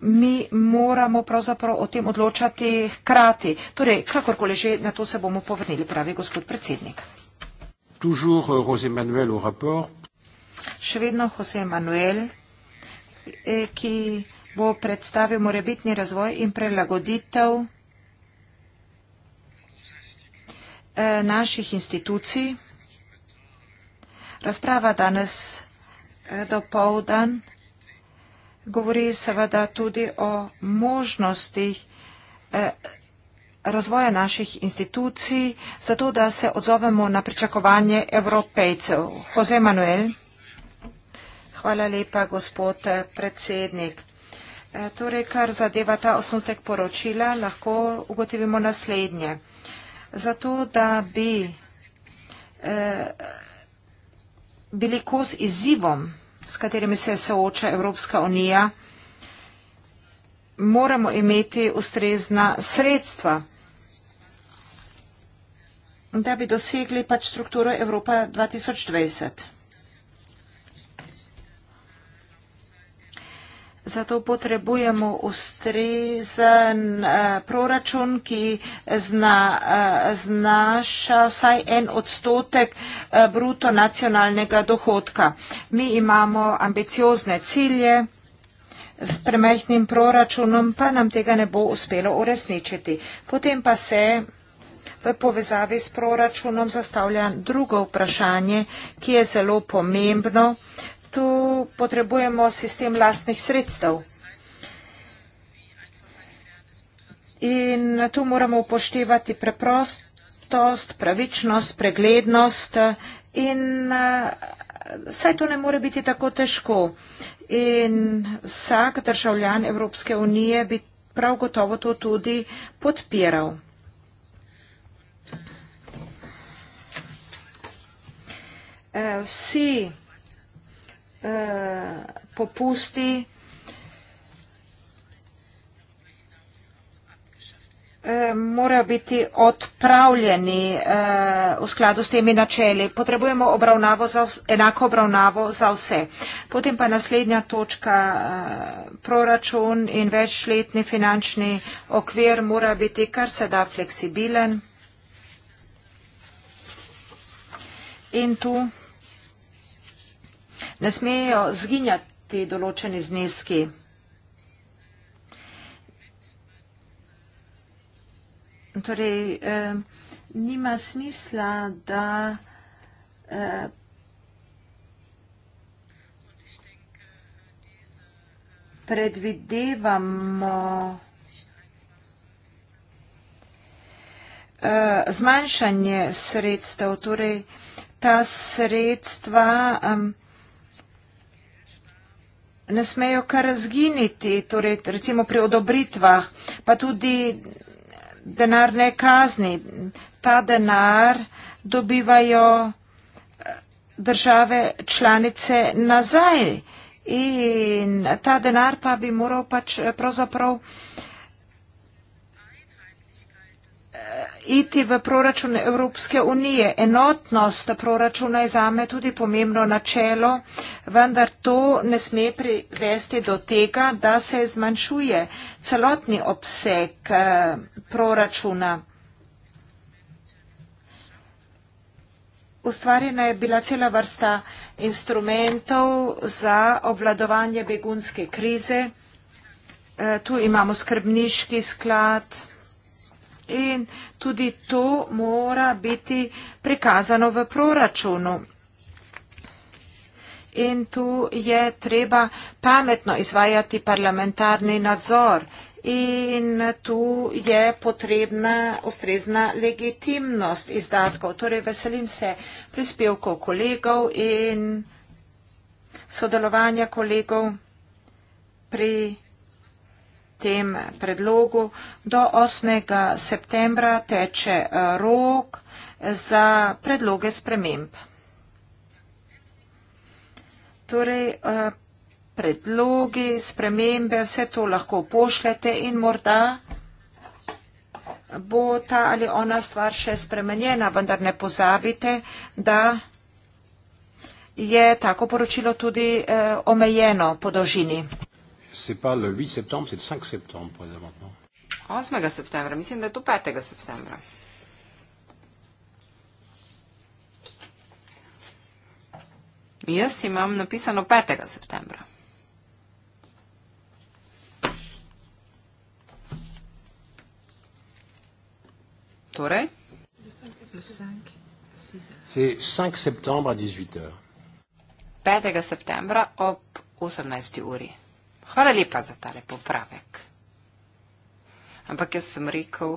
Mi moramo pravzaprav o tem odločati hkrati. Torej, kakorkoli že na to se bomo povrnili, pravi gospod predsednik. Euh, Še vedno Jose Manuel, eh, ki bo predstavil morebitni razvoj in prelagoditev eh, naših institucij. Razprava danes do povdan govori seveda tudi o možnostih eh, razvoja naših institucij, zato da se odzovemo na pričakovanje evropejcev. Jose Manuel. Hvala lepa, gospod eh, predsednik. Eh, torej, kar zadeva ta osnutek poročila, lahko ugotovimo naslednje. Zato, da bi eh, bili kos izzivom s katerimi se sooča Evropska unija, moramo imeti ustrezna sredstva, da bi dosegli pač strukturo Evropa 2020. Zato potrebujemo ustrezen uh, proračun, ki zna, uh, znaša vsaj en odstotek uh, bruto nacionalnega dohodka. Mi imamo ambiciozne cilje, s premajhnim proračunom pa nam tega ne bo uspelo uresničiti. Potem pa se v povezavi s proračunom zastavlja drugo vprašanje, ki je zelo pomembno tu potrebujemo sistem lastnih sredstev. In tu moramo upoštevati preprostost, pravičnost, preglednost in eh, saj to ne more biti tako težko. In vsak državljan Evropske unije bi prav gotovo to tudi podpiral. Eh, vsi uh, Eh, popusti, eh, morajo biti odpravljeni eh, v skladu s temi načeli. Potrebujemo obravnavo za vse, enako obravnavo za vse. Potem pa naslednja točka, proračun in večletni finančni okvir mora biti kar se da fleksibilen. In tu ne smejo zginjati določeni zneski. Torej, eh, nima smisla, da eh, predvidevamo eh, zmanjšanje sredstev. Torej, ta sredstva. Eh, ne smejo kar zginiti, torej recimo pri odobritvah, pa tudi denarne kazni. Ta denar dobivajo eh, države članice nazaj in ta denar pa bi moral pač eh, pravzaprav. Uh, iti v proračun Evropske unije. Enotnost proračuna je zame tudi pomembno načelo, vendar to ne sme privesti do tega, da se zmanjšuje celotni obseg eh, proračuna. Ustvarjena je bila cela vrsta instrumentov za obladovanje begunske krize. Eh, tu imamo skrbniški sklad in tudi to mora biti prikazano v proračunu. In tu je treba pametno izvajati parlamentarni nadzor in tu je potrebna ustrezna legitimnost izdatkov. Torej veselim se prispevkov kolegov in sodelovanja kolegov pri tem predlogu. Do 8. septembra teče eh, rok za predloge sprememb. Torej, eh, predlogi, spremembe, vse to lahko pošljete in morda bo ta ali ona stvar še spremenjena, vendar ne pozabite, da je tako poročilo tudi eh, omejeno po dolžini c'est pas le 8 septembre, c'est le 5 septembre, présentement. 8 septembre, mais c'est le 5 septembre. Jaz imam napisano 5. septembra. Torej? 5. septembra 18. 5. septembra ob 18. uri. Hvala lepa za tale popravek. Ampak jaz sem rekel,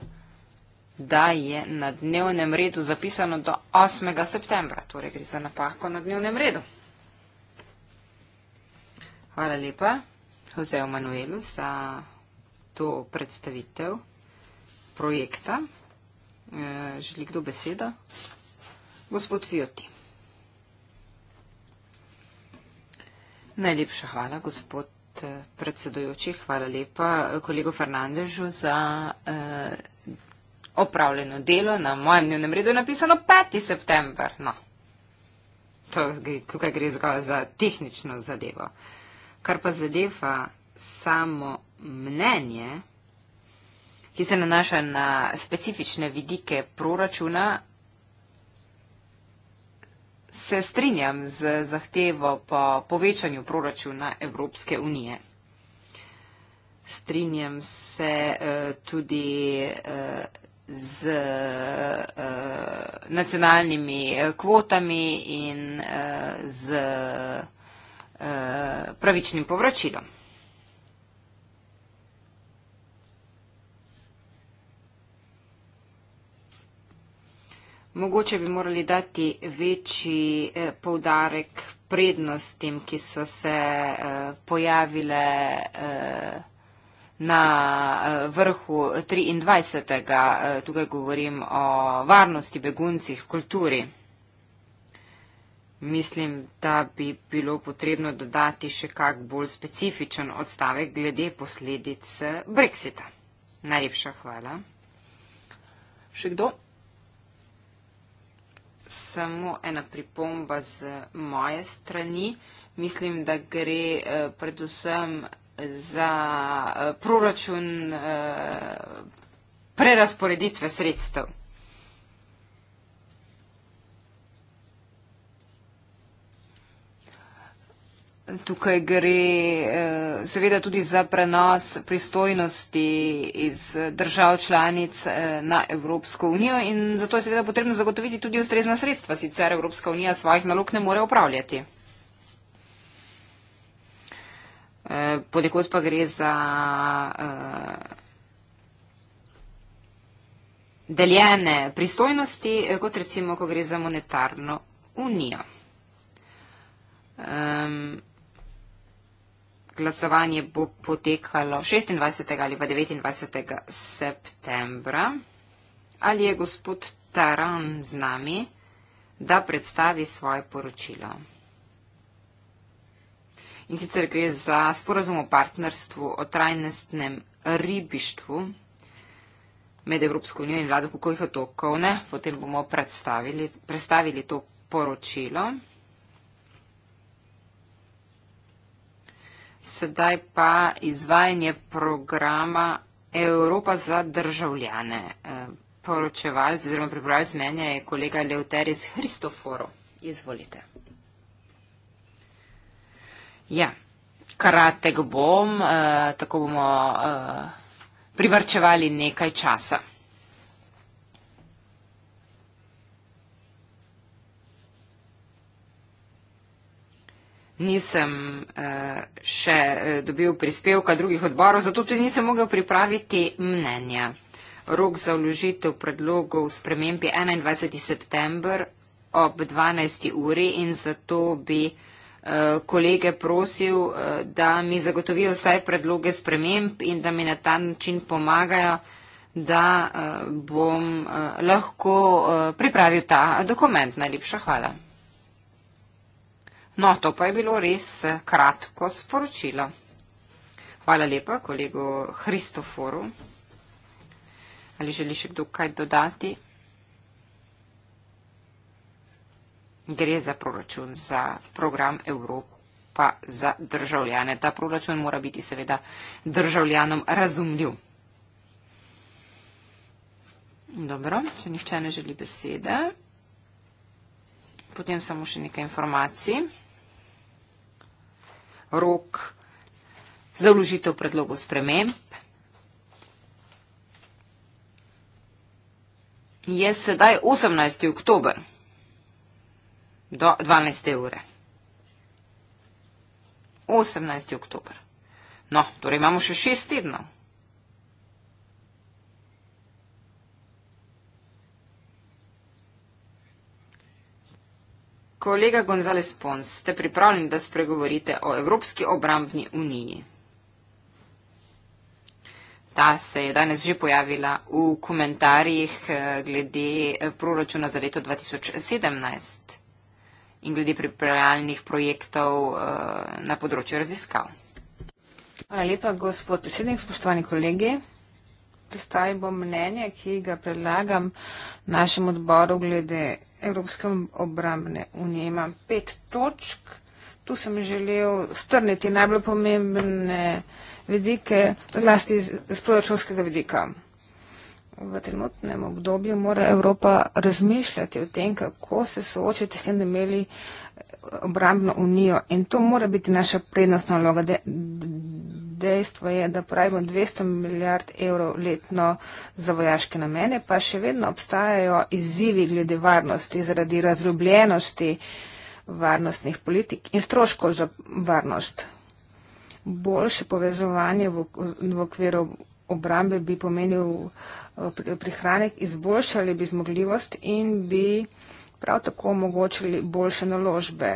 da je na dnevnem redu zapisano do 8. septembra. Torej gre za napako na dnevnem redu. Hvala lepa Joseju Manuelu za to predstavitev projekta. E, želi kdo besedo? Gospod Fioti. Najlepša hvala, gospod Eh, predsedujoči. Hvala lepa eh, kolegu Fernandežu za eh, opravljeno delo na mojem dnevnem redu napisano 5. september. No, to, tukaj gre zgolj za tehnično zadevo. Kar pa zadeva samo mnenje, ki se nanaša na specifične vidike proračuna, se strinjam z zahtevo po povečanju proračuna Evropske unije. Strinjam se uh, tudi uh, z uh, nacionalnimi kvotami in uh, z uh, pravičnim povračilom. Mogoče bi morali dati večji eh, poudarek prednostim, ki so se eh, pojavile eh, na eh, vrhu 23. Eh, tukaj govorim o varnosti, beguncih, kulturi. Mislim, da bi bilo potrebno dodati še kak bolj specifičen odstavek glede posledic eh, Brexita. Najlepša hvala. Še kdo? samo ena pripomba z moje strani. Mislim, da gre eh, predvsem za eh, proračun eh, prerasporeditve sredstev. Tukaj gre eh, seveda tudi za prenos pristojnosti iz eh, držav članic eh, na Evropsko unijo in zato je seveda potrebno zagotoviti tudi ustrezna sredstva, sicer Evropska unija svojih nalog ne more upravljati. Podekot pa gre za deljene pristojnosti, kot recimo, ko gre za monetarno unijo. Um, glasovanje bo potekalo 26. ali pa 29. septembra. Ali je gospod Taran z nami, da predstavi svoje poročilo? In sicer gre za sporozum o partnerstvu o trajnostnem ribištvu med Evropsko unijo in vlado Kukovih otokov. Ne? Potem bomo predstavili, predstavili to poročilo. Sedaj pa izvajanje programa Evropa za državljane. E, Poročevalc oziroma pripravljalc menja je kolega Leuteris Hristoforo. Izvolite. Ja, kratek bom, e, tako bomo e, privrčevali nekaj časa. nisem eh, še eh, dobil prispevka drugih odborov, zato tudi nisem mogel pripraviti mnenja. Rok za vložitev predlogov spremembi 21. september ob 12. uri in zato bi eh, kolege prosil, da mi zagotovijo vsaj predloge sprememb in da mi na ta način pomagajo, da bom lahko pripravil ta dokument. Najlepša hvala. No, to pa je bilo res eh, kratko sporočilo. Hvala lepa kolegu Kristoforu. Ali želi še kdo kaj dodati? Gre za proračun, za program Evropa za državljane. Ta proračun mora biti seveda državljanom razumljiv. Dobro, če nihče ne želi besede. Potem samo še nekaj informacij rok za vložitev predlogov sprememb je sedaj 18. oktober do 12. ure. 18. oktober. No, torej imamo še šest tednov. Kolega Gonzales Pons, ste pripravljeni, da spregovorite o Evropski obrambni uniji? Ta se je danes že pojavila v komentarjih eh, glede eh, proračuna za leto 2017 in glede pripravljalnih projektov eh, na področju raziskav. Hvala lepa, gospod predsednik, spoštovani kolegi predstavil bom mnenje, ki ga predlagam našem odboru glede Evropske obrambne unije. Imam pet točk. Tu sem želel strniti najbolj pomembne vidike, zlasti z, z proračunskega vidika. V trenutnem obdobju mora Evropa razmišljati o tem, kako se soočiti s tem, da imeli obrambno unijo. In to mora biti naša prednostna naloga dejstvo je, da pravimo 200 milijard evrov letno za vojaške namene, pa še vedno obstajajo izzivi glede varnosti zaradi razljubljenosti varnostnih politik in stroškov za varnost. Boljše povezovanje v okviru obrambe bi pomenil eh, prihranek, izboljšali bi zmogljivost in bi prav tako omogočili boljše naložbe.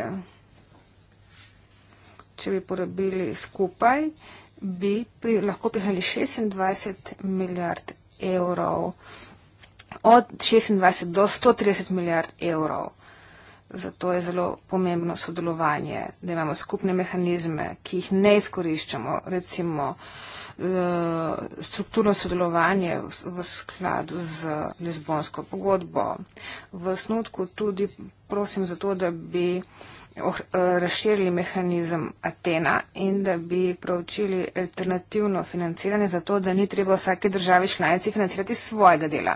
Če bi porabili skupaj, bi pri, lahko prihranili 26 milijard evrov, od 26 do 130 milijard evrov. Zato je zelo pomembno sodelovanje, da imamo skupne mehanizme, ki jih ne izkoriščamo, recimo eh, strukturno sodelovanje v skladu z Lizbonsko pogodbo. V snutku tudi prosim za to, da bi oh, eh, razširili mehanizem Atena in da bi pravčili alternativno financiranje za to, da ni treba vsake državi članici financirati svojega dela.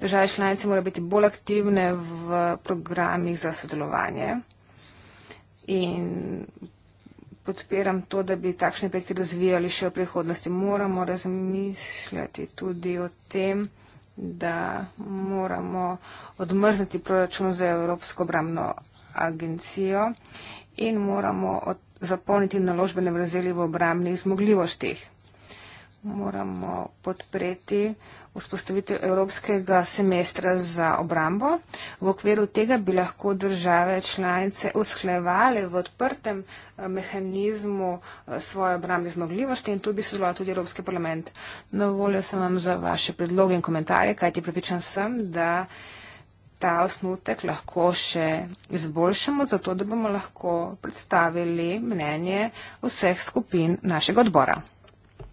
Države članice morajo biti bolj aktivne v programih za sodelovanje in podpiram to, da bi takšne projekte razvijali še v prihodnosti. Moramo razmišljati tudi o tem, da moramo odmrzniti proračun za Evropsko obramno agencijo in moramo zapolniti naložbene vrzeli v obramnih zmogljivostih. Moramo podpreti vzpostavitev evropskega semestra za obrambo. V okviru tega bi lahko države članice usklevali v odprtem eh, mehanizmu eh, svoje obrambne zmogljivosti in tu bi sodeloval tudi Evropski parlament. Na voljo sem vam za vaše predloge in komentarje, kajti pripričan sem, da ta osnutek lahko še izboljšamo, zato da bomo lahko predstavili mnenje vseh skupin našega odbora.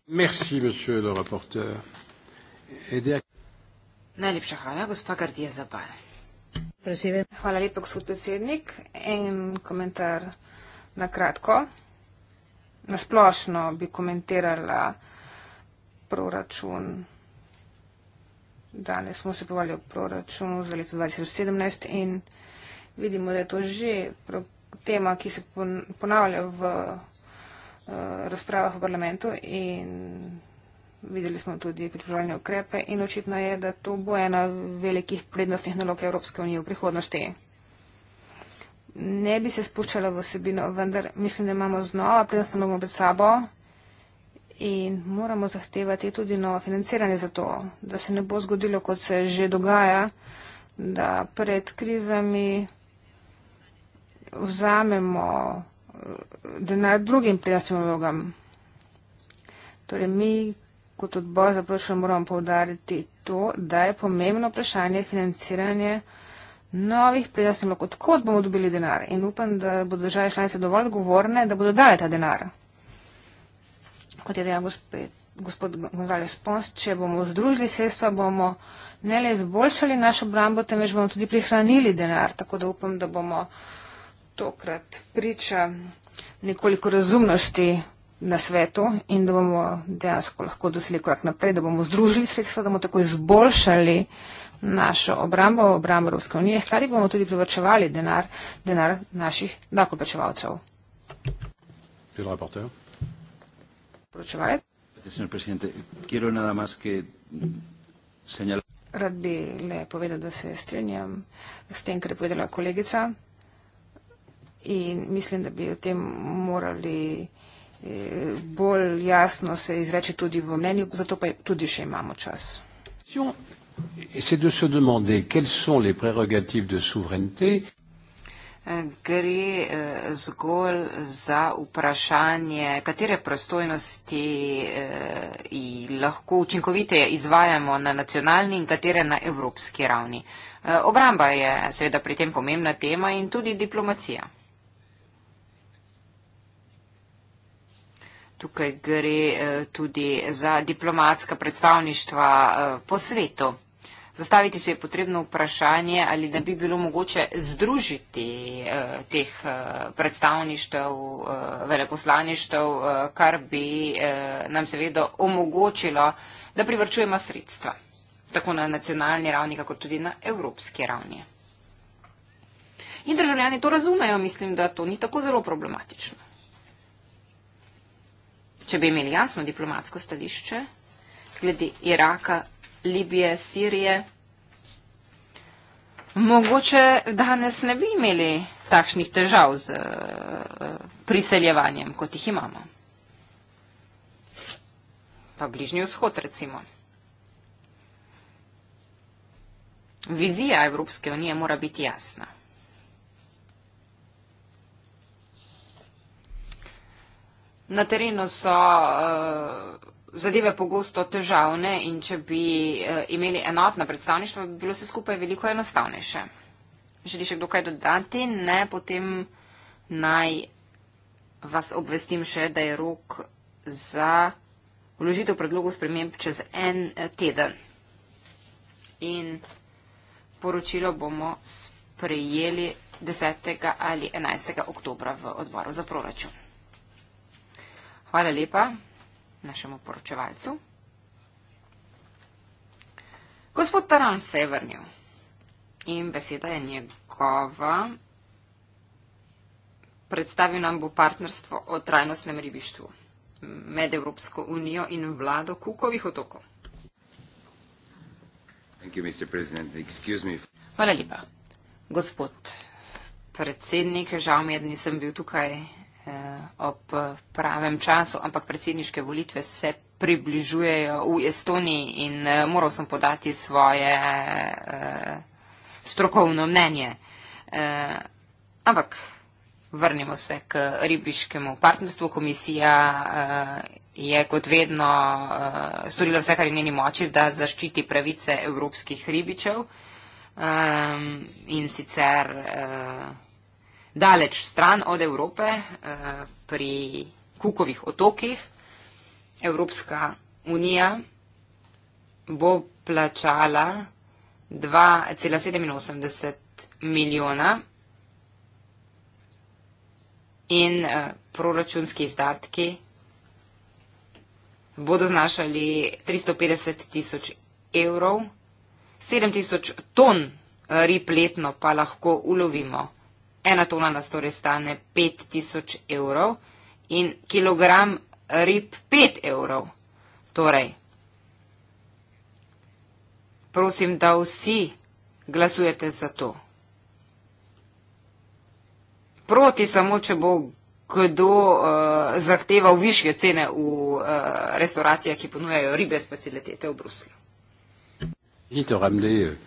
Merci, Najlepša hvala, gospa Gardija Zabal. Hvala lepa, gospod predsednik. En komentar na kratko. Nasplošno bi komentirala proračun Danes smo se povali o proračunu za leto 2017 in vidimo, da je to že tema, ki se ponavlja v eh, razpravah v parlamentu in videli smo tudi pripravljanje ukrepe in očitno je, da to bo ena velikih prednostnih nalog Evropske unije v prihodnosti. Ne bi se spuščala v osebino, vendar mislim, da imamo znova prednostno nalogo pred sabo in moramo zahtevati tudi novo financiranje za to, da se ne bo zgodilo, kot se že dogaja, da pred krizami vzamemo eh, denar drugim prijateljskim vlogam. Torej, mi kot odbor za proračun moramo povdariti to, da je pomembno vprašanje financiranje novih prijateljskih vlog. Odkot bomo dobili denar in upam, da bodo države članice dovolj odgovorne, da bodo dali ta denar kot je dejal gospe, gospod Gonzales Pons, če bomo združili sredstva, bomo ne le izboljšali našo obrambo, temveč bomo tudi prihranili denar. Tako da upam, da bomo tokrat priča nekoliko razumnosti na svetu in da bomo dejansko lahko dosili korak naprej, da bomo združili sredstva, da bomo tako izboljšali našo obrambo, obrambo Evropske unije, hkrati bomo tudi privrčevali denar, denar naših dakoplačevalcev. Gospod reporter poročevalec. Quiero nada más que señalar. Rad bi le povedal, da se strinjam s tem, kar je povedala kolegica in mislim, da bi o tem morali eh, bolj jasno se izreči tudi v mnenju, zato pa tudi še imamo čas. Essayez de se demander quelles sont les prérogatives de souveraineté. Gre eh, zgolj za vprašanje, katere prostojnosti eh, lahko učinkovite izvajamo na nacionalni in katere na evropski ravni. Eh, obramba je seveda pri tem pomembna tema in tudi diplomacija. Tukaj gre tudi za diplomatska predstavništva po svetu. Zastaviti se je potrebno vprašanje, ali da bi bilo mogoče združiti eh, teh eh, predstavništev, eh, veleposlaništev, eh, kar bi eh, nam seveda omogočilo, da privrčujemo sredstva, tako na nacionalni ravni, kako tudi na evropski ravni. In državljani to razumejo, mislim, da to ni tako zelo problematično. Če bi imeli jasno diplomatsko stališče glede Iraka, Libije, Sirije. Mogoče danes ne bi imeli takšnih težav z eh, priseljevanjem, kot jih imamo. Pa Bližnji vzhod, recimo. Vizija Evropske unije mora biti jasna. Na terenu so uh, zadeve pogosto težavne in če bi eh, imeli enotna predstavništva, bi bilo vse skupaj veliko enostavnejše. Želi še kdo kaj dodati? Ne, potem naj vas obvestim še, da je rok za vložitev predlogov sprememb čez en eh, teden. In poročilo bomo sprejeli 10. ali 11. oktobra v odboru za proračun. Hvala lepa našemu poročevalcu. Gospod Taran se je vrnil in beseda je njegova. Predstavil nam bo partnerstvo o trajnostnem ribištvu med Evropsko unijo in vlado Kukovih otokov. Hvala lepa. Gospod predsednik, žal mi je, da nisem bil tukaj Eh, ob pravem času, ampak predsedniške volitve se približujejo v Estoniji in eh, moral sem podati svoje eh, strokovno mnenje. Ampak vrnimo se k ribiškemu partnerstvu. Komisija je kot vedno storila vse, kar je njeni moči, da zaščiti pravice evropskih ribičev. In sicer daleč stran od Evrope, eh, pri Kukovih otokih, Evropska unija bo plačala 2,87 milijona in eh, proračunski izdatki bodo znašali 350 tisoč evrov, 7 tisoč ton eh, rib letno pa lahko ulovimo ena tona nas torej stane 5000 evrov in kilogram rib 5 evrov. Torej, prosim, da vsi glasujete za to. Proti samo, če bo kdo uh, zahteval višje cene v uh, eh, restauracijah, ki ponujajo ribe specialitete v Bruslju. Il t'a ramené euh,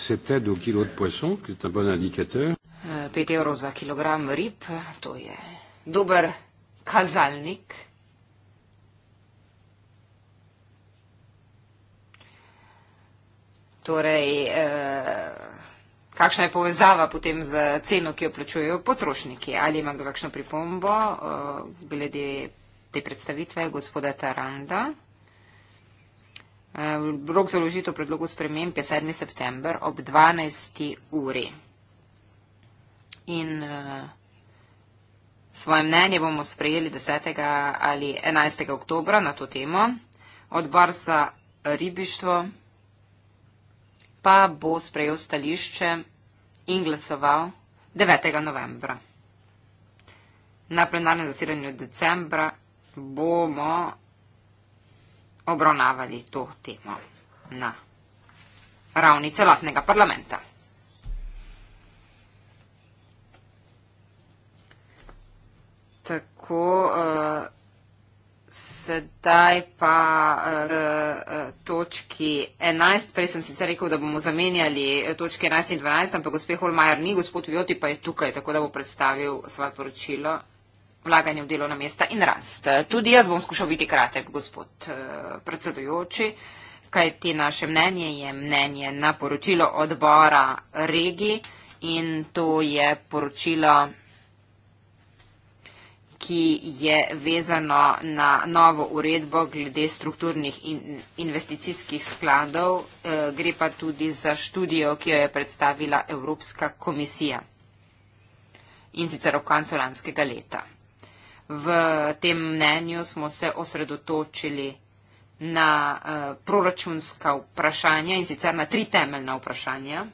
cette aide au kilo de poisson, qui est un bon indicateur. 5 evrov za kilogram rib, to je dober kazalnik. Torej, eh, kakšna je povezava potem z ceno, ki jo plačujejo potrošniki? Ali ima kdo kakšno pripombo eh, glede te predstavitve gospoda Taranda? Eh, rok za vložitev predlogu sprememb je 7. september ob 12. uri in uh, svoje mnenje bomo sprejeli 10. ali 11. oktobra na to temo. Odbor za ribištvo pa bo sprejel stališče in glasoval 9. novembra. Na plenarnem zasedanju decembra bomo obravnavali to temo na ravni celotnega parlamenta. Tako, uh, sedaj pa uh, uh, točki 11. Prej sem sicer rekel, da bomo zamenjali točke 11 in 12, ampak gospod Holmajer ni, gospod Vjoti pa je tukaj, tako da bo predstavil svoje poročilo vlaganje v delovna mesta in rast. Tudi jaz bom skušal biti kratek, gospod uh, predsedujoči, kaj ti naše mnenje je mnenje na poročilo odbora regi in to je poročilo ki je vezano na novo uredbo glede strukturnih in investicijskih skladov, eh, gre pa tudi za študijo, ki jo je predstavila Evropska komisija in sicer v koncu lanskega leta. V tem mnenju smo se osredotočili na eh, proračunska vprašanja in sicer na tri temeljna vprašanja.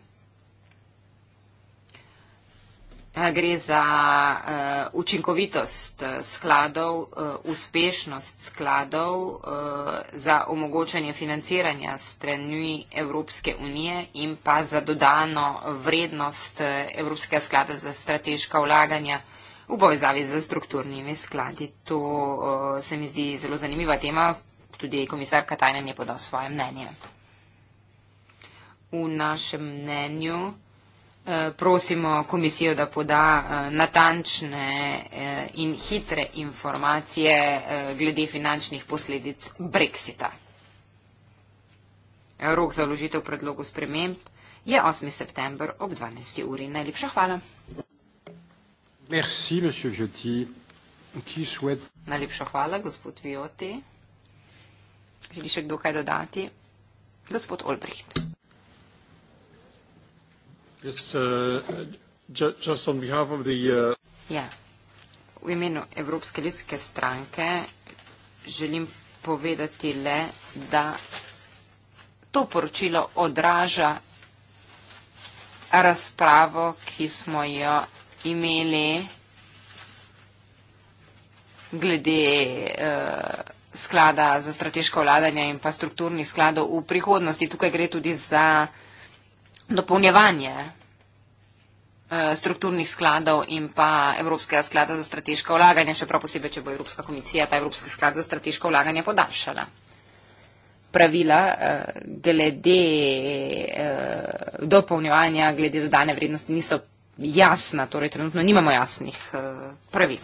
Eh, gre za uh, učinkovitost eh, skladov, uh, uspešnost skladov, uh, za omogočanje financiranja strani Evropske unije in pa za dodano vrednost Evropskega sklada za strateška vlaganja v povezavi z strukturnimi skladi. To uh, se mi zdi zelo zanimiva tema, tudi komisar Katajnen je podal svoje mnenje. V našem mnenju prosimo komisijo, da poda eh, natančne eh, in hitre informacije eh, glede finančnih posledic Brexita. Rok za vložitev predlogu sprememb je 8. september ob 12. uri. Najlepša hvala. Merci, monsieur Jotti. Ki souhait... Najlepša hvala, gospod Vioti. Želi še kdo kaj dodati? Gospod Olbricht. Yes, uh, just on behalf of the... Uh, ja, v imenu Evropske ljudske stranke želim povedati le, da to poročilo odraža razpravo, ki smo jo imeli glede uh, sklada za strateško vladanje in pa strukturni sklado v prihodnosti. Tukaj gre tudi za dopolnjevanje eh, strukturnih skladov in pa Evropskega sklada za strateška vlaganja, še prav posebej, če bo Evropska komisija ta Evropski sklad za strateška vlaganja podaljšala. Pravila eh, glede eh, dopolnjevanja, glede dodane vrednosti niso jasna, torej trenutno nimamo jasnih pravil.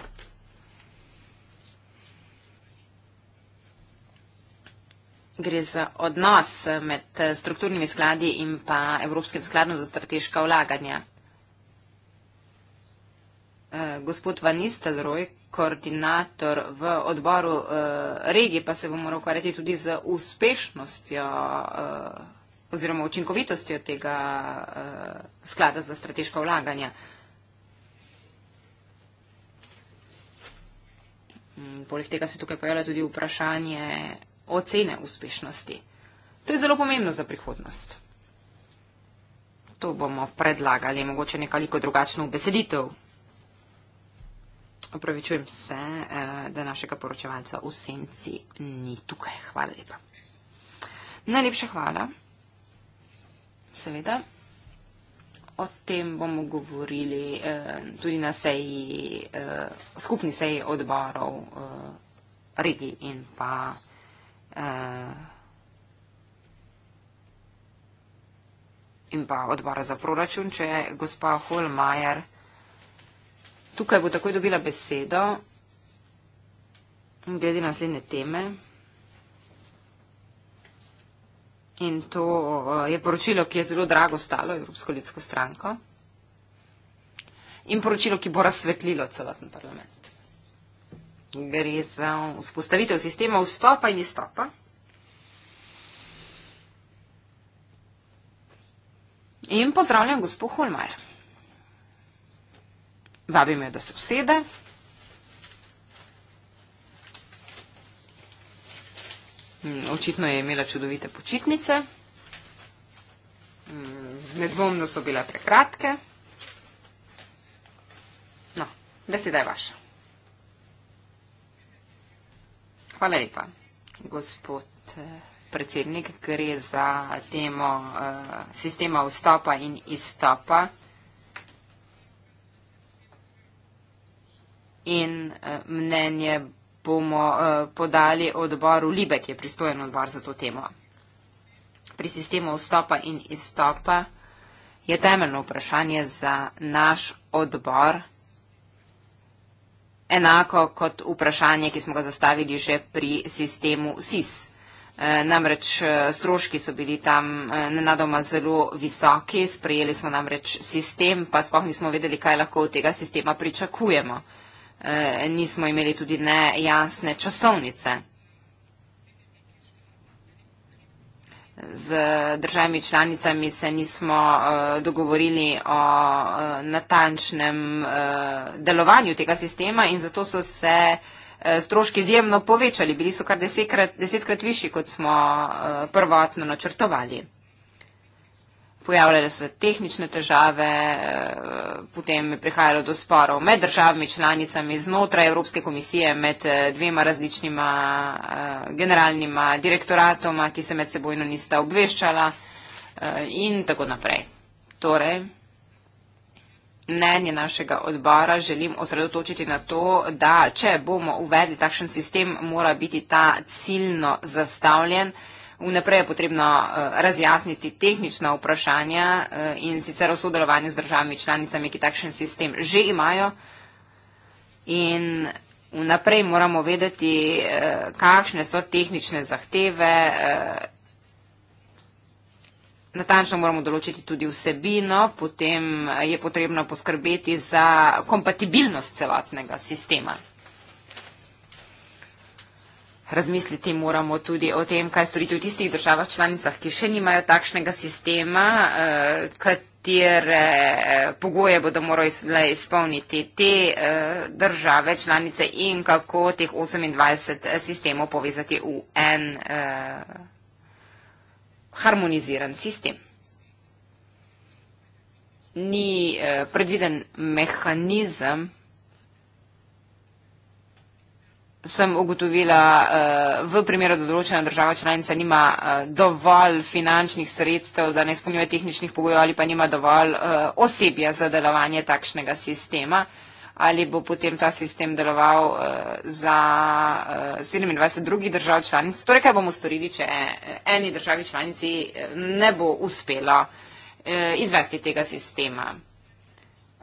Gre za odnos med eh, strukturnimi skladi in pa Evropskim skladom za strateška vlaganja. Eh, gospod Van Nistelrooy, koordinator v odboru eh, regije, pa se bo moral ukvarjati tudi z uspešnostjo oziroma učinkovitostjo tega sklada za strateška vlaganja. Mm, poleg tega se tukaj pojavlja tudi vprašanje ocene uspešnosti. To je zelo pomembno za prihodnost. To bomo predlagali, mogoče nekoliko drugačno v beseditev. Opravičujem se, eh, da našega poročevalca v senci ni tukaj. Hvala lepa. Najlepša hvala. Seveda. O tem bomo govorili eh, tudi na seji, eh, skupni seji odborov eh, regij in pa. Eh, in pa odbora za proračun, če je gospa Holmajer. Tukaj bo takoj dobila besedo glede naslednje teme. In to eh, je poročilo, ki je zelo drago stalo Evropsko ljudsko stranko. In poročilo, ki bo razsvetlilo celoten parlament gre za vzpostavitev sistema vstopa in izstopa. In pozdravljam gospod Holmajer. Vabim jo, da se usede. Mm, očitno je imela čudovite počitnice. Mm, nedvomno so bile prekratke. No, beseda je vaša. hvala lepa. Gospod eh, predsednik, gre za temo eh, sistema vstopa in izstopa. In eh, mnenje bomo podali odboru Libe, ki je pristojen odbor za to temo. Pri sistemu vstopa in izstopa je temeljno vprašanje za naš odbor, enako kot vprašanje, ki smo ga zastavili že pri sistemu SIS. E, namreč e, stroški so bili tam e, nenadoma zelo visoki, sprejeli smo namreč sistem, pa spoh nismo vedeli, kaj lahko od tega sistema pričakujemo. Nismo imeli tudi nejasne časovnice. z državami članicami se nismo eh, dogovorili o eh, natančnem eh, delovanju tega sistema in zato so se stroški izjemno povečali. Bili so kar desetkrat, desetkrat višji, kot smo prvotno načrtovali pojavljale so tehnične težave, eh, potem je prihajalo do sporov med državami članicami znotraj Evropske komisije, med eh, dvema različnima eh, generalnima direktoratoma, ki se med sebojno nista obveščala in tako naprej. Torej, mnenje našega odbora želim osredotočiti na to, da če bomo uvedli takšen sistem, mora biti ta ciljno zastavljen vnaprej je potrebno eh, razjasniti tehnična vprašanja eh, in sicer v sodelovanju z državami članicami, ki takšen sistem že imajo. In vnaprej moramo vedeti, eh, kakšne so tehnične zahteve. Natančno moramo določiti tudi vsebino, potem je potrebno poskrbeti za kompatibilnost celotnega sistema razmisliti moramo tudi o tem, kaj storiti v tistih državah članicah, ki še nimajo takšnega sistema, eh, katere eh, pogoje bodo morali izpolniti te eh, države članice in kako teh 28 eh, sistemov povezati v en eh, harmoniziran sistem. Ni eh, predviden mehanizem, sem ugotovila uh, v primeru, da določena država članica nima uh, dovolj finančnih sredstev, da ne izpolnjuje tehničnih pogojev ali pa nima dovolj uh, osebja za delovanje takšnega sistema, ali bo potem ta sistem deloval uh, za uh, 27 drugih držav članic. Torej, kaj bomo storili, če eni državi članici ne bo uspelo uh, izvesti tega sistema?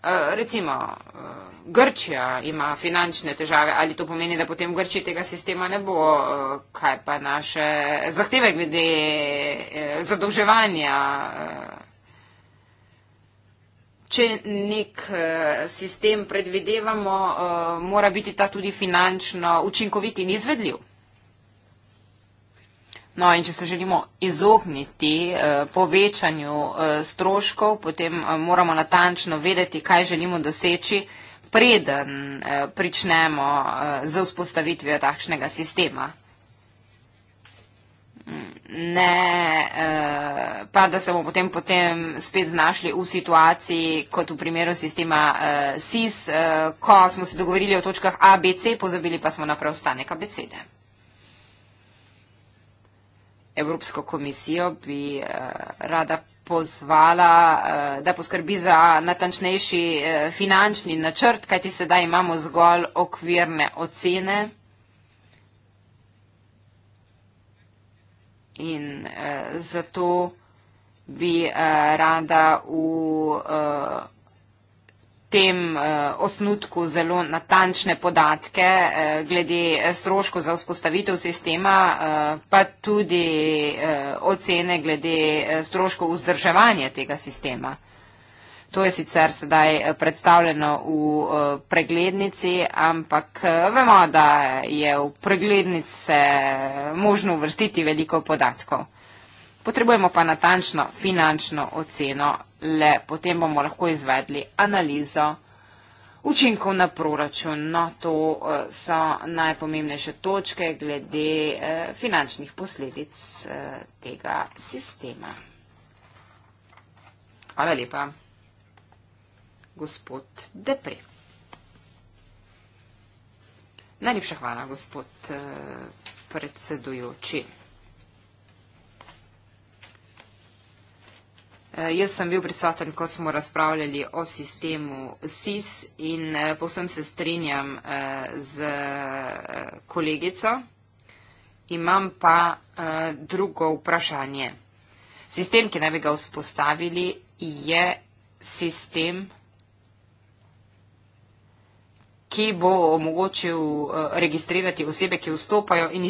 Eh, recimo eh, Grčija ima finančne težave, ali to pomeni, da potem v Grčiji tega sistema ne bo, eh, kaj pa naše zahteve glede zadolževanja. Če nek sistem predvidevamo, mora biti ta tudi finančno učinkovit in izvedljiv. No, in če se želimo izogniti eh, povečanju eh, stroškov, potem eh, moramo natančno vedeti, kaj želimo doseči, preden eh, pričnemo eh, z vzpostavitvijo takšnega sistema. Ne, eh, pa da se bomo potem, potem spet znašli v situaciji, kot v primeru sistema eh, SIS, eh, ko smo se dogovorili o točkah ABC, pozabili pa smo na preostanek ABCD. Evropsko komisijo bi eh, rada pozvala, eh, da poskrbi za natančnejši eh, finančni načrt, kajti sedaj imamo zgolj okvirne ocene. In zato bi rada v tem uh, osnutku zelo natančne podatke uh, glede eh, stroško za vzpostavitev sistema, uh, pa tudi uh, ocene glede stroško vzdrževanja tega sistema. To je sicer sedaj predstavljeno v preglednici, ampak vemo, da je v preglednice možno uvrstiti veliko podatkov. Potrebujemo pa natančno finančno oceno, le potem bomo lahko izvedli analizo učinkov na proračun. No, to eh, so najpomembnejše točke glede eh, finančnih posledic eh, tega sistema. Hvala lepa, gospod Depre. Najlepša hvala, gospod predsedujoči. Eh, jaz sem bil prisoten, ko smo razpravljali o sistemu SIS in eh, povsem se strinjam eh, z kolegico. Imam pa drugo vprašanje. Sistem, ki naj bi ga vzpostavili, je sistem, ki bo omogočil registrirati osebe, ki vstopajo in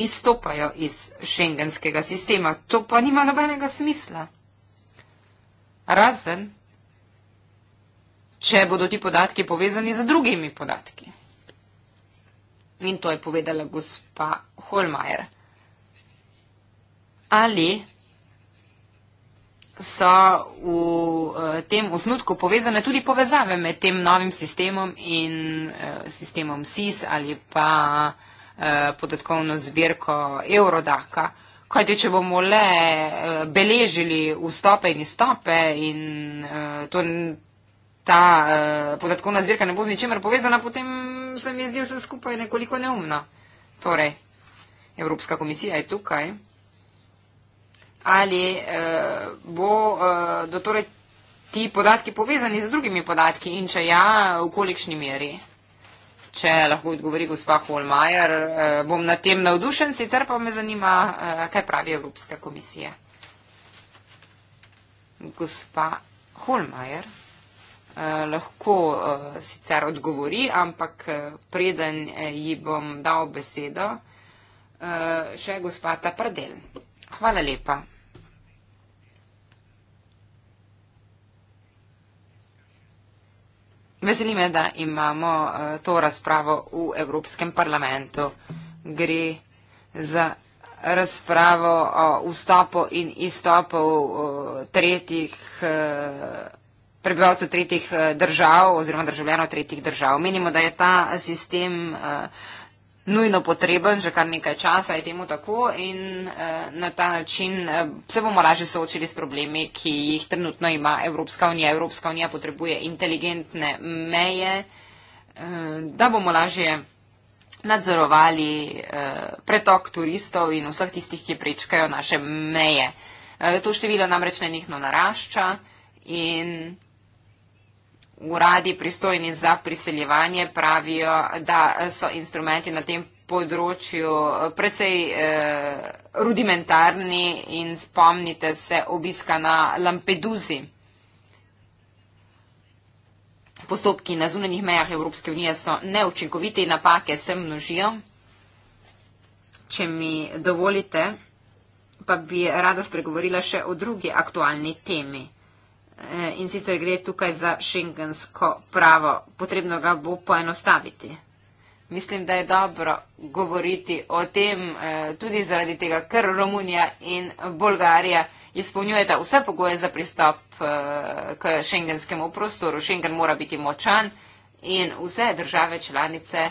izstopajo iz šengenskega sistema. To pa nima nobenega smisla razen, če bodo ti podatki povezani z drugimi podatki. In to je povedala gospa Holmajer. Ali so v eh, tem osnutku povezane tudi povezave med tem novim sistemom in eh, sistemom SIS ali pa eh, podatkovno zbirko Eurodaka? kajti če bomo le eh, beležili vstope in izstope in eh, to, ta eh, podatkovna zbirka ne bo z ničemer povezana, potem se mi zdi vse skupaj nekoliko neumno. Torej, Evropska komisija je tukaj. Ali bo do torej ti podatki povezani z drugimi podatki in če ja, v kolikšni meri? če lahko odgovori gospa Holmajer. Eh, bom na tem navdušen, sicer pa me zanima, eh, kaj pravi Evropska komisija. Gospa Holmajer eh, lahko sicer odgovori, ampak preden ji bom dal besedo, še gospa Taprdel. Hvala lepa. Veseli me, da imamo eh, to razpravo v Evropskem parlamentu. Gre za razpravo o vstopu in izstopu eh, tretjih eh, prebivalcev tretjih držav oziroma državljanov tretjih držav. Menimo, da je ta sistem uh, nujno potreben, že kar nekaj časa je temu tako in uh, na ta način uh, se bomo lažje soočili s problemi, ki jih trenutno ima Evropska unija. Evropska unija potrebuje inteligentne meje, uh, da bomo lažje nadzorovali uh, pretok turistov in vseh tistih, ki prečkajo naše meje. Uh, to število namreč nenihno narašča in uradi pristojni za priseljevanje pravijo, da so instrumenti na tem področju eh, precej eh, rudimentarni in spomnite se obiska na Lampeduzi. Postopki na zunanjih mejah Evropske unije so neučinkoviti, napake se množijo. Če mi dovolite, pa bi rada spregovorila še o drugi aktualni temi. Eh, in sicer gre tukaj za šengensko pravo. Potrebno ga bo poenostaviti. Mislim, da je dobro govoriti o tem eh, tudi zaradi tega, ker Romunija in Bolgarija izpolnjujeta vse pogoje za pristop eh, k šengenskemu prostoru. Šengen mora biti močan in vse države članice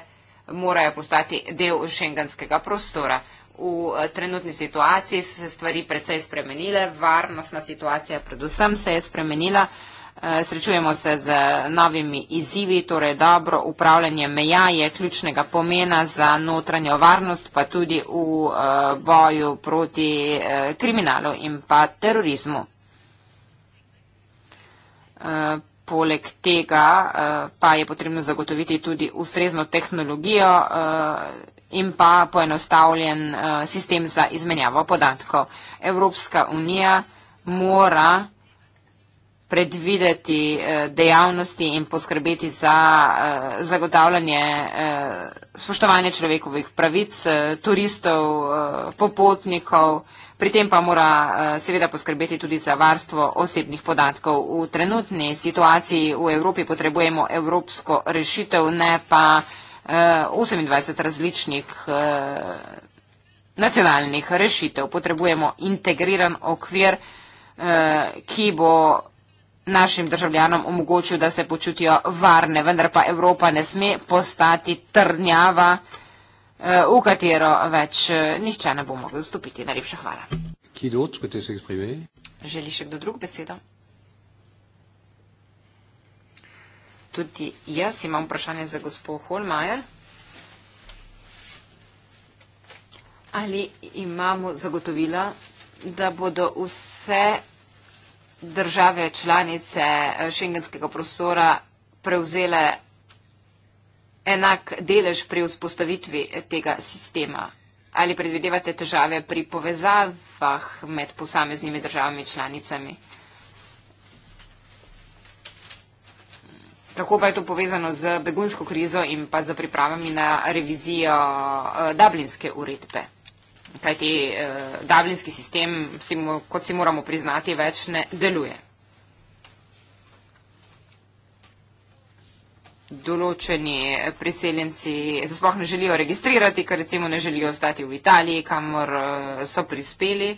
morajo postati del šengenskega prostora v eh, trenutni situaciji so se stvari precej spremenile, varnostna situacija predvsem se je spremenila. Eh, srečujemo se z novimi izzivi, torej dobro upravljanje meja je ključnega pomena za notranjo varnost, pa tudi v eh, boju proti kriminalu in pa terorizmu. Poleg tega pa je potrebno zagotoviti tudi ustrezno tehnologijo in pa poenostavljen eh, sistem za izmenjavo podatkov. Evropska unija mora predvideti eh, dejavnosti in poskrbeti za eh, zagotavljanje spoštovanja človekovih pravic, turistov, popotnikov, pri tem pa mora seveda poskrbeti tudi za varstvo osebnih podatkov. V trenutni situaciji v Evropi potrebujemo evropsko rešitev, ne pa vsega, 28 eh, različnih eh, nacionalnih rešitev. Potrebujemo integriran okvir, eh, ki bo našim državljanom omogočil, da se počutijo varne, vendar pa Evropa ne sme postati trnjava, v katero več nihče ne bo mogel vstopiti. Najlepša hvala. Želi še kdo drug besedo? Tudi jaz imam vprašanje za gospod Holmajer. Ali imamo zagotovila, da bodo vse države članice eh, šengenskega prostora prevzele enak delež pri vzpostavitvi eh, tega sistema? Ali predvidevate težave pri povezavah med posameznimi državami članicami? Kako pa je to povezano z begunsko krizo in pa z pripravami na revizijo eh, Dublinske uredbe? Kaj ti eh, Dublinski sistem, si, kot si moramo priznati, več ne deluje. Določeni eh, priseljenci se sploh ne želijo registrirati, ker recimo ne želijo ostati v Italiji, kamor eh, so prispeli.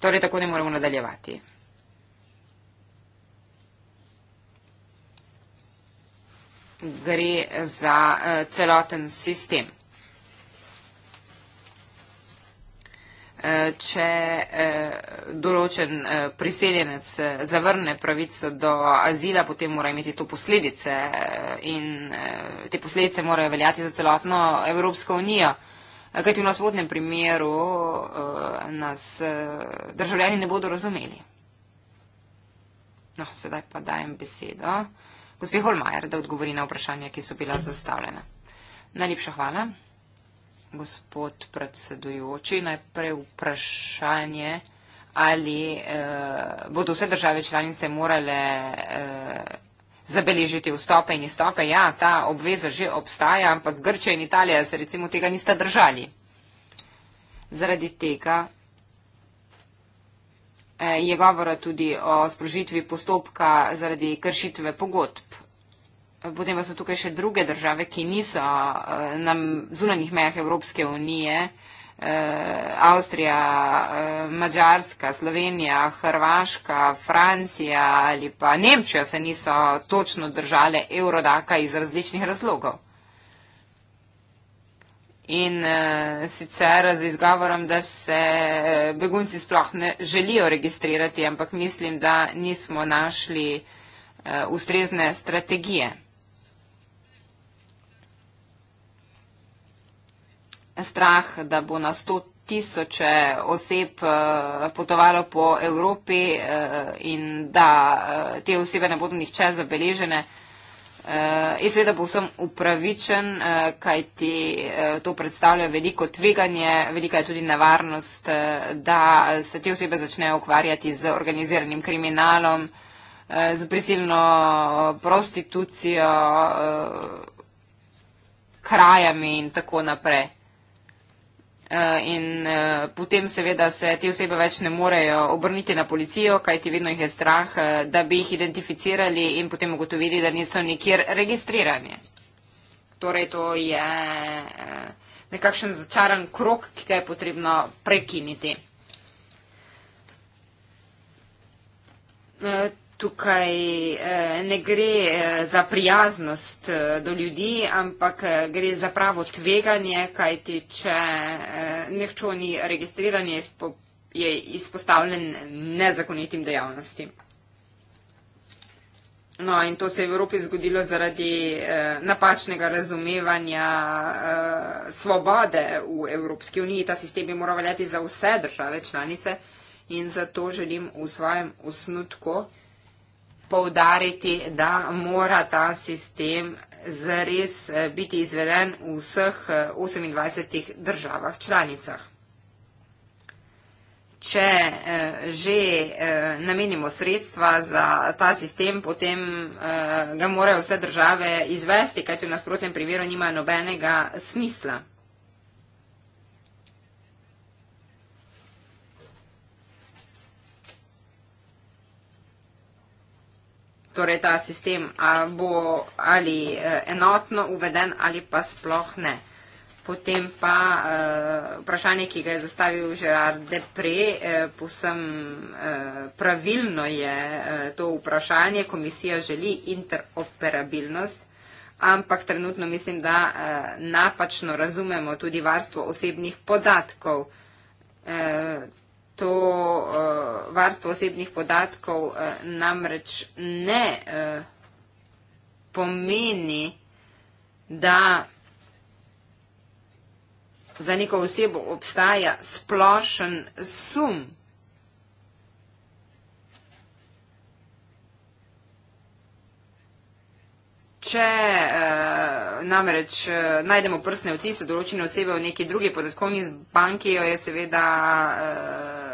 Torej tako ne moremo nadaljevati. gre za eh, celoten sistem. Eh, če eh, določen priseljenec zavrne pravico do azila, potem mora imeti to posledice in te posledice morajo veljati za celotno Evropsko unijo. Kaj ti v nasprotnem primeru nas državljani ne bodo razumeli? No, sedaj pa dajem besedo gospe Holmajer, da odgovori na vprašanja, ki so bila zastavljena. Najlepša hvala, gospod predsedujoči. Najprej vprašanje, ali eh, bodo vse države članice morale eh, zabeležiti vstope in izstope. Ja, ta obveza že obstaja, ampak Grčija in Italija se recimo tega nista držali. Zaradi tega Eh, je govora tudi o sprožitvi postopka zaradi kršitve pogodb. Potem pa so tukaj še druge države, ki niso eh, na zunanjih mejah Evropske unije, eh, Avstrija, Mačarska, Slovenija, Hrvaška, Francija ali pa Nemčija se niso točno držale Eurodaka iz različnih razlogov in uh, sicer z izgovorom, da se eh, begunci sploh ne želijo registrirati, ampak mislim, da nismo našli uh, ustrezne strategije. Strah, da bo na sto tisoče oseb potovalo po Evropi in da te osebe ne bodo nihče zabeležene. Uh, eh, in seveda povsem upravičen, uh, eh, kaj ti uh, eh, to predstavlja veliko tveganje, velika je tudi nevarnost, uh, da se te osebe začnejo ukvarjati z organiziranim kriminalom, uh, z prisilno prostitucijo, uh, krajami in tako naprej. Eh, in eh, potem seveda se te osebe več ne morejo obrniti na policijo, kajti vedno jih je strah, eh, da bi jih identificirali in potem ugotovili, da niso nikjer registrirani. Torej, to je nekakšen začaran krok, ki ga je potrebno prekiniti tukaj eh, ne gre eh, za prijaznost eh, do ljudi, ampak gre za pravo tveganje, kajti če nekdo ni registriran, je, izpo, je izpostavljen nezakonitim dejavnostim. No, in to se je v Evropi zgodilo zaradi eh, napačnega razumevanja eh, svobode v Evropski uniji. Ta sistem bi moral veljati za vse države članice in zato želim v svojem osnutku poudariti, da mora ta sistem zares eh, biti izveden v vseh 28 eh, državah članicah. Če eh, že namenimo sredstva za ta sistem, potem ga morajo vse države izvesti, kajti v nasprotnem primeru nimajo nobenega smisla. torej ta sistem ali bo ali eh, enotno uveden ali pa sploh ne. Potem pa uh, vprašanje, ki ga je zastavil Gerard Depre, eh, posem eh, pravilno je eh, to vprašanje, komisija želi interoperabilnost, ampak trenutno mislim, da eh, napačno razumemo tudi varstvo osebnih podatkov. Eh, to uh, varstvo osebnih podatkov uh, namreč ne uh, pomeni, da za neko osebo obstaja splošen sum. Če eh, namreč eh, najdemo prsne vtise določene osebe v neki drugi podatkovni banki, jo je seveda. Eh,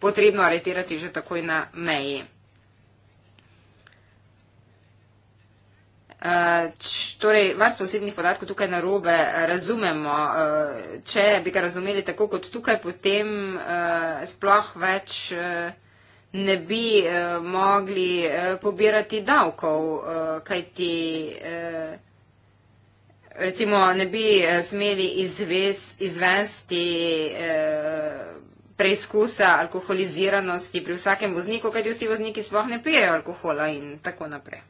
potrebno aretirati že takoj na meji. Eh, torej, varstvo osebnih podatkov tukaj na robe razumemo. Eh, če bi ga razumeli tako kot tukaj, potem eh, sploh več ne bi mogli pobirati davkov, kajti recimo ne bi smeli izvesti preizkusa alkoholiziranosti pri vsakem vozniku, kajti vsi vozniki sploh ne pijejo alkohola in tako naprej.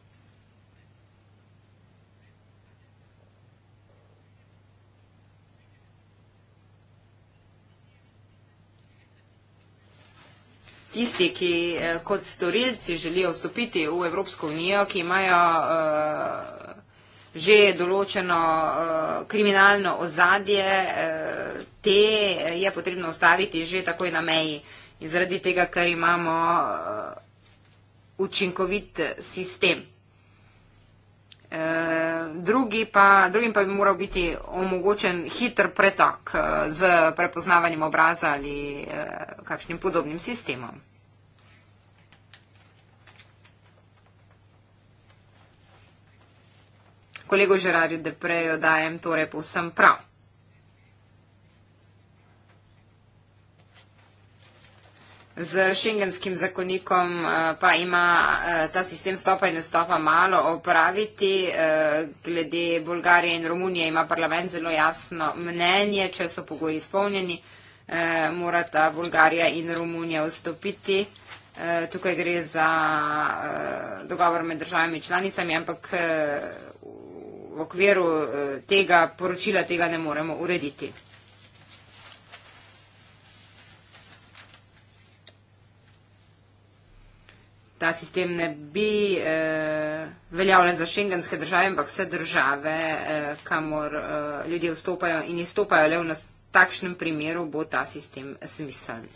Tisti, ki eh, kot storilci želijo vstopiti v Evropsko unijo, ki imajo uh, že določeno uh, kriminalno ozadje, uh, te je potrebno ustaviti že takoj na meji. In zaradi tega, ker imamo uh, učinkovit sistem. Drugi pa, drugim pa bi moral biti omogočen hiter pretok z prepoznavanjem obraza ali kakšnim podobnim sistemom. kolegu Žerarju Depreju dajem torej povsem prav. Z šengenskim zakonikom eh, pa ima eh, ta sistem stopa in nastopa malo opraviti. Eh, glede Bolgarije in Romunije ima parlament zelo jasno mnenje, če so pogoji izpolnjeni, morata Bolgarija in Romunija vstopiti. Tukaj gre za dogovor med državami članicami, ampak v okviru eh, tega poročila tega ne moremo urediti. Ta sistem ne bi eh, veljavljen za šengenske države, ampak vse države, eh, kamor eh, ljudje vstopajo in izstopajo, le v nas takšnem primeru bo ta sistem smiseln.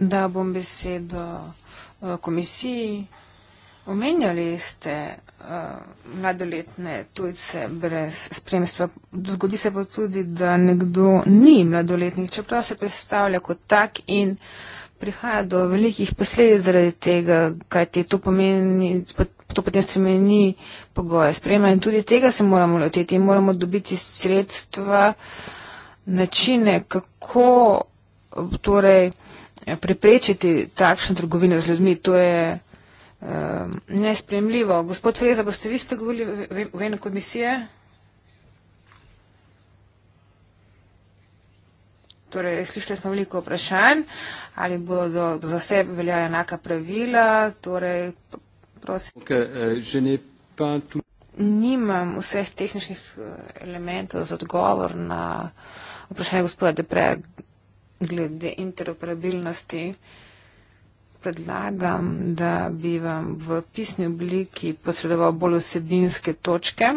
Da bom besedo komisiji. Omenjali ste uh, mladoletne tujce brez spremstva. Zgodi se pa tudi, da nekdo ni mladoletnik, čeprav se predstavlja kot tak in prihaja do velikih posledic zaradi tega, kaj ti to pomeni, to potem spremeni pogoje sprejema in tudi tega se moramo loteti in moramo dobiti sredstva, načine, kako torej. Eh, preprečiti takšne trgovine z ljudmi. To je um, nespremljivo. Gospod Freza, boste vi spregovorili v eno komisije? Torej, slišali smo veliko vprašanj, ali bodo za vse velja enaka pravila. Torej, prosim. Okay, uh, Nimam vseh tehničnih elementov za odgovor na vprašanje gospoda Depreja glede interoperabilnosti predlagam, da bi vam v pisni obliki posredoval bolj osebinske točke,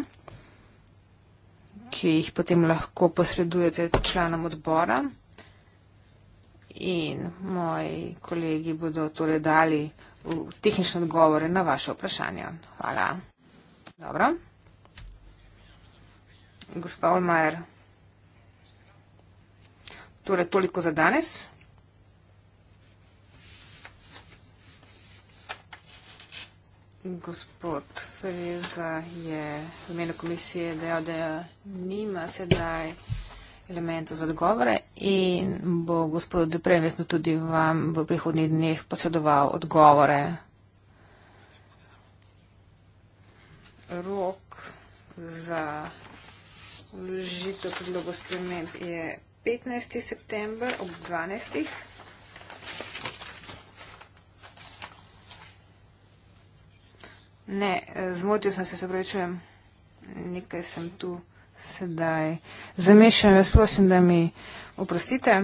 ki jih potem lahko posredujete članom odbora. In moji kolegi bodo torej dali tehnične odgovore na vaše vprašanja. Hvala. Dobro. Gospa Olmajer. Torej, toliko za danes. Gospod Freza je v imenu komisije dejal, da nima sedaj elementov za odgovore in bo gospod Depremetno tudi vam v prihodnjih dneh posredoval odgovore. Rok za vložitev predlogov sprememb je 15. september ob 12. Ne, zmotil sem se, se pravi, čujem, nekaj sem tu sedaj. Zamešam, jaz prosim, da mi oprostite.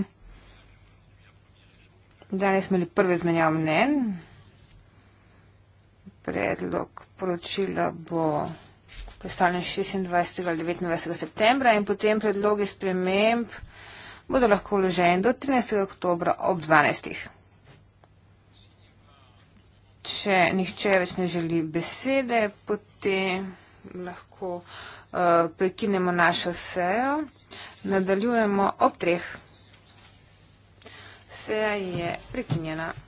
Danes smo imeli prve izmenjav mnen. Predlog poročila bo predstavljen 26. ali 29. septembra in potem predlogi sprememb bodo lahko vloženi do 13. oktobra ob 12. Če nihče več ne želi besede, potem lahko uh, prekinemo našo sejo. Nadaljujemo ob treh. Seja je prekinjena.